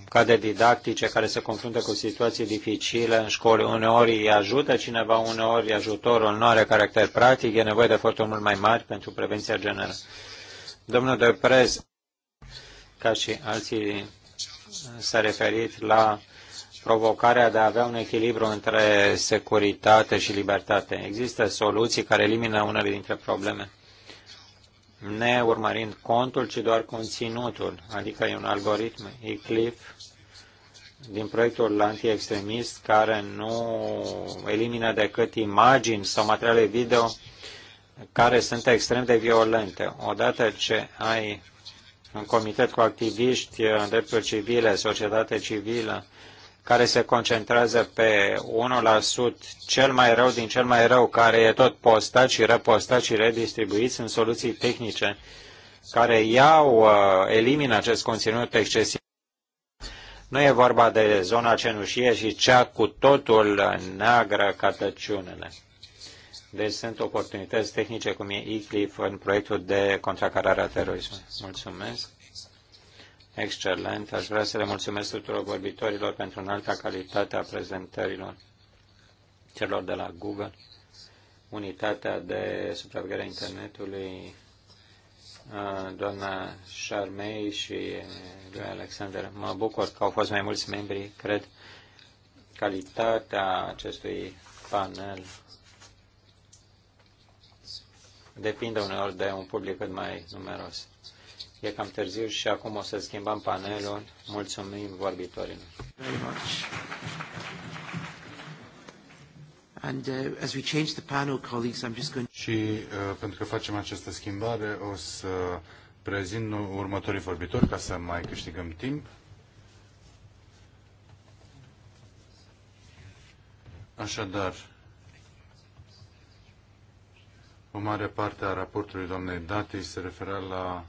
cadre didactice care se confruntă cu situații dificile în școli. Uneori îi ajută cineva, uneori ajutorul nu are caracter practic, e nevoie de eforturi mult mai mari pentru prevenția generală. Domnul Prez, ca și alții, s-a referit la provocarea de a avea un echilibru între securitate și libertate. Există soluții care elimină unele dintre probleme, ne urmărind contul, ci doar conținutul, adică e un algoritm, ECLIF, din proiectul anti-extremist care nu elimină decât imagini sau materiale video care sunt extrem de violente. Odată ce ai un comitet cu activiști în drepturi civile, societate civilă, care se concentrează pe 1% cel mai rău din cel mai rău, care e tot postat și repostat și redistribuit, sunt soluții tehnice care iau, uh, elimină acest conținut excesiv. Nu e vorba de zona cenușie și cea cu totul neagră ca tăciunele. Deci sunt oportunități tehnice, cum e ICLIF în proiectul de contracarare a terorismului. Mulțumesc excelent. Aș vrea să le mulțumesc tuturor vorbitorilor pentru înalta calitate a prezentărilor celor de la Google, unitatea de supraveghere a internetului, doamna Charmei și doamna Alexander. Mă bucur că au fost mai mulți membri, cred, calitatea acestui panel depinde uneori de un public cât mai numeros. E cam târziu și acum o să schimbăm panelul. Mulțumim vorbitorilor. Very much. And uh, as we change the panel, colleagues, I'm just going... Și uh, pentru că facem această schimbare, o să prezint următorii vorbitori ca să mai câștigăm timp. Așadar, o mare parte a raportului doamnei Datei se referă la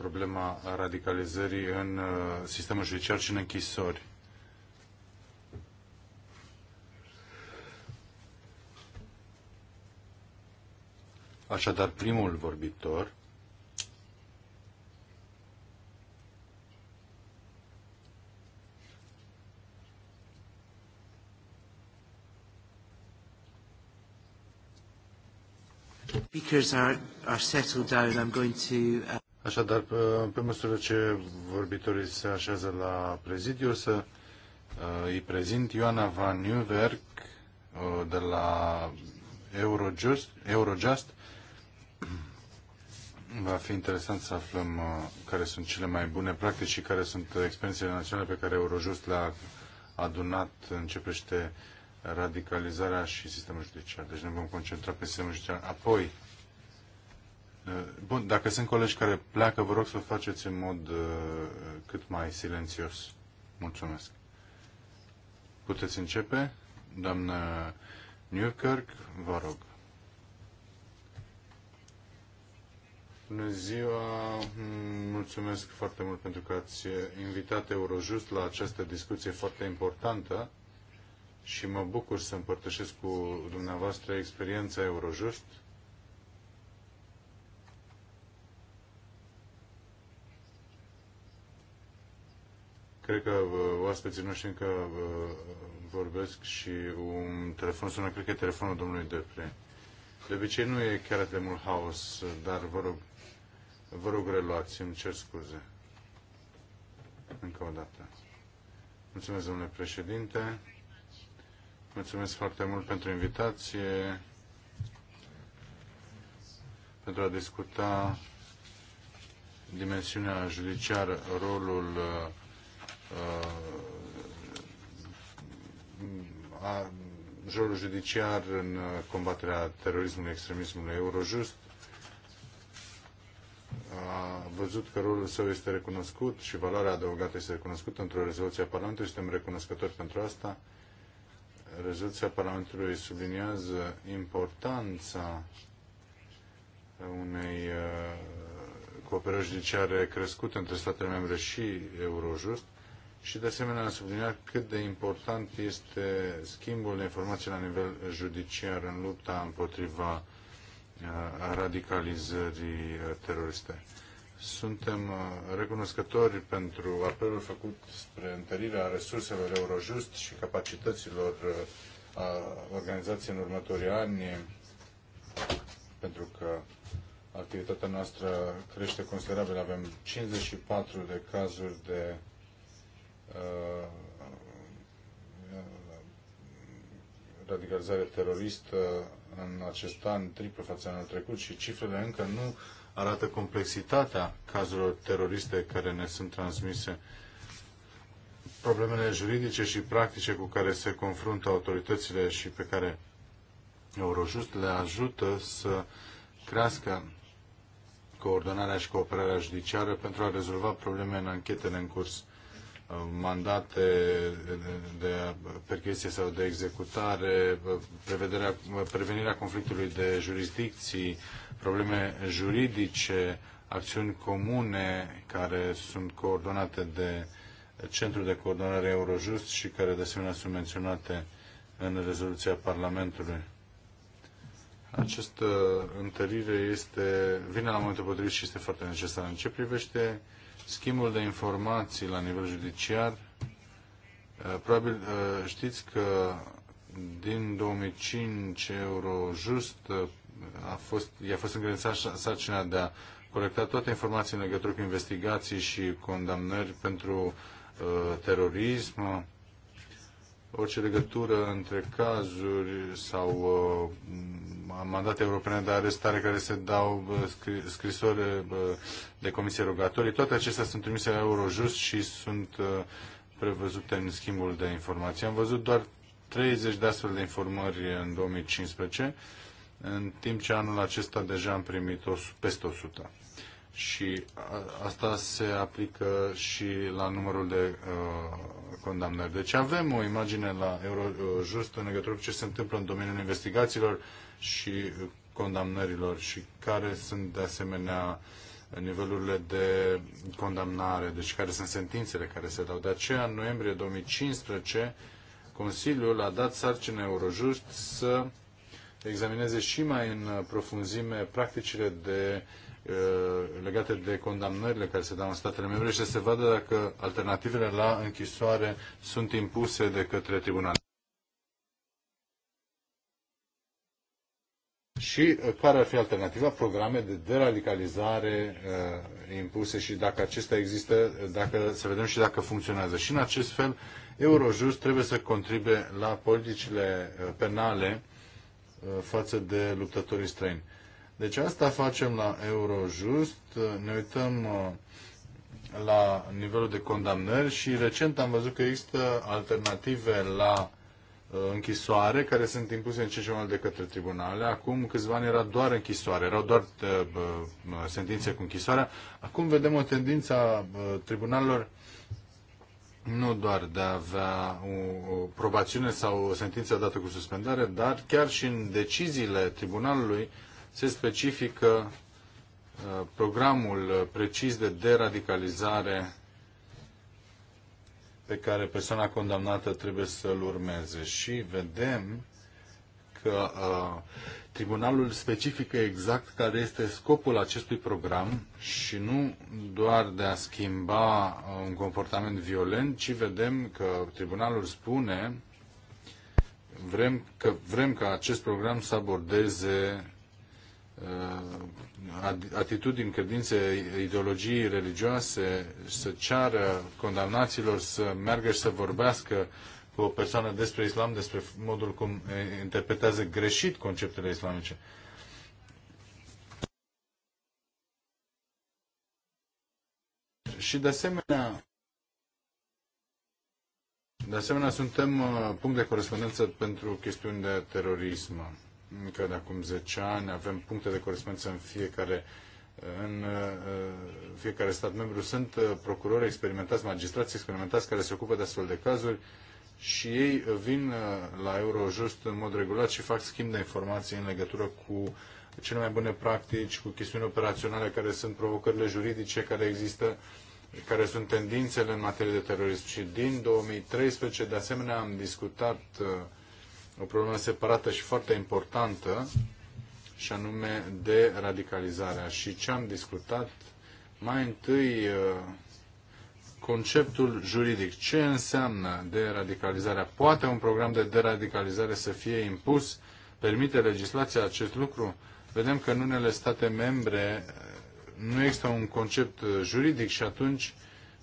problema radicalizării în uh, sistemul judiciar și în închisori. Așadar, primul vorbitor Speakers are, are settled down. I'm going to... Uh... Așadar, pe măsură ce vorbitorii se așează la prezidiu, să uh, îi prezint Ioana Van Nieuwerk uh, de la Eurojust, Eurojust. Va fi interesant să aflăm uh, care sunt cele mai bune practici și care sunt experiențele naționale pe care Eurojust le-a adunat în ce privește radicalizarea și sistemul judiciar. Deci ne vom concentra pe sistemul judiciar. Apoi, Eh, bun, dacă sunt colegi care pleacă, vă rog să o faceți în mod eh, cât mai silențios. Mulțumesc. Puteți începe, doamnă Newkirk, vă rog. Bună ziua, mulțumesc foarte mult pentru că ați invitat Eurojust la această discuție foarte importantă și mă bucur să împărtășesc cu dumneavoastră experiența Eurojust Cred că uh, oaspeții noștri încă uh, vorbesc și un telefon sună, cred că e telefonul domnului Depre. De obicei nu e chiar atât de mult haos, dar vă rog, vă rog reluați, îmi cer scuze. Încă o dată. Mulțumesc, domnule președinte. Mulțumesc foarte mult pentru invitație, pentru a discuta dimensiunea judiciară, rolul uh, Uh, a, rolul judiciar în combaterea terorismului, extremismului. Eurojust a văzut că rolul său este recunoscut și valoarea adăugată este recunoscută într-o rezoluție a Parlamentului. Suntem recunoscători pentru asta. Rezoluția Parlamentului subliniază importanța unei uh, cooperări judiciare crescute între statele membre și Eurojust și de asemenea am subliniat cât de important este schimbul de informații la nivel judiciar în lupta împotriva uh, radicalizării uh, teroriste. Suntem uh, recunoscători pentru apelul făcut spre întărirea resurselor Eurojust și capacităților a organizației în următorii ani, pentru că activitatea noastră crește considerabil. Avem 54 de cazuri de Uh, radicalizare teroristă în acest an triplu față anul trecut și cifrele încă nu arată complexitatea cazurilor teroriste care ne sunt transmise. Problemele juridice și practice cu care se confruntă autoritățile și pe care Eurojust le ajută să crească coordonarea și cooperarea judiciară pentru a rezolva probleme în anchetele în curs mandate de percheziție sau de executare, prevederea, prevenirea conflictului de jurisdicții, probleme juridice, acțiuni comune care sunt coordonate de Centrul de Coordonare Eurojust și care de asemenea sunt menționate în rezoluția Parlamentului. Această întărire este, vine la momentul potrivit și este foarte necesară. În ce privește Schimbul de informații la nivel judiciar, uh, probabil uh, știți că din 2005 just uh, a fost, i-a fost îngrențat sarcina de a colecta toate informațiile în legătură cu investigații și condamnări pentru uh, terorism orice legătură între cazuri sau uh, mandate europene de arestare care se dau, uh, scrisori uh, de comisie rogatorii, toate acestea sunt trimise la Eurojust și sunt uh, prevăzute în schimbul de informații. Am văzut doar 30 de astfel de informări în 2015, în timp ce anul acesta deja am primit o, peste 100 și asta se aplică și la numărul de uh, condamnări. Deci avem o imagine la Eurojust uh, în legătură cu ce se întâmplă în domeniul investigațiilor și uh, condamnărilor și care sunt de asemenea uh, nivelurile de condamnare, deci care sunt sentințele care se dau. De aceea, în noiembrie 2015, Consiliul a dat sarcină Eurojust să examineze și mai în profunzime practicile de uh, Uh, legate de condamnările care se dau în statele membre și să se vadă dacă alternativele la închisoare sunt impuse de către tribunal. Și uh, care ar fi alternativa? Programe de deradicalizare uh, impuse și dacă acestea există, dacă, să vedem și dacă funcționează. Și în acest fel, Eurojust trebuie să contribuie la politicile uh, penale uh, față de luptătorii străini. Deci asta facem la Eurojust, ne uităm uh, la nivelul de condamnări și recent am văzut că există alternative la uh, închisoare care sunt impuse în ce mai de către tribunale. Acum câțiva ani era doar închisoare, erau doar uh, sentințe cu închisoarea. Acum vedem o tendință a tribunalelor nu doar de a avea o, o probațiune sau o sentință dată cu suspendare, dar chiar și în deciziile tribunalului se specifică uh, programul uh, precis de deradicalizare pe care persoana condamnată trebuie să-l urmeze. Și vedem că a, uh, tribunalul specifică exact care este scopul acestui program și nu doar de a schimba un comportament violent, ci vedem că tribunalul spune vrem, că vrem ca acest program să abordeze Uh, atitudini, credințe, ideologii religioase, să ceară condamnaților să meargă și să vorbească cu o persoană despre islam, despre modul cum interpretează greșit conceptele islamice. Și de asemenea, de asemenea suntem uh, punct de corespondență pentru chestiuni de terorism încă de acum 10 ani, avem puncte de corespondență în fiecare în uh, fiecare stat membru sunt uh, procurori experimentați, magistrați experimentați care se ocupă de astfel de cazuri și ei vin uh, la Eurojust în mod regulat și fac schimb de informații în legătură cu cele mai bune practici, cu chestiuni operaționale care sunt provocările juridice care există, care sunt tendințele în materie de terorism. Și din 2013, de asemenea, am discutat uh, o problemă separată și foarte importantă, și anume de radicalizarea. Și ce am discutat mai întâi uh, conceptul juridic. Ce înseamnă de radicalizarea? Poate un program de deradicalizare să fie impus? Permite legislația acest lucru? Vedem că în unele state membre uh, nu există un concept uh, juridic și atunci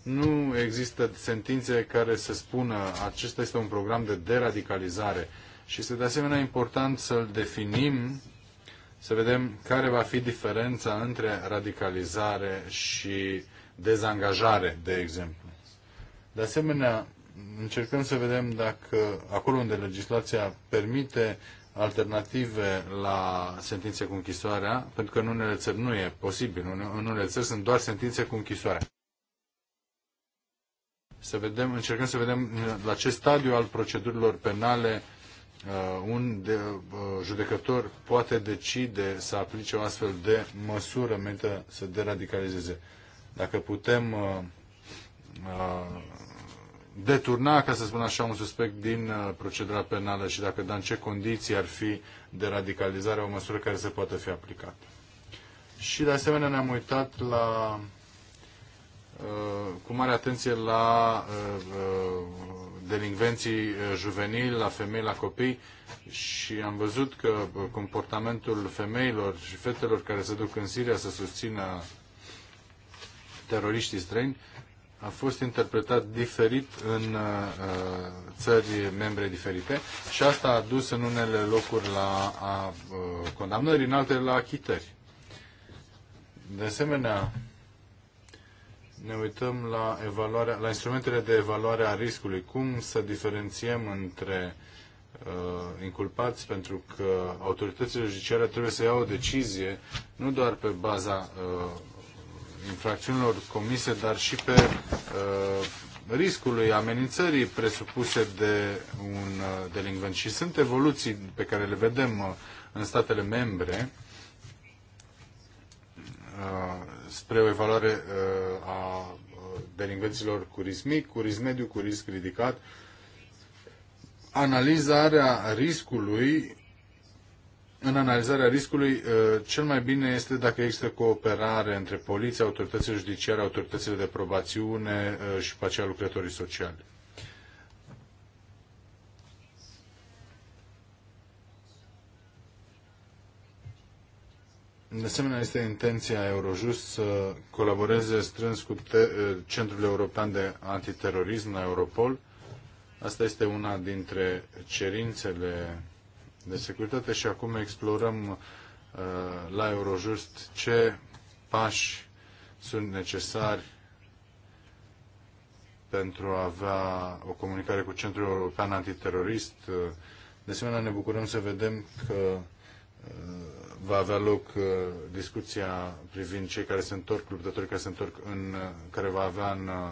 nu există sentințe care să spună acesta este un program de deradicalizare și este de asemenea important să-l definim, să vedem care va fi diferența între radicalizare și dezangajare, de exemplu. De asemenea, încercăm să vedem dacă acolo unde legislația permite alternative la sentințe cu închisoarea, pentru că în unele țări nu e posibil, în unele țări sunt doar sentințe cu închisoarea. Să vedem, încercăm să vedem la ce stadiu al procedurilor penale Uh, un de, uh, judecător poate decide să aplice o astfel de măsură menită să deradicalizeze. Dacă putem uh, deturna, ca să spun așa, un suspect din procedura penală și dacă dar în ce condiții ar fi de radicalizare o măsură care se poate fi aplicată. Și de asemenea ne-am uitat la, cu mare atenție la delinvenții eh, juvenili, la femei, la copii și am văzut că comportamentul femeilor și fetelor care se duc în Siria să susțină teroriștii străini a fost interpretat diferit în uh, țări membre diferite și asta a dus în unele locuri la a, uh, condamnări, în altele la achitări. De asemenea, ne uităm la, evaluarea, la instrumentele de evaluare a riscului. Cum să diferențiem între uh, inculpați, pentru că autoritățile judiciare trebuie să iau o decizie nu doar pe baza uh, infracțiunilor comise, dar și pe uh, riscului amenințării presupuse de un uh, delinvent. Și sunt evoluții pe care le vedem uh, în statele membre Uh, spre o evaluare uh, a uh, delinvenților cu risc mic, cu risc mediu, cu risc ridicat, analizarea riscului în analizarea riscului, cel mai bine este dacă există cooperare între poliție, autoritățile judiciare, autoritățile de probațiune și pe aceea lucrătorii sociali. De asemenea, este intenția Eurojust să colaboreze strâns cu Centrul European de Antiterorism la Europol. Asta este una dintre cerințele de securitate și acum explorăm uh, la Eurojust ce pași sunt necesari pentru a avea o comunicare cu Centrul European Antiterorist. Uh, de asemenea, ne bucurăm să vedem că uh, va avea loc uh, discuția privind cei care se întorc, luptătorii care se întorc, în, uh, care va avea în uh,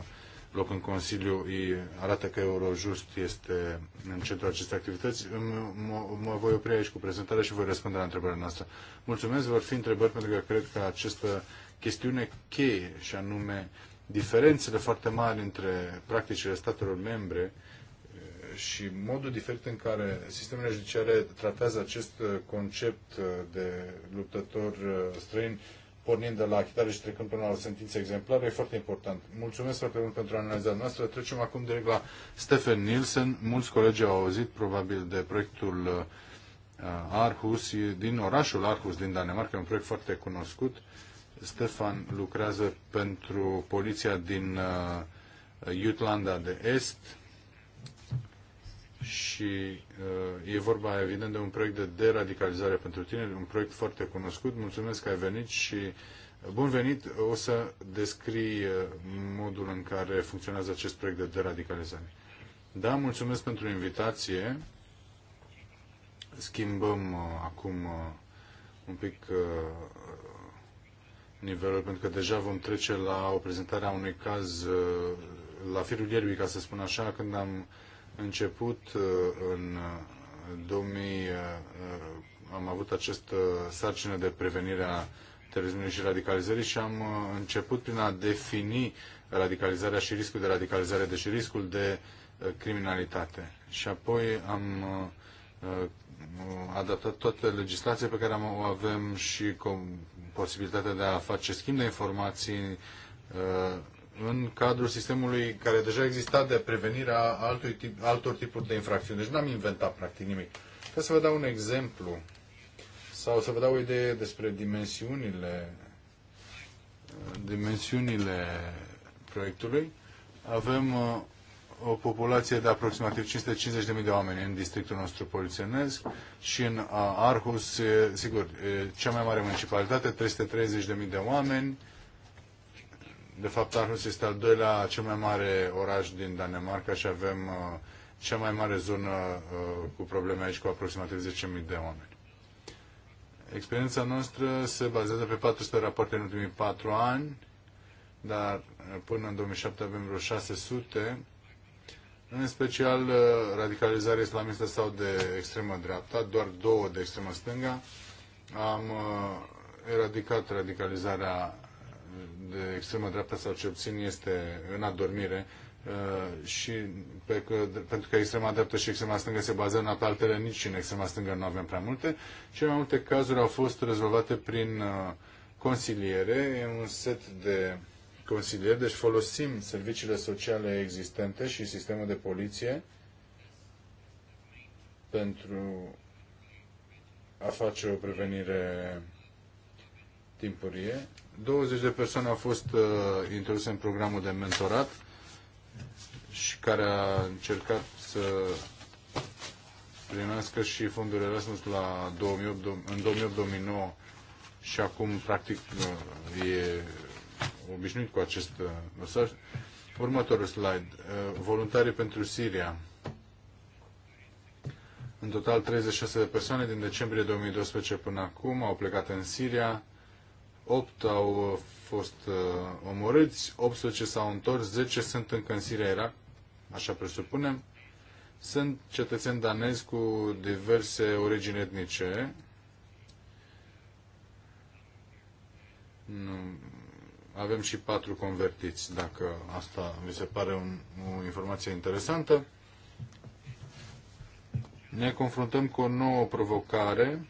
loc în Consiliu, îi arată că Eurojust este în centrul acestei activități. Mă voi opri aici cu prezentarea și voi răspunde la întrebarea noastră. Mulțumesc, vor fi întrebări pentru că cred că această chestiune cheie, și anume diferențele foarte mari între practicile statelor membre, și modul diferit în care sistemele judiciare tratează acest uh, concept uh, de luptător uh, străin, pornind de la achitare și trecând până la o sentință exemplară, e foarte important. Mulțumesc foarte mult pentru analiza noastră. Trecem acum direct la Stephen Nielsen. Mulți colegi au auzit probabil de proiectul Arhus din orașul Arhus din Danemarca, un proiect foarte cunoscut. Stefan lucrează pentru poliția din Jutlanda de Est, și uh, e vorba evident de un proiect de deradicalizare pentru tine un proiect foarte cunoscut. Mulțumesc că ai venit și uh, bun venit. O să descrii uh, modul în care funcționează acest proiect de deradicalizare. Da, mulțumesc pentru invitație. Schimbăm acum un pic nivelul, pentru că deja vom trece la o prezentare a unui caz la firul ierbii, ca să spun așa, când am început uh, în 2000 uh, uh, am avut această sarcină de prevenire a terorismului și radicalizării și am început prin a defini radicalizarea și riscul de radicalizare, deci riscul de criminalitate. Și apoi am adaptat toată legislația pe care am, o avem și posibilitatea de a face schimb de informații în cadrul sistemului care deja exista de prevenire a altui tip, altor tipuri de infracțiuni. Deci n-am inventat practic nimic. Ca să vă dau un exemplu sau să vă dau o idee despre dimensiunile dimensiunile proiectului. Avem uh, o populație de aproximativ 550.000 de oameni în districtul nostru polițienesc și în uh, Arhus, sigur, cea mai mare municipalitate, 330.000 de oameni, de fapt, Aarhus este al doilea cel mai mare oraș din Danemarca și avem uh, cea mai mare zonă uh, cu probleme aici, cu aproximativ 10.000 de oameni. Experiența noastră se bazează pe 400 rapoarte în ultimii 4 ani, dar uh, până în 2007 avem vreo 600, în special radicalizarea islamistă sau de extremă dreapta, doar două de extremă stânga. Am eradicat radicalizarea de extremă dreapta sau cel puțin este în adormire uh, și pe că, pentru că extrema dreaptă și extrema stângă se bazează în altele, nici în extrema stângă nu avem prea multe. Cele mai multe cazuri au fost rezolvate prin uh, consiliere, e un set de consilieri, deci folosim serviciile sociale existente și sistemul de poliție pentru a face o prevenire timpurie. 20 de persoane au fost uh, introduse în programul de mentorat și care a încercat să primească și fondul Erasmus la 2008, în 2008-2009 și acum practic uh, e obișnuit cu acest uh, mesaj. Următorul slide. Uh, voluntarii pentru Siria. În total 36 de persoane din decembrie 2012 până acum au plecat în Siria 8 au uh, fost uh, omorâți, 18 s-au întors, 10 sunt încă în Siria, Irak, așa presupunem. Sunt cetățeni danezi cu diverse origini etnice. Nu. Avem și patru convertiți, dacă asta mi se pare un, o informație interesantă. Ne confruntăm cu o nouă provocare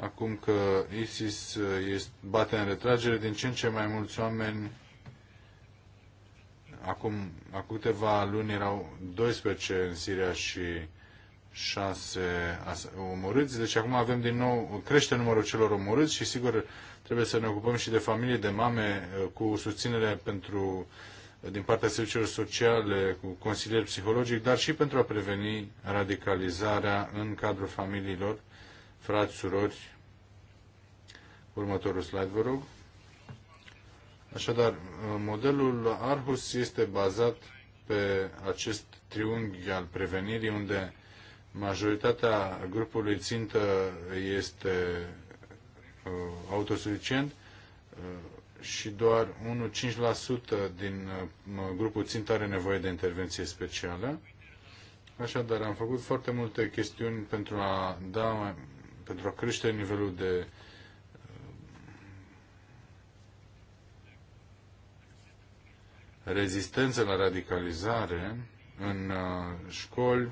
acum că ISIS uh, bate în retragere, din ce în ce mai mulți oameni acum, acum câteva luni erau 12 în Siria și 6 omorâți, deci acum avem din nou, crește numărul celor omorâți și sigur trebuie să ne ocupăm și de familii, de mame uh, cu susținere pentru uh, din partea serviciilor sociale, cu consilier psihologic, dar și pentru a preveni radicalizarea în cadrul familiilor frați, surori. Următorul slide, vă rog. Așadar, modelul Arhus este bazat pe acest triunghi al prevenirii, unde majoritatea grupului țintă este uh, autosuficient uh, și doar 1-5% din uh, grupul țintă are nevoie de intervenție specială. Așadar, am făcut foarte multe chestiuni pentru a da pentru a crește nivelul de uh, rezistență la radicalizare în uh, școli,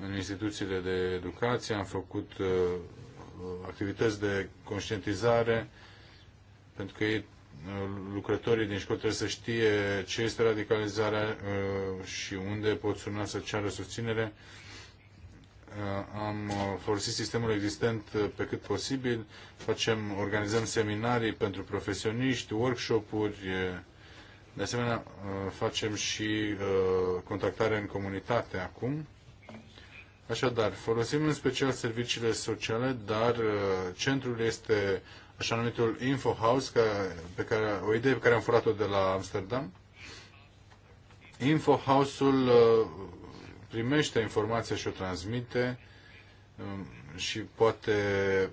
în instituțiile de educație, am făcut uh, activități de conștientizare, pentru că ei, lucrătorii din școli trebuie să știe ce este radicalizarea și unde pot suna să ceară susținere. Uh, am uh, folosit sistemul existent uh, pe cât posibil, facem, organizăm seminarii pentru profesioniști, workshop-uri, de asemenea facem și contactare în comunitate acum. Așadar, folosim în special serviciile sociale, dar centrul este așa numitul Info House, pe care, o idee pe care am furat-o de la Amsterdam. Info House-ul primește informația și o transmite um, și poate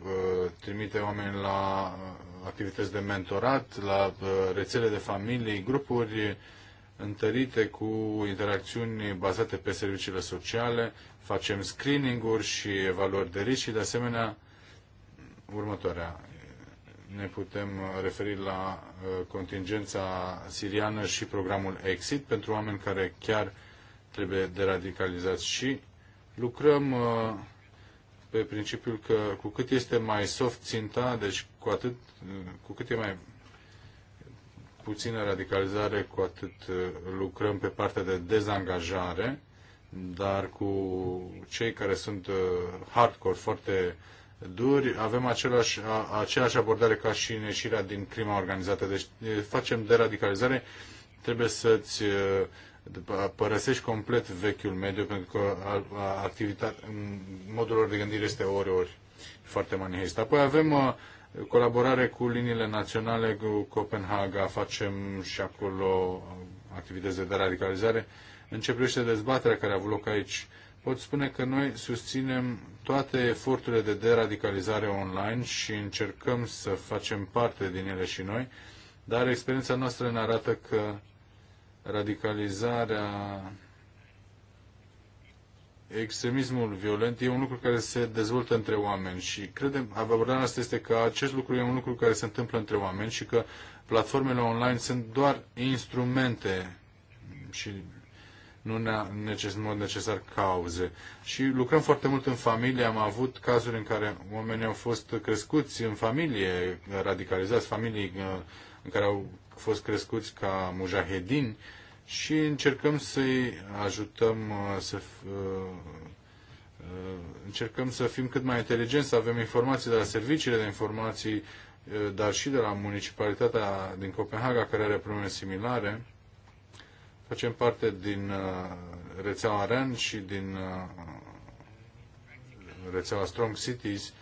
uh, trimite oameni la uh, activități de mentorat, la uh, rețele de familii, grupuri întărite cu interacțiuni bazate pe serviciile sociale, facem screening-uri și evaluări de risc și, de asemenea, următoarea. Ne putem referi la contingența siriană și programul Exit pentru oameni care chiar trebuie deradicalizați și lucrăm uh, pe principiul că cu cât este mai soft ținta, deci cu atât, uh, cu cât e mai puțină radicalizare, cu atât uh, lucrăm pe partea de dezangajare, dar cu cei care sunt hardcore, foarte duri, avem același, a, aceeași abordare ca și în ieșirea din crima organizată. Deci facem deradicalizare, trebuie să-ți părăsești complet vechiul mediu pentru că activitatea, modul lor de gândire este ori, ori foarte manihist. Apoi avem uh, colaborare cu liniile naționale, cu Copenhaga, facem și acolo uh, activități de radicalizare. În ce privește dezbaterea care a avut loc aici, pot spune că noi susținem toate eforturile de deradicalizare online și încercăm să facem parte din ele și noi, dar experiența noastră ne arată că radicalizarea, extremismul violent e un lucru care se dezvoltă între oameni și credem, abordarea noastră este că acest lucru e un lucru care se întâmplă între oameni și că platformele online sunt doar instrumente și nu ne neces- în mod necesar cauze. Și lucrăm foarte mult în familie, am avut cazuri în care oamenii au fost crescuți în familie, radicalizați, familii uh, în care au fost crescuți ca mujahedini și încercăm să-i ajutăm uh, să uh, uh, încercăm să fim cât mai inteligenți, să avem informații de la serviciile de informații, dar și de la municipalitatea din Copenhaga, care are probleme similare. Facem parte din rețeaua REN și din rețeaua Strong Cities,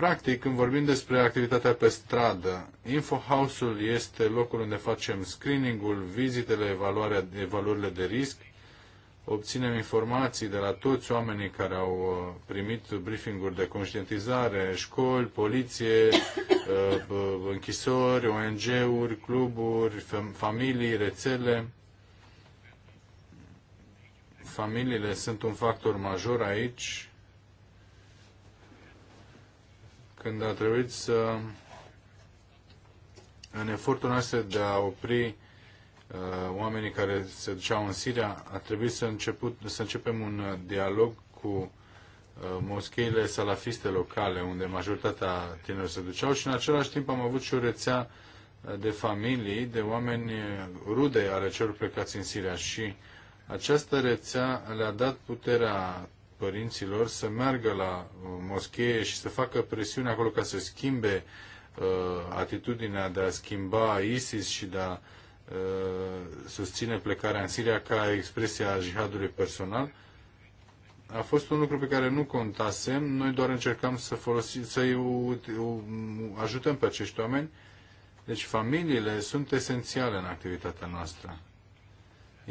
Practic, când vorbim despre activitatea pe stradă, InfoHouse-ul este locul unde facem screening-ul, vizitele, evaluarea, evaluările de risc, obținem informații de la toți oamenii care au uh, primit briefing-uri de conștientizare, școli, poliție, uh, închisori, ONG-uri, cluburi, familii, rețele. Familiile sunt un factor major aici când a trebuit să, în efortul nostru de a opri uh, oamenii care se duceau în Siria, a trebuit să, început, să începem un dialog cu uh, moscheile salafiste locale, unde majoritatea tineri se duceau și în același timp am avut și o rețea de familii, de oameni rude ale celor plecați în Siria și această rețea le-a dat puterea părinților să meargă la uh, moschee și să facă presiune acolo ca să schimbe uh, atitudinea de a schimba ISIS și de a uh, susține plecarea în Siria ca expresia jihadului personal, a fost un lucru pe care nu contasem. Noi doar încercam să folosim, să-i ajutăm pe acești oameni. Deci familiile sunt esențiale în activitatea noastră.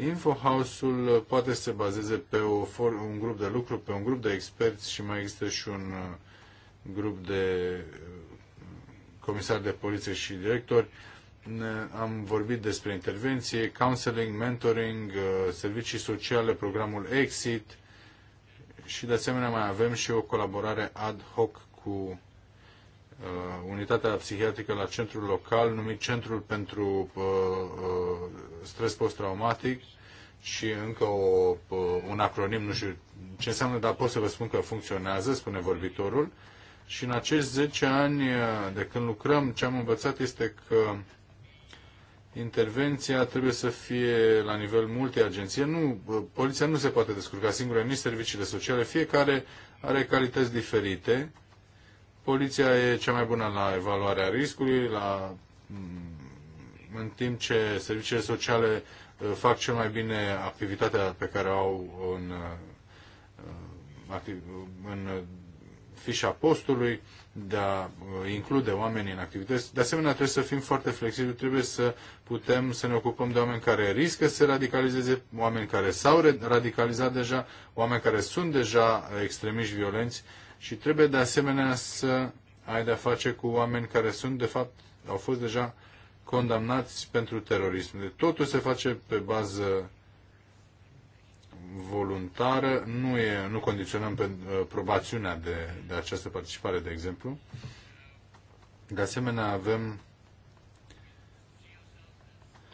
Infohouse-ul poate să se bazeze pe o for- un grup de lucru, pe un grup de experți și mai există și un uh, grup de uh, comisari de poliție și directori. Am vorbit despre intervenție, counseling, mentoring, uh, servicii sociale, programul Exit și de asemenea mai avem și o colaborare ad hoc cu Uh, unitatea psihiatrică la centrul local numit Centrul pentru uh, uh, Stres Post-Traumatic și încă o, un acronim, nu știu ce înseamnă, dar pot să vă spun că funcționează, spune vorbitorul. Și în acești 10 ani de când lucrăm, ce am învățat este că intervenția trebuie să fie la nivel agenții. Nu, poliția nu se poate descurca singură, nici serviciile sociale. Fiecare are calități diferite poliția e cea mai bună la evaluarea riscului, la, mm, în timp ce serviciile sociale uh, fac cel mai bine activitatea pe care o au în, uh, în fișa postului, de a uh, include oamenii în activități. De asemenea, trebuie să fim foarte flexibili, trebuie să putem să ne ocupăm de oameni care riscă să se radicalizeze, oameni care s-au radicalizat deja, oameni care sunt deja extremiști violenți și trebuie de asemenea să ai de-a face cu oameni care sunt, de fapt, au fost deja condamnați pentru terorism. De deci totul se face pe bază voluntară, nu, e, nu condiționăm pe uh, probațiunea de, de această participare, de exemplu. De asemenea, avem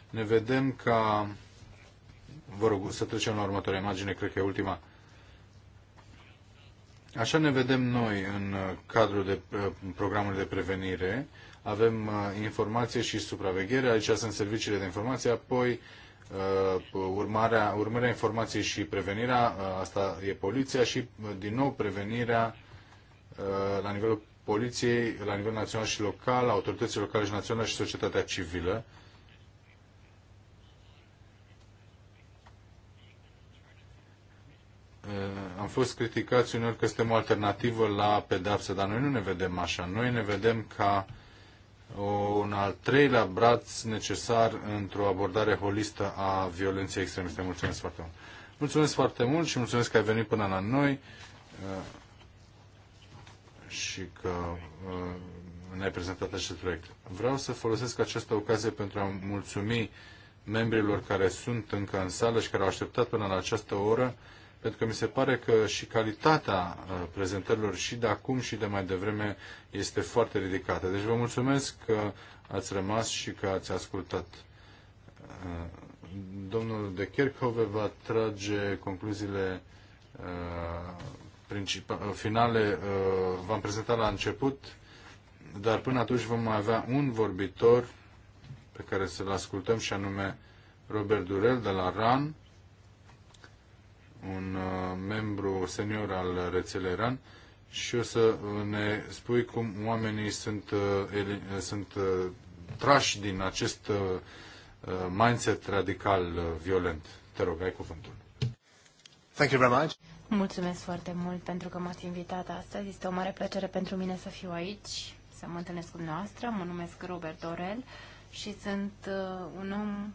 ne vedem ca vă rog să trecem la următoarea imagine, cred că e ultima Așa ne vedem noi în uh, cadrul de uh, programului de prevenire. Avem uh, informație și supraveghere, aici sunt serviciile de informație, apoi urmarea, urmarea informației și prevenirea, asta e poliția și din nou prevenirea la nivelul poliției, la nivel național și local, autoritățile locale și naționale și societatea civilă. am fost criticați uneori că suntem o alternativă la pedapsă, dar noi nu ne vedem așa. Noi ne vedem ca o un al treilea braț necesar într-o abordare holistă a violenței extremiste. Mulțumesc foarte mult! Mulțumesc foarte mult și mulțumesc că ai venit până la noi uh, și că uh, ne-ai prezentat acest proiect. Vreau să folosesc această ocazie pentru a mulțumi membrilor care sunt încă în sală și care au așteptat până la această oră pentru că mi se pare că și calitatea uh, prezentărilor și de acum și de mai devreme este foarte ridicată. Deci vă mulțumesc că ați rămas și că ați ascultat. Uh, domnul de Kirchhove va trage concluziile uh, finale, v-am prezentat la început, dar până atunci vom mai avea un vorbitor pe care să-l ascultăm și anume Robert Durel de la RAN un uh, membru senior al rețelei RAN și o să uh, ne spui cum oamenii sunt, uh, sunt trași din acest mindset radical violent. Te rog, ai cuvântul. Thank you very much. Mulțumesc foarte mult pentru că m-ați invitat astăzi. Este o mare plăcere pentru mine să fiu aici, să mă întâlnesc cu noastră. Mă numesc Robert Dorel și sunt un om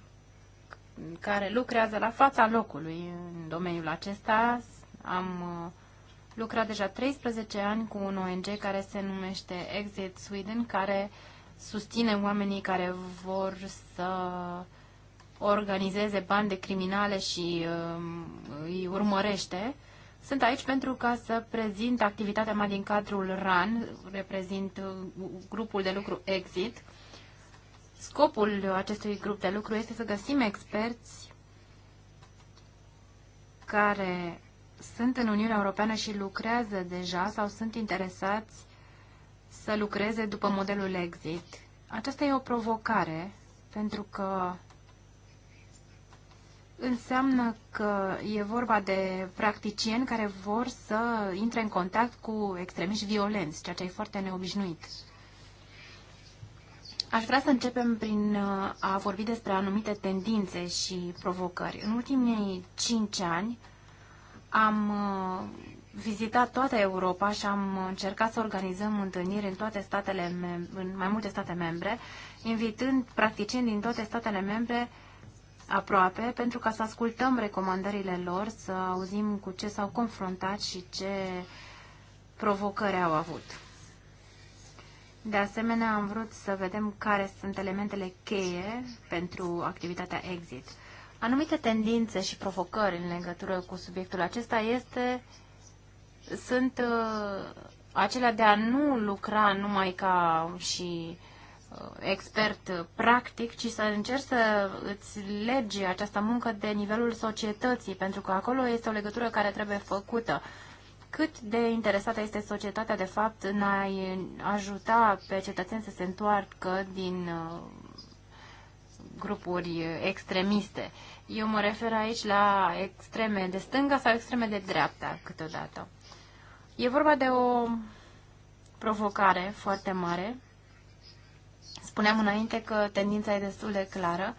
care lucrează la fața locului în domeniul acesta. Am uh, lucrat deja 13 ani cu un ONG care se numește Exit Sweden, care susține oamenii care vor să organizeze bande criminale și um, îi urmărește. Sunt aici pentru ca să prezint activitatea mea din cadrul RAN, reprezint uh, grupul de lucru Exit, Scopul acestui grup de lucru este să găsim experți care sunt în Uniunea Europeană și lucrează deja sau sunt interesați să lucreze după modelul exit. Aceasta e o provocare pentru că înseamnă că e vorba de practicieni care vor să intre în contact cu extremiști violenți, ceea ce e foarte neobișnuit. Aș vrea să începem prin uh, a vorbi despre anumite tendințe și provocări. În ultimii cinci ani am uh, vizitat toată Europa și am încercat să organizăm întâlniri în toate statele în mai multe state membre, invitând practicieni din toate statele membre aproape pentru ca să ascultăm recomandările lor, să auzim cu ce s-au confruntat și ce provocări au avut. De asemenea, am vrut să vedem care sunt elementele cheie pentru activitatea exit. Anumite tendințe și provocări în legătură cu subiectul acesta este, sunt uh, acelea de a nu lucra numai ca și uh, expert practic, ci să încerci să îți legi această muncă de nivelul societății, pentru că acolo este o legătură care trebuie făcută. Uh, cât de interesată este societatea, de fapt, în a ajuta pe cetățeni să se întoarcă din uh, grupuri extremiste. Eu mă refer aici la extreme de stânga sau extreme de dreapta câteodată. E vorba de o provocare foarte mare. Spuneam înainte că tendința e destul de clară.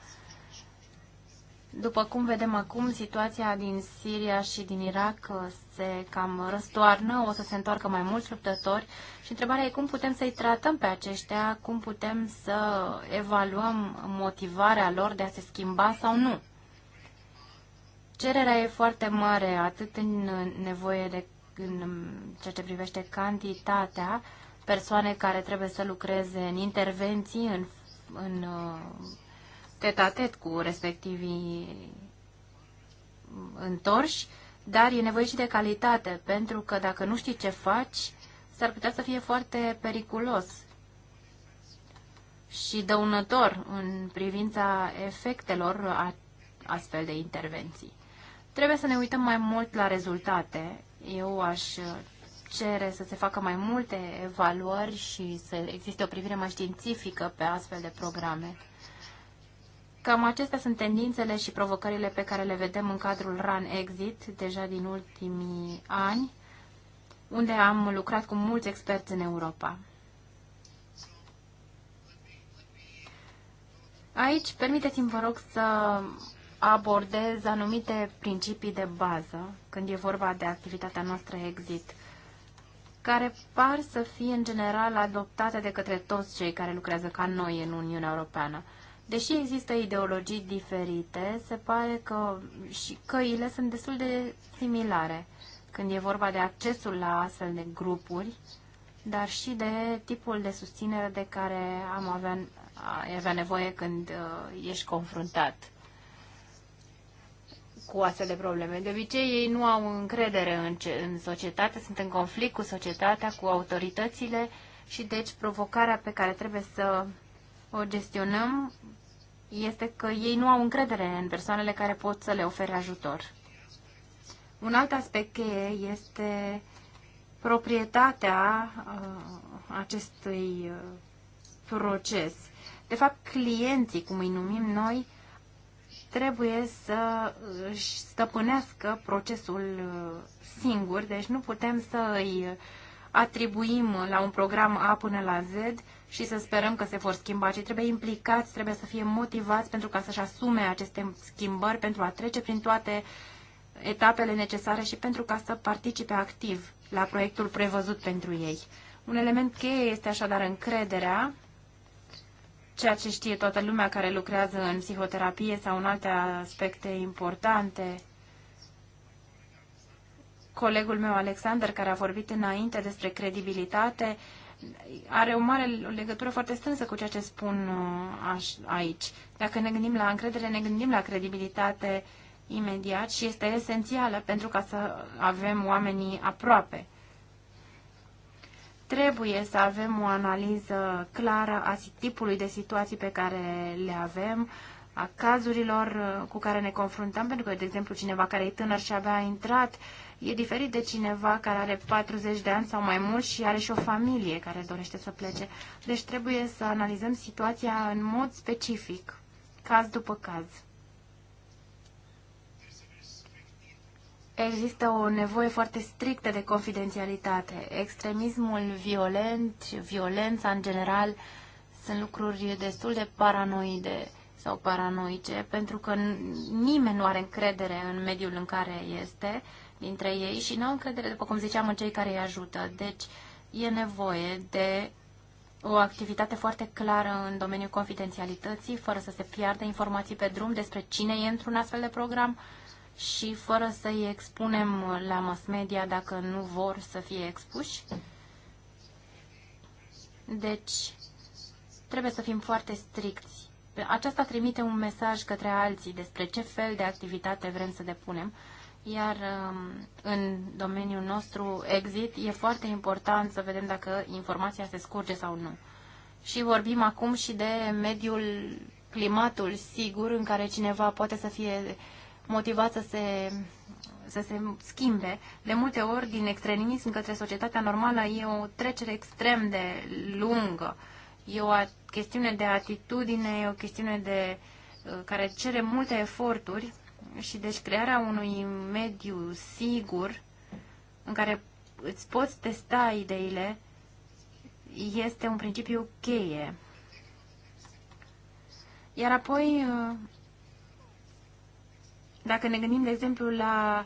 După cum vedem acum, situația din Siria și din Irak uh, se cam răstoarnă, o să se întoarcă mai mulți luptători și întrebarea e cum putem să-i tratăm pe aceștia, cum putem să evaluăm motivarea lor de a se schimba sau nu. Cererea e foarte mare, atât în nevoie de în ceea ce privește cantitatea, persoane care trebuie să lucreze în intervenții, în, în uh, tet-a-tet cu respectivii întorși, dar e nevoie și de calitate, pentru că dacă nu știi ce faci, s-ar putea să fie foarte periculos și dăunător în privința efectelor a astfel de intervenții. Trebuie să ne uităm mai mult la rezultate. Eu aș cere să se facă mai multe evaluări și să existe o privire mai științifică pe astfel de programe. Cam acestea sunt tendințele și provocările pe care le vedem în cadrul Run Exit deja din ultimii ani, unde am lucrat cu mulți experți în Europa. Aici, permiteți-mi, vă rog, să abordez anumite principii de bază când e vorba de activitatea noastră Exit, care par să fie, în general, adoptate de către toți cei care lucrează ca noi în Uniunea Europeană. Deși există ideologii diferite, se pare că și căile sunt destul de similare când e vorba de accesul la astfel de grupuri, dar și de tipul de susținere de care am avea, avea nevoie când uh, ești confruntat cu astfel de probleme. De obicei, ei nu au încredere în, ce, în societate, sunt în conflict cu societatea, cu autoritățile și deci provocarea pe care trebuie să o gestionăm este că ei nu au încredere în persoanele care pot să le ofere ajutor. Un alt aspect cheie este proprietatea uh, acestui uh, proces. De fapt, clienții, cum îi numim noi, trebuie să își stăpânească procesul uh, singur, deci nu putem să îi atribuim la un program A până la Z și să sperăm că se vor schimba. Cei trebuie implicați, trebuie să fie motivați pentru ca să-și asume aceste schimbări, pentru a trece prin toate etapele necesare și pentru ca să participe activ la proiectul prevăzut pentru ei. Un element cheie este așadar încrederea, ceea ce știe toată lumea care lucrează în psihoterapie sau în alte aspecte importante. Colegul meu, Alexander, care a vorbit înainte despre credibilitate, are o mare legătură foarte strânsă cu ceea ce spun uh, aici. Dacă ne gândim la încredere, ne gândim la credibilitate imediat și este esențială pentru ca să avem oamenii aproape. Trebuie să avem o analiză clară a tipului de situații pe care le avem, a cazurilor uh, cu care ne confruntăm, pentru că, de exemplu, cineva care e tânăr și abia a intrat uh, E diferit de cineva care are 40 de ani sau mai mult și are și o familie care dorește să plece. Deci trebuie să analizăm situația în mod specific, caz după caz. Există o nevoie foarte strictă de confidențialitate. Extremismul violent, violența în general, sunt lucruri destul de paranoide sau paranoice, pentru că nimeni nu are încredere în mediul în care este dintre ei și nu au încredere, după cum ziceam, în cei care îi ajută. Deci e nevoie de o activitate foarte clară în domeniul confidențialității, fără să se piardă informații pe drum despre cine e într-un astfel de program și fără să îi expunem la mass media dacă nu vor să fie expuși. Deci, trebuie să fim foarte stricți. Aceasta trimite un mesaj către alții despre ce fel de activitate vrem să depunem iar um, în domeniul nostru exit e foarte important să vedem dacă informația se scurge sau nu. Și vorbim acum și de mediul, climatul sigur în care cineva poate să fie motivat să se, să se schimbe. De multe ori, din extremism către societatea normală e o trecere extrem de lungă. E o chestiune de atitudine, e o chestiune de, uh, care cere multe eforturi și deci crearea unui mediu sigur în care îți poți testa ideile este un principiu cheie. Iar apoi, uh, dacă ne gândim, de exemplu, la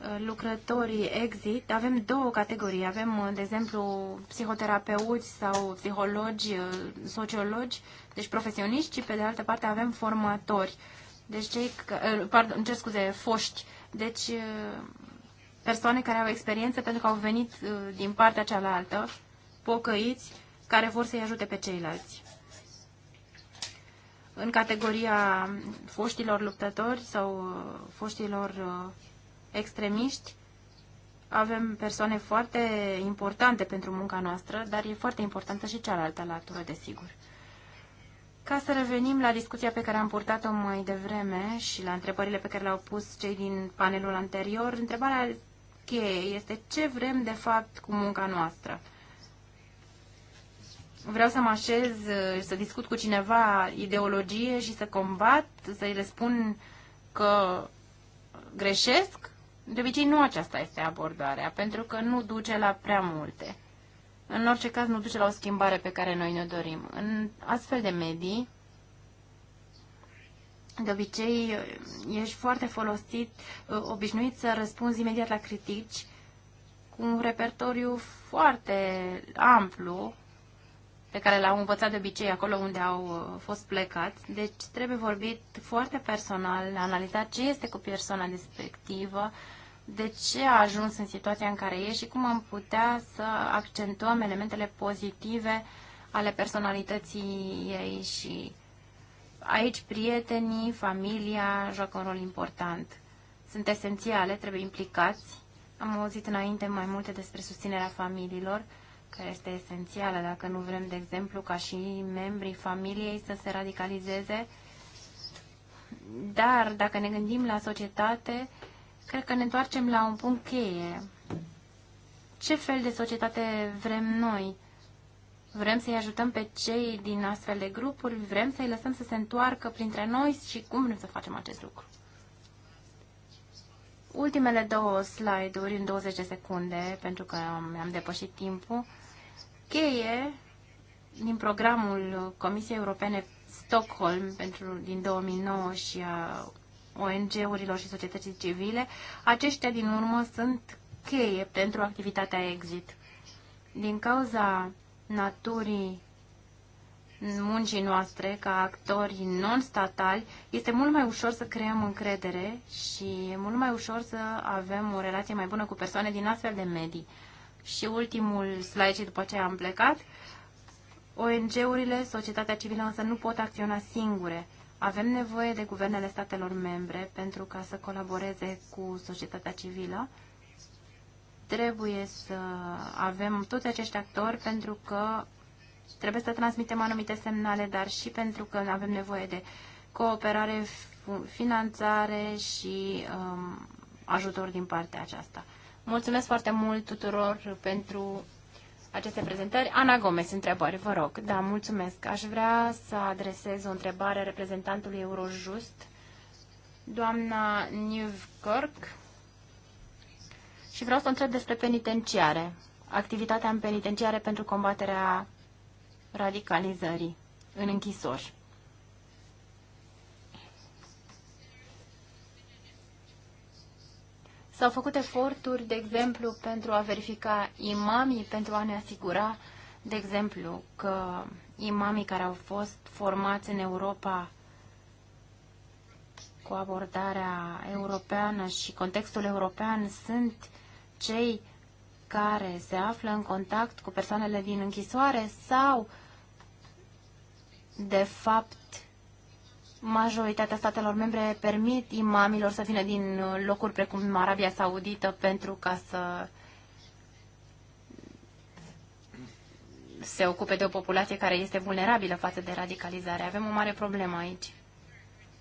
uh, lucrătorii exit, avem două categorii. Avem, uh, de exemplu, psihoterapeuți sau psihologi, sociologi, deci profesioniști și, pe de altă parte, avem formatori. Deci cei, eh, pardon, cer scuze, foști. Deci eh, persoane care au experiență pentru că au venit eh, din partea cealaltă, pocăiți, care vor să-i ajute pe ceilalți. În categoria foștilor luptători sau foștilor extremiști, avem persoane foarte importante pentru munca noastră, dar e foarte importantă și cealaltă latură, desigur. Ca să revenim la discuția pe care am purtat-o mai devreme și la întrebările pe care le-au pus cei din panelul anterior, întrebarea cheie este ce vrem de fapt cu munca noastră. Vreau să mă așez, să discut cu cineva ideologie și să combat, să-i le spun că greșesc? De obicei nu aceasta este abordarea, pentru că nu duce la prea multe în orice caz nu duce la o schimbare pe care noi ne dorim. În astfel de medii, de obicei, ești foarte folosit, uh, obișnuit să răspunzi imediat la critici cu un repertoriu foarte amplu pe care l-au învățat de obicei acolo unde au uh, fost plecați. Deci trebuie vorbit foarte personal, analizat ce este cu persoana respectivă, de ce a ajuns în situația în care e și cum am putea să accentuăm elementele pozitive ale personalității ei și aici prietenii, familia joacă un rol important. Sunt esențiale, trebuie implicați. Am auzit înainte mai multe despre susținerea familiilor, care este esențială dacă nu vrem, de exemplu, ca și membrii familiei să se radicalizeze. Dar dacă ne gândim la societate, Cred că ne întoarcem la un punct cheie. Ce fel de societate vrem noi? Vrem să-i ajutăm pe cei din astfel de grupuri? Vrem să-i lăsăm să se întoarcă printre noi? Și cum vrem să facem acest lucru? Ultimele două slide-uri în 20 de secunde, pentru că mi-am depășit timpul. Cheie din programul Comisiei Europene Stockholm pentru, din 2009 și a ONG-urilor și societății civile, aceștia din urmă sunt cheie pentru activitatea exit. Din cauza naturii muncii noastre ca actori non-statali, este mult mai ușor să creăm încredere și e mult mai ușor să avem o relație mai bună cu persoane din astfel de medii. Și ultimul slide și după ce am plecat, ONG-urile, societatea civilă însă nu pot acționa singure. Avem nevoie de guvernele statelor membre pentru ca să colaboreze cu societatea civilă. Trebuie să avem toți acești actori pentru că trebuie să transmitem anumite semnale, dar și pentru că avem nevoie de cooperare, finanțare și um, ajutor din partea aceasta. Mulțumesc foarte mult tuturor pentru aceste prezentări. Ana Gomez, întrebări, vă rog. Da, mulțumesc. Aș vrea să adresez o întrebare reprezentantului Eurojust, doamna Newkirk, și vreau să o întreb despre penitenciare, activitatea în penitenciare pentru combaterea radicalizării în închisori. S-au făcut eforturi, de exemplu, pentru a verifica imamii, pentru a ne asigura, de exemplu, că imamii care au fost formați în Europa cu abordarea europeană și contextul european sunt cei care se află în contact cu persoanele din închisoare sau, de fapt, majoritatea statelor membre permit imamilor să vină din locuri precum Arabia Saudită pentru ca să se ocupe de o populație care este vulnerabilă față de radicalizare. Avem o mare problemă aici.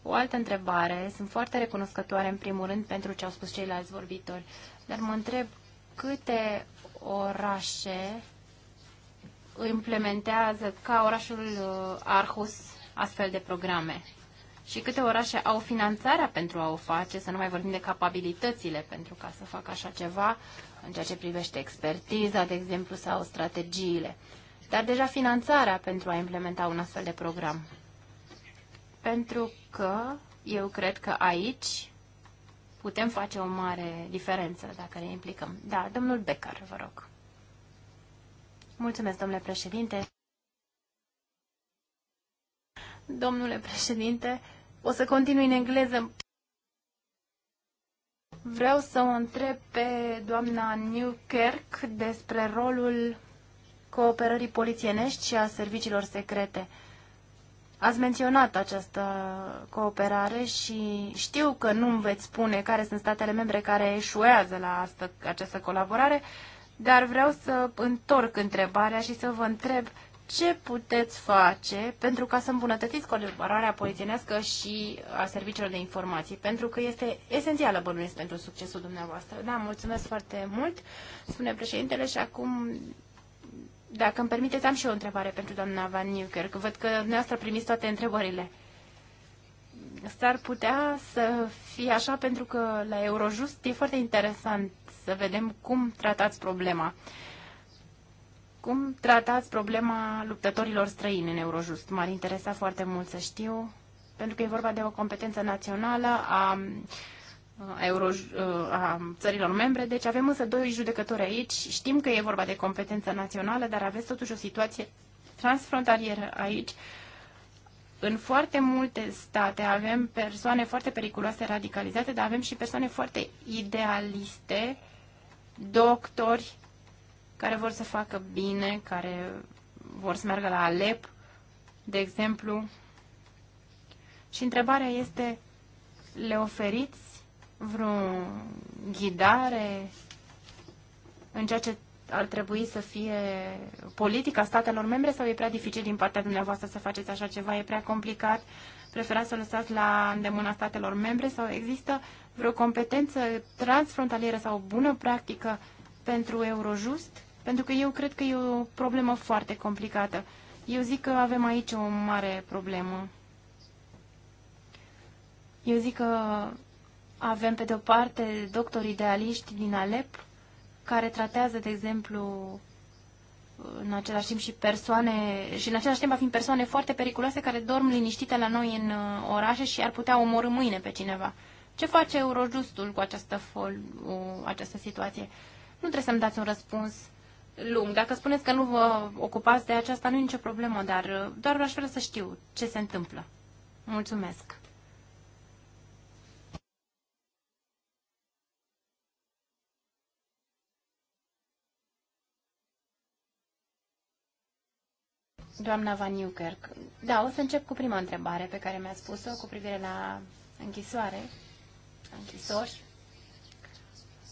O altă întrebare. Sunt foarte recunoscătoare, în primul rând, pentru ce au spus ceilalți vorbitori, dar mă întreb câte orașe implementează ca orașul uh, Arhus astfel de programe și câte orașe au finanțarea pentru a o face, să nu mai vorbim de capabilitățile pentru ca să facă așa ceva în ceea ce privește expertiza, de exemplu, sau strategiile. Dar deja finanțarea pentru a implementa un astfel de program. Pentru că eu cred că aici putem face o mare diferență dacă ne implicăm. Da, domnul Becker, vă rog. Mulțumesc, domnule președinte. Domnule președinte, o să continui în engleză. Vreau să o întreb pe doamna Newkirk despre rolul cooperării polițienești și a serviciilor secrete. Ați menționat această cooperare și știu că nu îmi veți spune care sunt statele membre care eșuează la această colaborare, dar vreau să întorc întrebarea și să vă întreb ce puteți face pentru ca să îmbunătățiți colaborarea poliținească și a serviciilor de informații? Pentru că este esențială bănuiesc pentru succesul dumneavoastră. Da, mulțumesc foarte mult, spune președintele și acum, dacă îmi permiteți, am și eu o întrebare pentru doamna Van că Văd că dumneavoastră primiți toate întrebările. S-ar putea să fie așa pentru că la Eurojust e foarte interesant să vedem cum tratați problema. Uh, cum tratați problema luptătorilor străini în Eurojust? M-ar interesa foarte mult să știu, pentru că e vorba de o competență națională a, a, Euro, a țărilor membre, deci avem însă doi judecători aici. Știm că e vorba de competență națională, dar aveți totuși o situație transfrontalieră aici. În foarte multe state avem persoane foarte periculoase, radicalizate, dar avem și persoane foarte idealiste, doctori, care vor să facă bine, care vor să meargă la Alep, de exemplu. Și întrebarea este, le oferiți vreo ghidare în ceea ce ar trebui să fie politica statelor membre sau e prea dificil din partea dumneavoastră să faceți așa ceva, e prea complicat, preferați să lăsați la îndemâna statelor membre sau există vreo competență transfrontalieră sau bună practică pentru Eurojust? Pentru că eu cred că e o problemă foarte complicată. Eu zic că avem aici o mare problemă. Eu zic că avem, pe de-o parte, doctori idealiști din Alep, care tratează, de exemplu, în același timp și persoane, și în același timp va fi persoane foarte periculoase care dorm liniștite la noi în uh, orașe și ar putea omorâ mâine pe cineva. Ce face Eurojustul cu această, fol, uh, această situație? Nu trebuie să-mi dați un răspuns lung. Dacă spuneți că nu vă ocupați de aceasta, nu e nicio problemă, dar uh, doar aș vrea să știu ce se întâmplă. Mulțumesc! Doamna Van Newkirk, da, o să încep cu prima întrebare pe care mi-a spus-o cu privire la închisoare, închisori.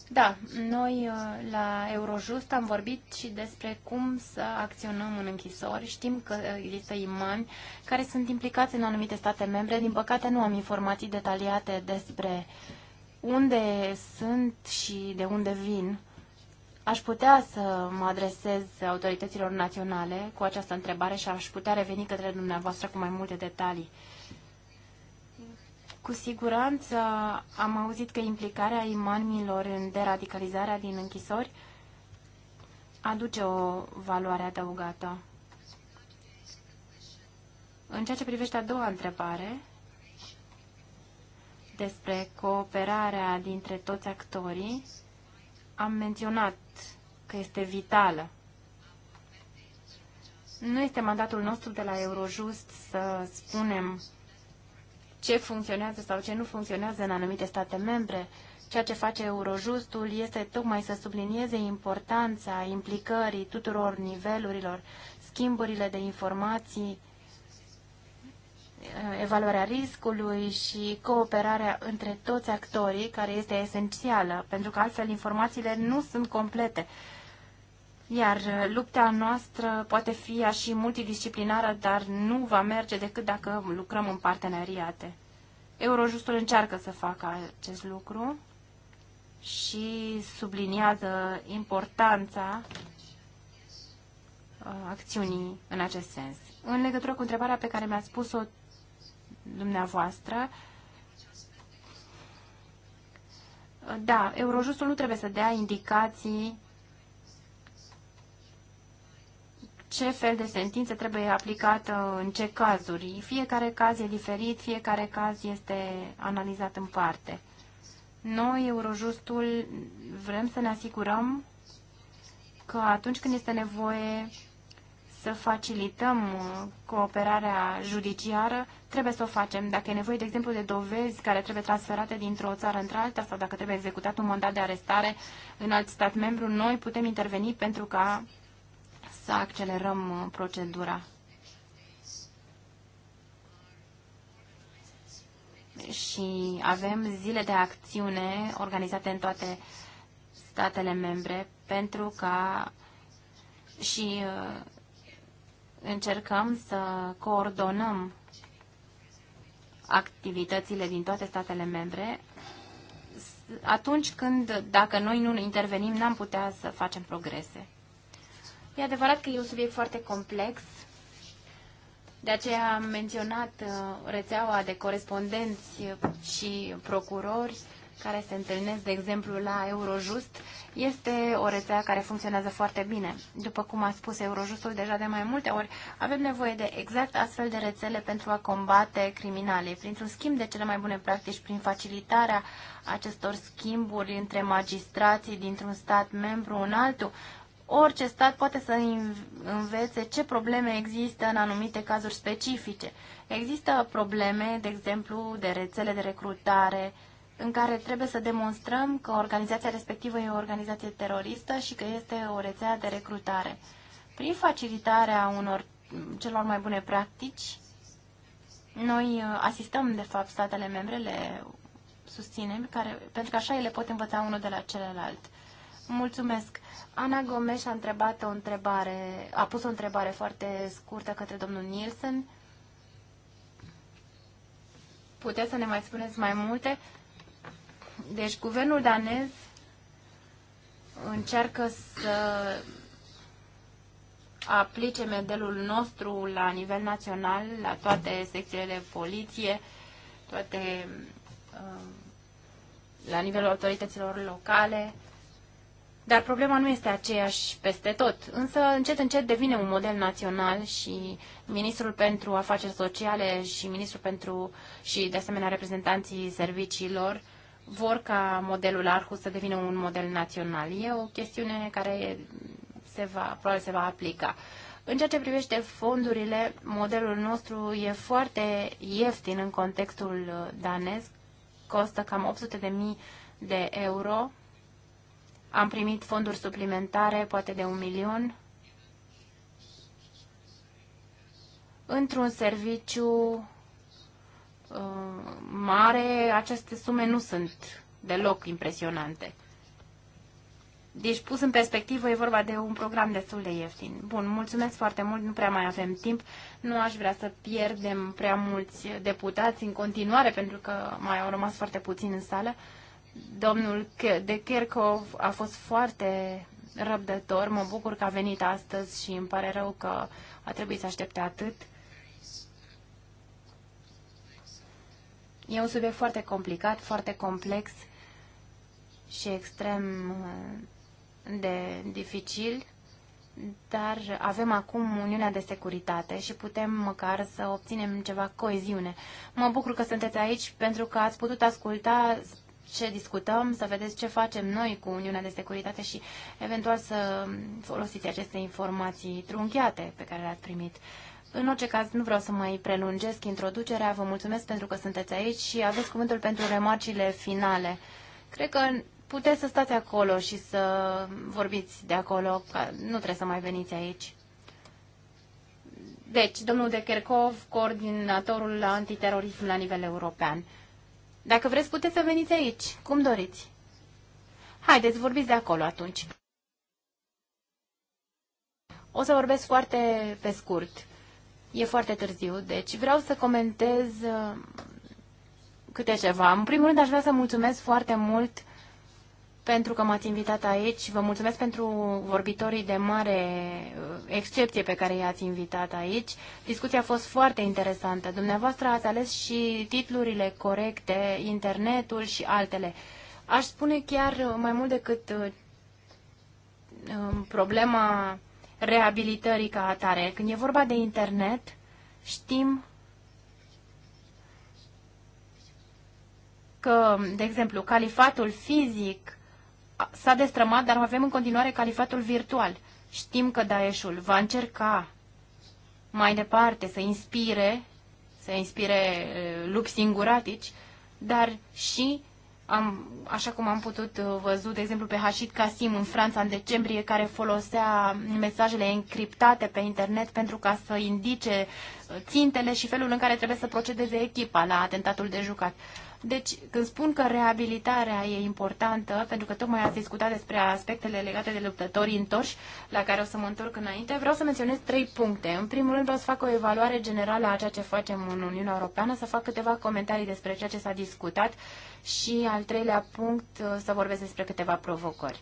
Da, noi uh, la Eurojust am vorbit și despre cum să acționăm în închisori. Știm că uh, există imani care sunt implicați în anumite state membre. Din păcate nu am informații detaliate despre unde sunt și de unde vin. Aș putea să mă adresez autorităților naționale cu această întrebare și aș putea reveni către dumneavoastră cu mai multe detalii. Cu siguranță am auzit că implicarea imanilor în deradicalizarea din închisori aduce o valoare adăugată. În ceea ce privește a doua întrebare, despre cooperarea dintre toți actorii, am menționat că este vitală. Nu este mandatul nostru de la Eurojust să spunem ce funcționează sau ce nu funcționează în anumite state membre. Ceea ce face Eurojustul este tocmai să sublinieze importanța implicării tuturor nivelurilor, schimburile de informații, evaluarea riscului și cooperarea între toți actorii, care este esențială, pentru că altfel informațiile nu sunt complete iar uh, lupta noastră poate fi și multidisciplinară, dar nu va merge decât dacă lucrăm în parteneriate. Eurojustul încearcă să facă acest lucru și subliniază importanța uh, acțiunii în acest sens. În legătură cu întrebarea pe care mi-a spus-o dumneavoastră, da, Eurojustul nu trebuie să dea indicații ce fel de sentință trebuie aplicată în ce cazuri. Fiecare caz e diferit, fiecare caz este analizat în parte. Noi, Eurojustul, vrem să ne asigurăm că atunci când este nevoie să facilităm uh, cooperarea judiciară, trebuie să o facem. Dacă e nevoie, de exemplu, de dovezi care trebuie transferate dintr-o țară într-alta sau dacă trebuie executat un mandat de arestare în alt stat membru, noi putem interveni pentru ca să accelerăm uh, procedura. Și avem zile de acțiune organizate în toate statele membre pentru ca și uh, încercăm să coordonăm activitățile din toate statele membre, atunci când, dacă noi nu intervenim, n-am putea să facem progrese. E adevărat că e un subiect foarte complex, de aceea am menționat uh, rețeaua de corespondenți și procurori care se întâlnesc, de exemplu, la Eurojust. Este o rețea care funcționează foarte bine. După cum a spus Eurojustul deja de mai multe ori, avem nevoie de exact astfel de rețele pentru a combate criminale. printr-un schimb de cele mai bune practici, prin facilitarea acestor schimburi între magistrații dintr-un stat membru în altul, orice stat poate să învețe ce probleme există în anumite cazuri specifice. Există probleme, de exemplu, de rețele de recrutare, în care trebuie să demonstrăm că organizația respectivă e o organizație teroristă și că este o rețea de recrutare. Prin facilitarea unor celor mai bune practici, noi uh, asistăm, de fapt, statele membre, le susținem, care, pentru că așa ele pot învăța unul de la celălalt. Mulțumesc! Ana Gomes a întrebat o întrebare, a pus o întrebare foarte scurtă către domnul Nielsen. Puteți să ne mai spuneți mai multe? Deci, guvernul danez încearcă să aplice modelul nostru la nivel național, la toate secțiile de poliție, toate um, la nivelul autorităților locale dar problema nu este aceeași peste tot. Însă, încet, încet devine un model național și Ministrul pentru Afaceri Sociale și Ministrul pentru și, de asemenea, reprezentanții serviciilor vor ca modelul Arhus să devină un model național. E o chestiune care se va, probabil se va aplica. În ceea ce privește fondurile, modelul nostru e foarte ieftin în contextul danez, costă cam 800.000 de euro am primit fonduri suplimentare, poate de un milion, într-un serviciu uh, mare, aceste sume nu sunt deloc impresionante. Deci, pus în perspectivă, e vorba de un program destul de ieftin. Bun, mulțumesc foarte mult, nu prea mai avem timp. Nu aș vrea să pierdem prea mulți deputați în continuare, pentru că mai au rămas foarte puțini în sală. Domnul de Kirchhoff a fost foarte răbdător. Mă bucur că a venit astăzi și îmi pare rău că a trebuit să aștepte atât. E un subiect foarte complicat, foarte complex și extrem uh, de dificil, dar avem acum Uniunea de Securitate și putem măcar să obținem ceva coeziune. Mă bucur că sunteți aici pentru că ați putut asculta ce discutăm, să vedeți ce facem noi cu Uniunea de Securitate și eventual să folosiți aceste informații trunchiate pe care le-ați primit. În orice caz, nu vreau să mai prelungesc introducerea. Vă mulțumesc pentru că sunteți aici și aveți cuvântul pentru remarcile finale. Cred că puteți să stați acolo și să vorbiți de acolo, că nu trebuie să mai veniți aici. Deci, domnul de Kerkov, coordinatorul antiterorism la nivel european. Dacă vreți, puteți să veniți aici, cum doriți. Haideți, vorbiți de acolo atunci. O să vorbesc foarte pe scurt. E foarte târziu, deci vreau să comentez uh, câte ceva. În primul rând, aș vrea să mulțumesc foarte mult pentru că m-ați invitat aici. Vă mulțumesc pentru vorbitorii de mare uh, excepție pe care i-ați invitat aici. Discuția a fost foarte interesantă. Dumneavoastră ați ales și titlurile corecte, internetul și altele. Aș spune chiar mai mult decât uh, um, problema reabilitării ca atare. Când e vorba de internet, știm că, de exemplu, califatul fizic s-a destrămat, dar avem în continuare califatul virtual. Știm că Daeshul va încerca mai departe să inspire, să inspire lupi singuratici, dar și am, așa cum am putut uh, văzut, de exemplu, pe Hashid Kasim în Franța în decembrie, care folosea mesajele encriptate pe internet pentru ca să indice uh, țintele și felul în care trebuie să procedeze echipa la atentatul de jucat. Deci, când spun că reabilitarea e importantă, pentru că tocmai ați discutat despre aspectele legate de luptătorii întorși, la care o să mă întorc înainte, vreau să menționez trei puncte. În primul rând, vreau să fac o evaluare generală a ceea ce facem în Uniunea Europeană, să fac câteva comentarii despre ceea ce s-a discutat și, al treilea punct, să vorbesc despre câteva provocări.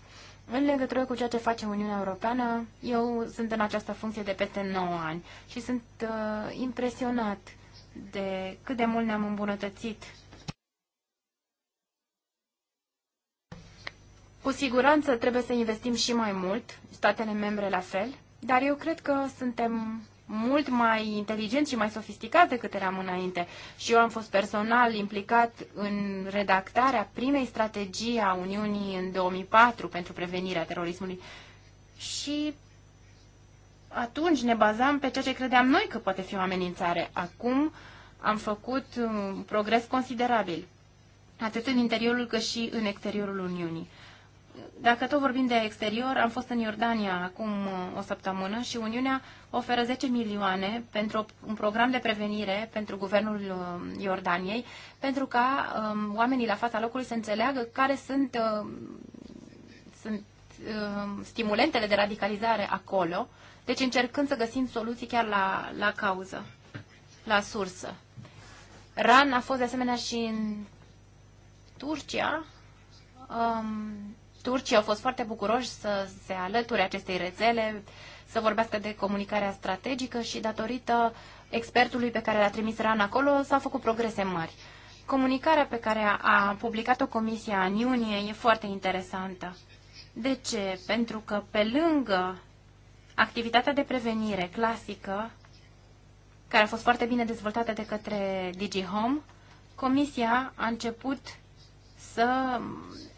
În legătură cu ceea ce face Uniunea Europeană, eu sunt în această funcție de peste 9 ani și sunt uh, impresionat de cât de mult ne-am îmbunătățit Cu siguranță trebuie să investim și mai mult, statele membre la fel, dar eu cred că suntem mult mai inteligenți și mai sofisticați decât eram înainte. Și eu am fost personal implicat în redactarea primei strategii a Uniunii în 2004 pentru prevenirea terorismului. Și atunci ne bazam pe ceea ce credeam noi că poate fi o amenințare. Acum am făcut un progres considerabil, atât în interiorul cât și în exteriorul Uniunii. Dacă tot vorbim de exterior, am fost în Iordania acum uh, o săptămână și Uniunea oferă 10 milioane pentru un program de prevenire pentru guvernul uh, Iordaniei, pentru ca um, oamenii la fața locului să înțeleagă care sunt, uh, sunt uh, stimulentele de radicalizare acolo, deci încercând să găsim soluții chiar la, la cauză, la sursă. RAN a fost de asemenea și în Turcia, um, Turcii au fost foarte bucuroși să se alăture acestei rețele, să vorbească de comunicarea strategică și datorită expertului pe care l-a trimis RAN acolo s-au făcut progrese mari. Comunicarea pe care a publicat-o Comisia în iunie e foarte interesantă. De ce? Pentru că pe lângă activitatea de prevenire clasică, care a fost foarte bine dezvoltată de către DigiHome, Comisia a început să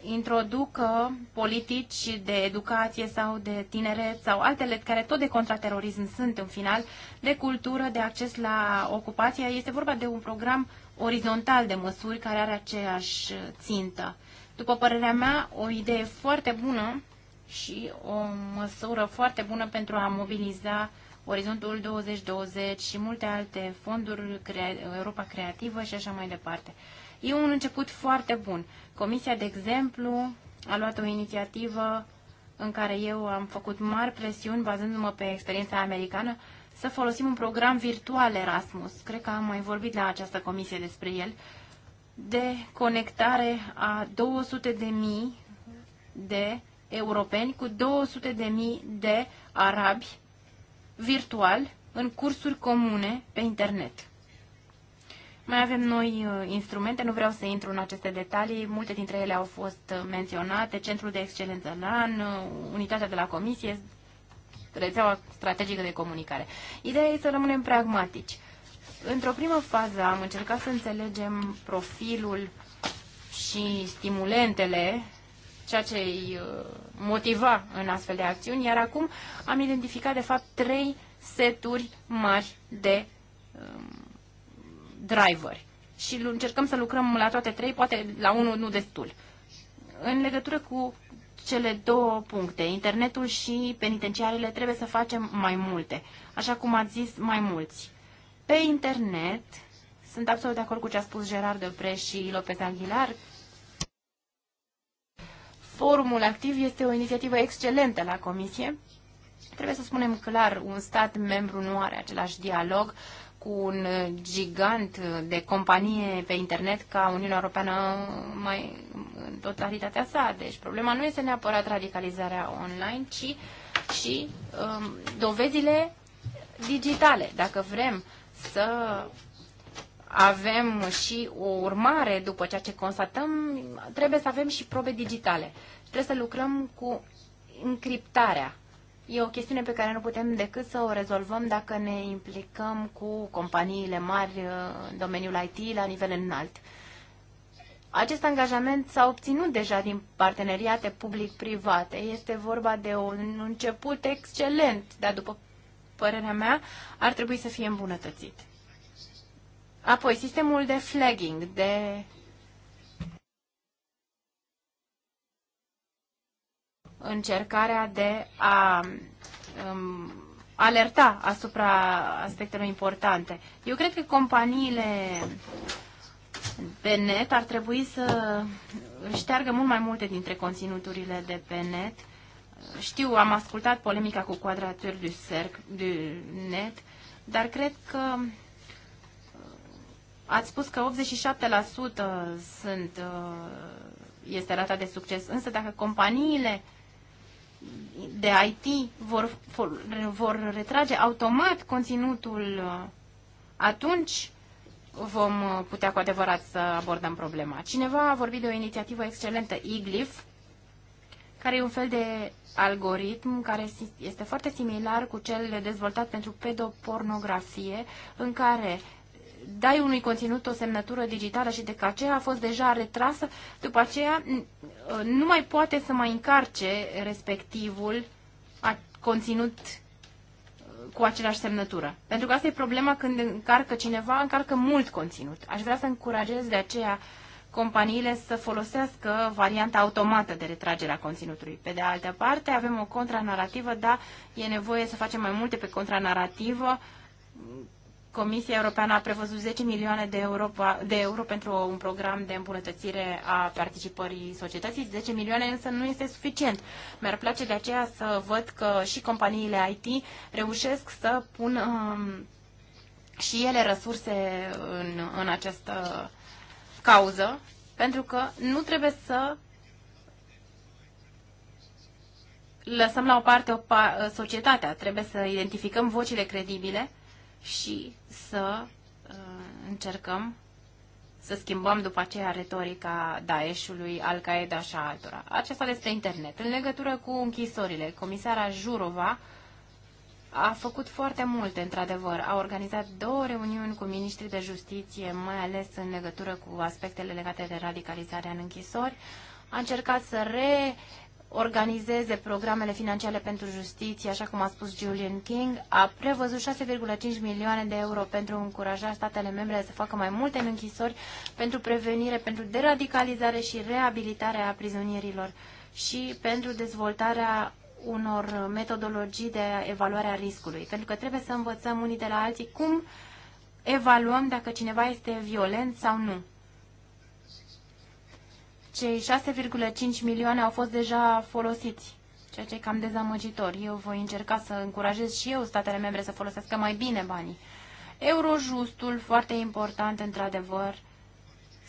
introducă politici de educație sau de tineret sau altele care tot de contraterorism sunt în final, de cultură, de acces la ocupație. Este vorba de un program orizontal de măsuri care are aceeași țintă. După părerea mea, o idee foarte bună și o măsură foarte bună pentru a mobiliza Orizontul 2020 și multe alte fonduri, Europa Creativă și așa mai departe. E un început foarte bun. Comisia, de exemplu, a luat o inițiativă în care eu am făcut mari presiuni, bazându-mă pe experiența americană, să folosim un program virtual Erasmus. Cred că am mai vorbit la această comisie despre el, de conectare a 200.000 de de europeni cu 200.000 de de arabi virtual în cursuri comune pe internet. Mai avem noi uh, instrumente, nu vreau să intru în aceste detalii, multe dintre ele au fost uh, menționate, Centrul de Excelență LAN, uh, Unitatea de la Comisie, rețeaua strategică de comunicare. Ideea este să rămânem pragmatici. Într-o primă fază am încercat să înțelegem profilul și stimulentele, ceea ce îi motiva în astfel de acțiuni, iar acum am identificat de fapt trei seturi mari de um, driveri. Și încercăm să lucrăm la toate trei, poate la unul nu destul. În legătură cu cele două puncte, internetul și penitenciarele, trebuie să facem mai multe, așa cum ați zis mai mulți. Pe internet, sunt absolut de acord cu ce a spus Gerard Depre și Lopez Aguilar, Forumul Activ este o inițiativă excelentă la Comisie. Trebuie să spunem clar, un stat membru nu are același dialog cu un gigant de companie pe internet ca Uniunea Europeană mai în totalitatea sa. Deci problema nu este neapărat radicalizarea online, ci și um, dovezile digitale. Dacă vrem să avem și o urmare după ceea ce constatăm, trebuie să avem și probe digitale. Trebuie să lucrăm cu încriptarea E o chestiune pe care nu putem decât să o rezolvăm dacă ne implicăm cu companiile mari uh, în domeniul IT la nivel înalt. Acest angajament s-a obținut deja din parteneriate public-private. Este vorba de un început excelent, dar după părerea mea ar trebui să fie îmbunătățit. Apoi, sistemul de flagging, de încercarea de a um, alerta asupra aspectelor importante. Eu cred că companiile pe net ar trebui să șteargă mult mai multe dintre conținuturile de pe net. Știu, am ascultat polemica cu Quadrature du, cerc, du Net, dar cred că uh, ați spus că 87% sunt, uh, este rata de succes, însă dacă companiile de IT vor, vor retrage automat conținutul, uh, atunci vom uh, putea cu adevărat să abordăm problema. Cineva a vorbit de o inițiativă excelentă, IGLIF, care e un fel de algoritm care este foarte similar cu cel dezvoltat pentru pedopornografie, în care dai unui conținut o semnătură digitală și de că aceea a fost deja retrasă, după aceea uh, nu mai poate să mai încarce respectivul conținut uh, cu aceeași semnătură. Pentru că asta e problema când încarcă cineva, încarcă mult conținut. Aș vrea să încurajez de aceea companiile să folosească varianta automată de retragere a conținutului. Pe de altă parte, avem o contranarativă, da, e nevoie să facem mai multe pe contranarativă Comisia Europeană a prevăzut 10 milioane de euro, de euro pentru un program de îmbunătățire a participării societății. 10 milioane însă nu este suficient. Mi-ar place de aceea să văd că și companiile IT reușesc să pună um, și ele resurse în, în această cauză, pentru că nu trebuie să lăsăm la o parte o pa- societatea, trebuie să identificăm vocile credibile și să uh, încercăm să schimbăm după aceea retorica Daeshului, Al-Qaeda și altora. Aceasta despre internet. În legătură cu închisorile, comisara Jurova a făcut foarte multe, într-adevăr. A organizat două reuniuni cu ministrii de justiție, mai ales în legătură cu aspectele legate de radicalizarea în închisori. A încercat să re organizeze programele financiare pentru justiție, așa cum a spus Julian King, a prevăzut 6,5 milioane de euro pentru încuraja statele membre să facă mai multe în închisori pentru prevenire, pentru deradicalizare și reabilitare a prizonierilor și pentru dezvoltarea unor metodologii de evaluare a riscului. Pentru că trebuie să învățăm unii de la alții cum evaluăm dacă cineva este violent sau nu. Cei 6,5 milioane au fost deja folosiți, ceea ce e cam dezamăgitor. Eu voi încerca să încurajez și eu statele membre să folosească mai bine banii. Eurojustul, foarte important, într-adevăr,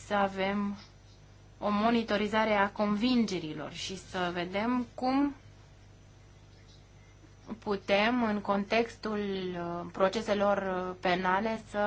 să avem o monitorizare a convingerilor și să vedem cum putem, în contextul uh, proceselor uh, penale, să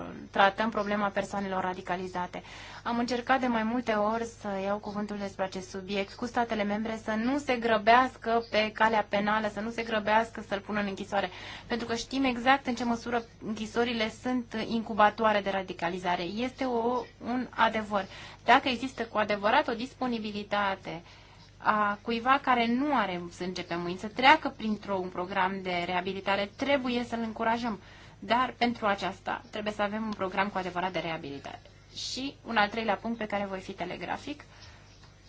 uh, tratăm problema persoanelor radicalizate. Am încercat de mai multe ori să iau cuvântul despre acest subiect cu statele membre să nu se grăbească pe calea penală, să nu se grăbească să-l pună în închisoare, pentru că știm exact în ce măsură închisorile sunt incubatoare de radicalizare. Este o, un adevăr. Dacă există cu adevărat o disponibilitate uh, a cuiva care nu are sânge pe mâini să treacă printr-un program de reabilitare, trebuie să-l încurajăm. Dar pentru aceasta trebuie să avem un program cu adevărat de reabilitare. Și un al treilea punct pe care voi fi telegrafic,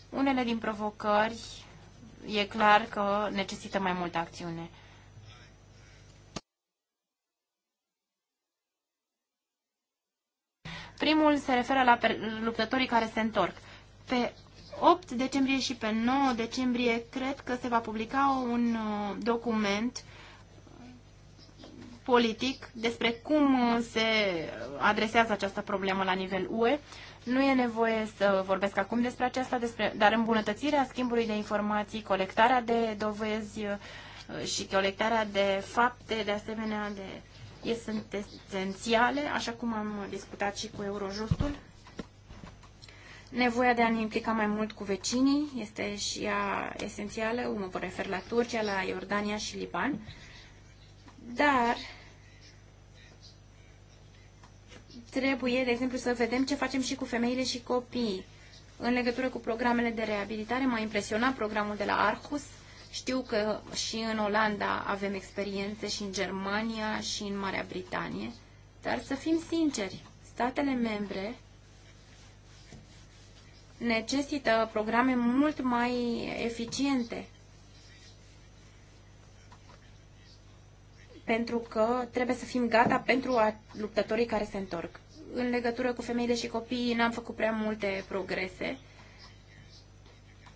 unele din provocări e clar că necesită mai multă acțiune. Primul se referă la luptătorii care se întorc. Pe 8 decembrie și pe 9 decembrie cred că se va publica un uh, document politic despre cum uh, se adresează această problemă la nivel UE. Nu e nevoie să vorbesc acum despre aceasta, despre, dar îmbunătățirea schimbului de informații, colectarea de dovezi uh, și colectarea de fapte, de asemenea, de, sunt esențiale, așa cum am discutat și cu Eurojustul. Nevoia de a ne implica mai mult cu vecinii este și ea esențială, mă refer la Turcia, la Iordania și Liban, dar trebuie, de exemplu, să vedem ce facem și cu femeile și copiii. În legătură cu programele de reabilitare, m-a impresionat programul de la Arhus. Știu că și în Olanda avem experiențe și în Germania și în Marea Britanie, dar să fim sinceri, statele membre necesită programe mult mai eficiente. Pentru că trebuie să fim gata pentru a luptătorii care se întorc. În legătură cu femeile și copiii n-am făcut prea multe progrese.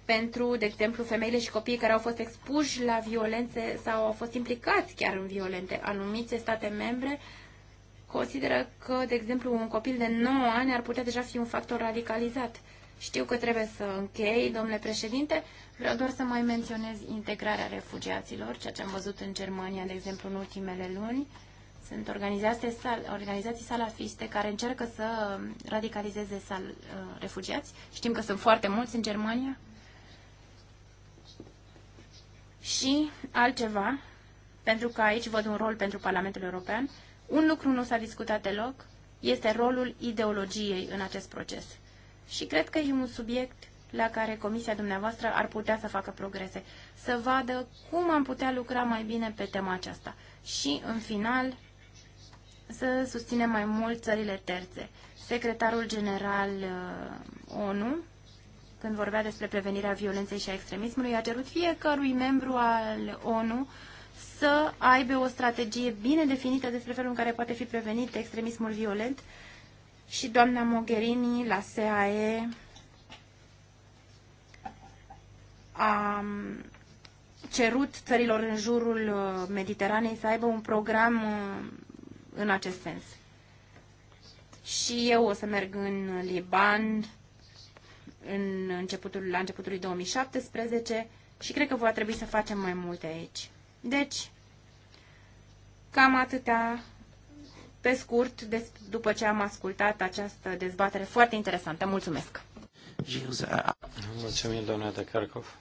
Pentru, de exemplu, femeile și copiii care au fost expuși la violențe sau au fost implicați chiar în violente. Anumite state membre consideră că, de exemplu, un copil de 9 ani ar putea deja fi un factor radicalizat. Știu că trebuie să închei, domnule președinte. Vreau doar să mai menționez integrarea refugiaților, ceea ce am văzut în Germania, de exemplu, în ultimele luni. Sunt organizații, organizații salafiste care încearcă să radicalizeze sal, uh, refugiați. Știm că sunt foarte mulți în Germania. Și altceva, pentru că aici văd un rol pentru Parlamentul European, un lucru nu s-a discutat deloc, este rolul ideologiei în acest proces și cred că e un subiect la care comisia dumneavoastră ar putea să facă progrese, să vadă cum am putea lucra mai bine pe tema aceasta și, în final, să susținem mai mult țările terțe. Secretarul general uh, ONU, când vorbea despre prevenirea violenței și a extremismului, a cerut fiecărui membru al ONU să aibă o strategie bine definită despre felul în care poate fi prevenit extremismul violent și doamna Mogherini la SAE a um, cerut țărilor în jurul uh, Mediteranei să aibă un program uh, în acest sens. Și eu o să merg în Liban în începutul, la începutul 2017 și cred că va trebui să facem mai multe aici. Deci, cam atâtea pe scurt, după ce am ascultat această dezbatere foarte interesantă. Mulțumesc! Mulțumim, doamna de Carcov.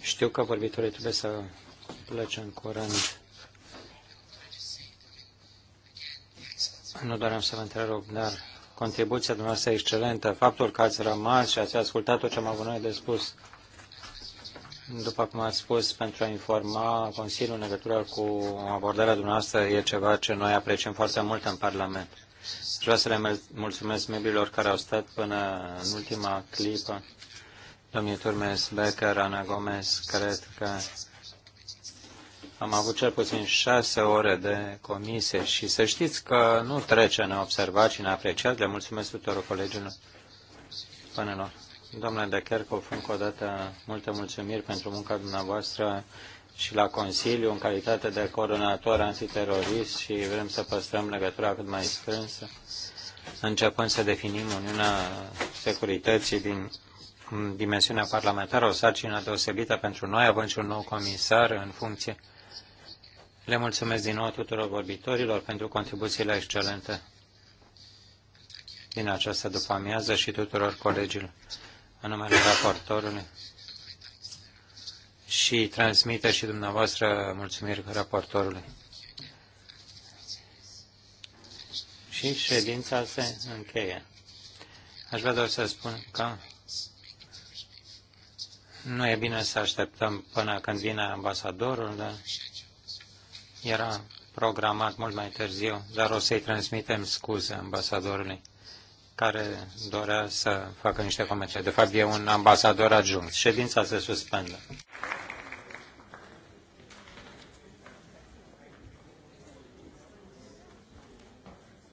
Știu că vorbitorii trebuie să plece în curând. Nu doream să vă întrerup, dar contribuția dumneavoastră excelentă, faptul că ați rămas și ați ascultat tot ce am avut noi de spus, după cum ați spus, pentru a informa Consiliul în legătură cu abordarea dumneavoastră e ceva ce noi apreciem foarte mult în Parlament. Și vreau să le mulțumesc membrilor care au stat până în ultima clipă. Domnul Turmes, Becker, Ana Gomez, cred că am avut cel puțin șase ore de comisie și să știți că nu trece neobservat și neapreciat. Le mulțumesc tuturor colegilor. Până la Domnule de Kerkhoff, încă o dată multe mulțumiri pentru munca dumneavoastră și la Consiliu în calitate de coordonator antiterorist și vrem să păstrăm legătura cât mai strânsă, începând să definim Uniunea Securității din dimensiunea parlamentară, o sarcină deosebită pentru noi, având și un nou comisar în funcție. Le mulțumesc din nou tuturor vorbitorilor pentru contribuțiile excelente din această după-amiază și tuturor colegilor în numele raportorului și transmite și dumneavoastră mulțumiri raportorului. Și ședința se încheie. Aș vrea doar să spun că nu e bine să așteptăm până când vine ambasadorul, dar era programat mult mai târziu, dar o să-i transmitem scuze ambasadorului care dorea să facă niște comentarii. De fapt, e un ambasador adjunct. Ședința se suspendă.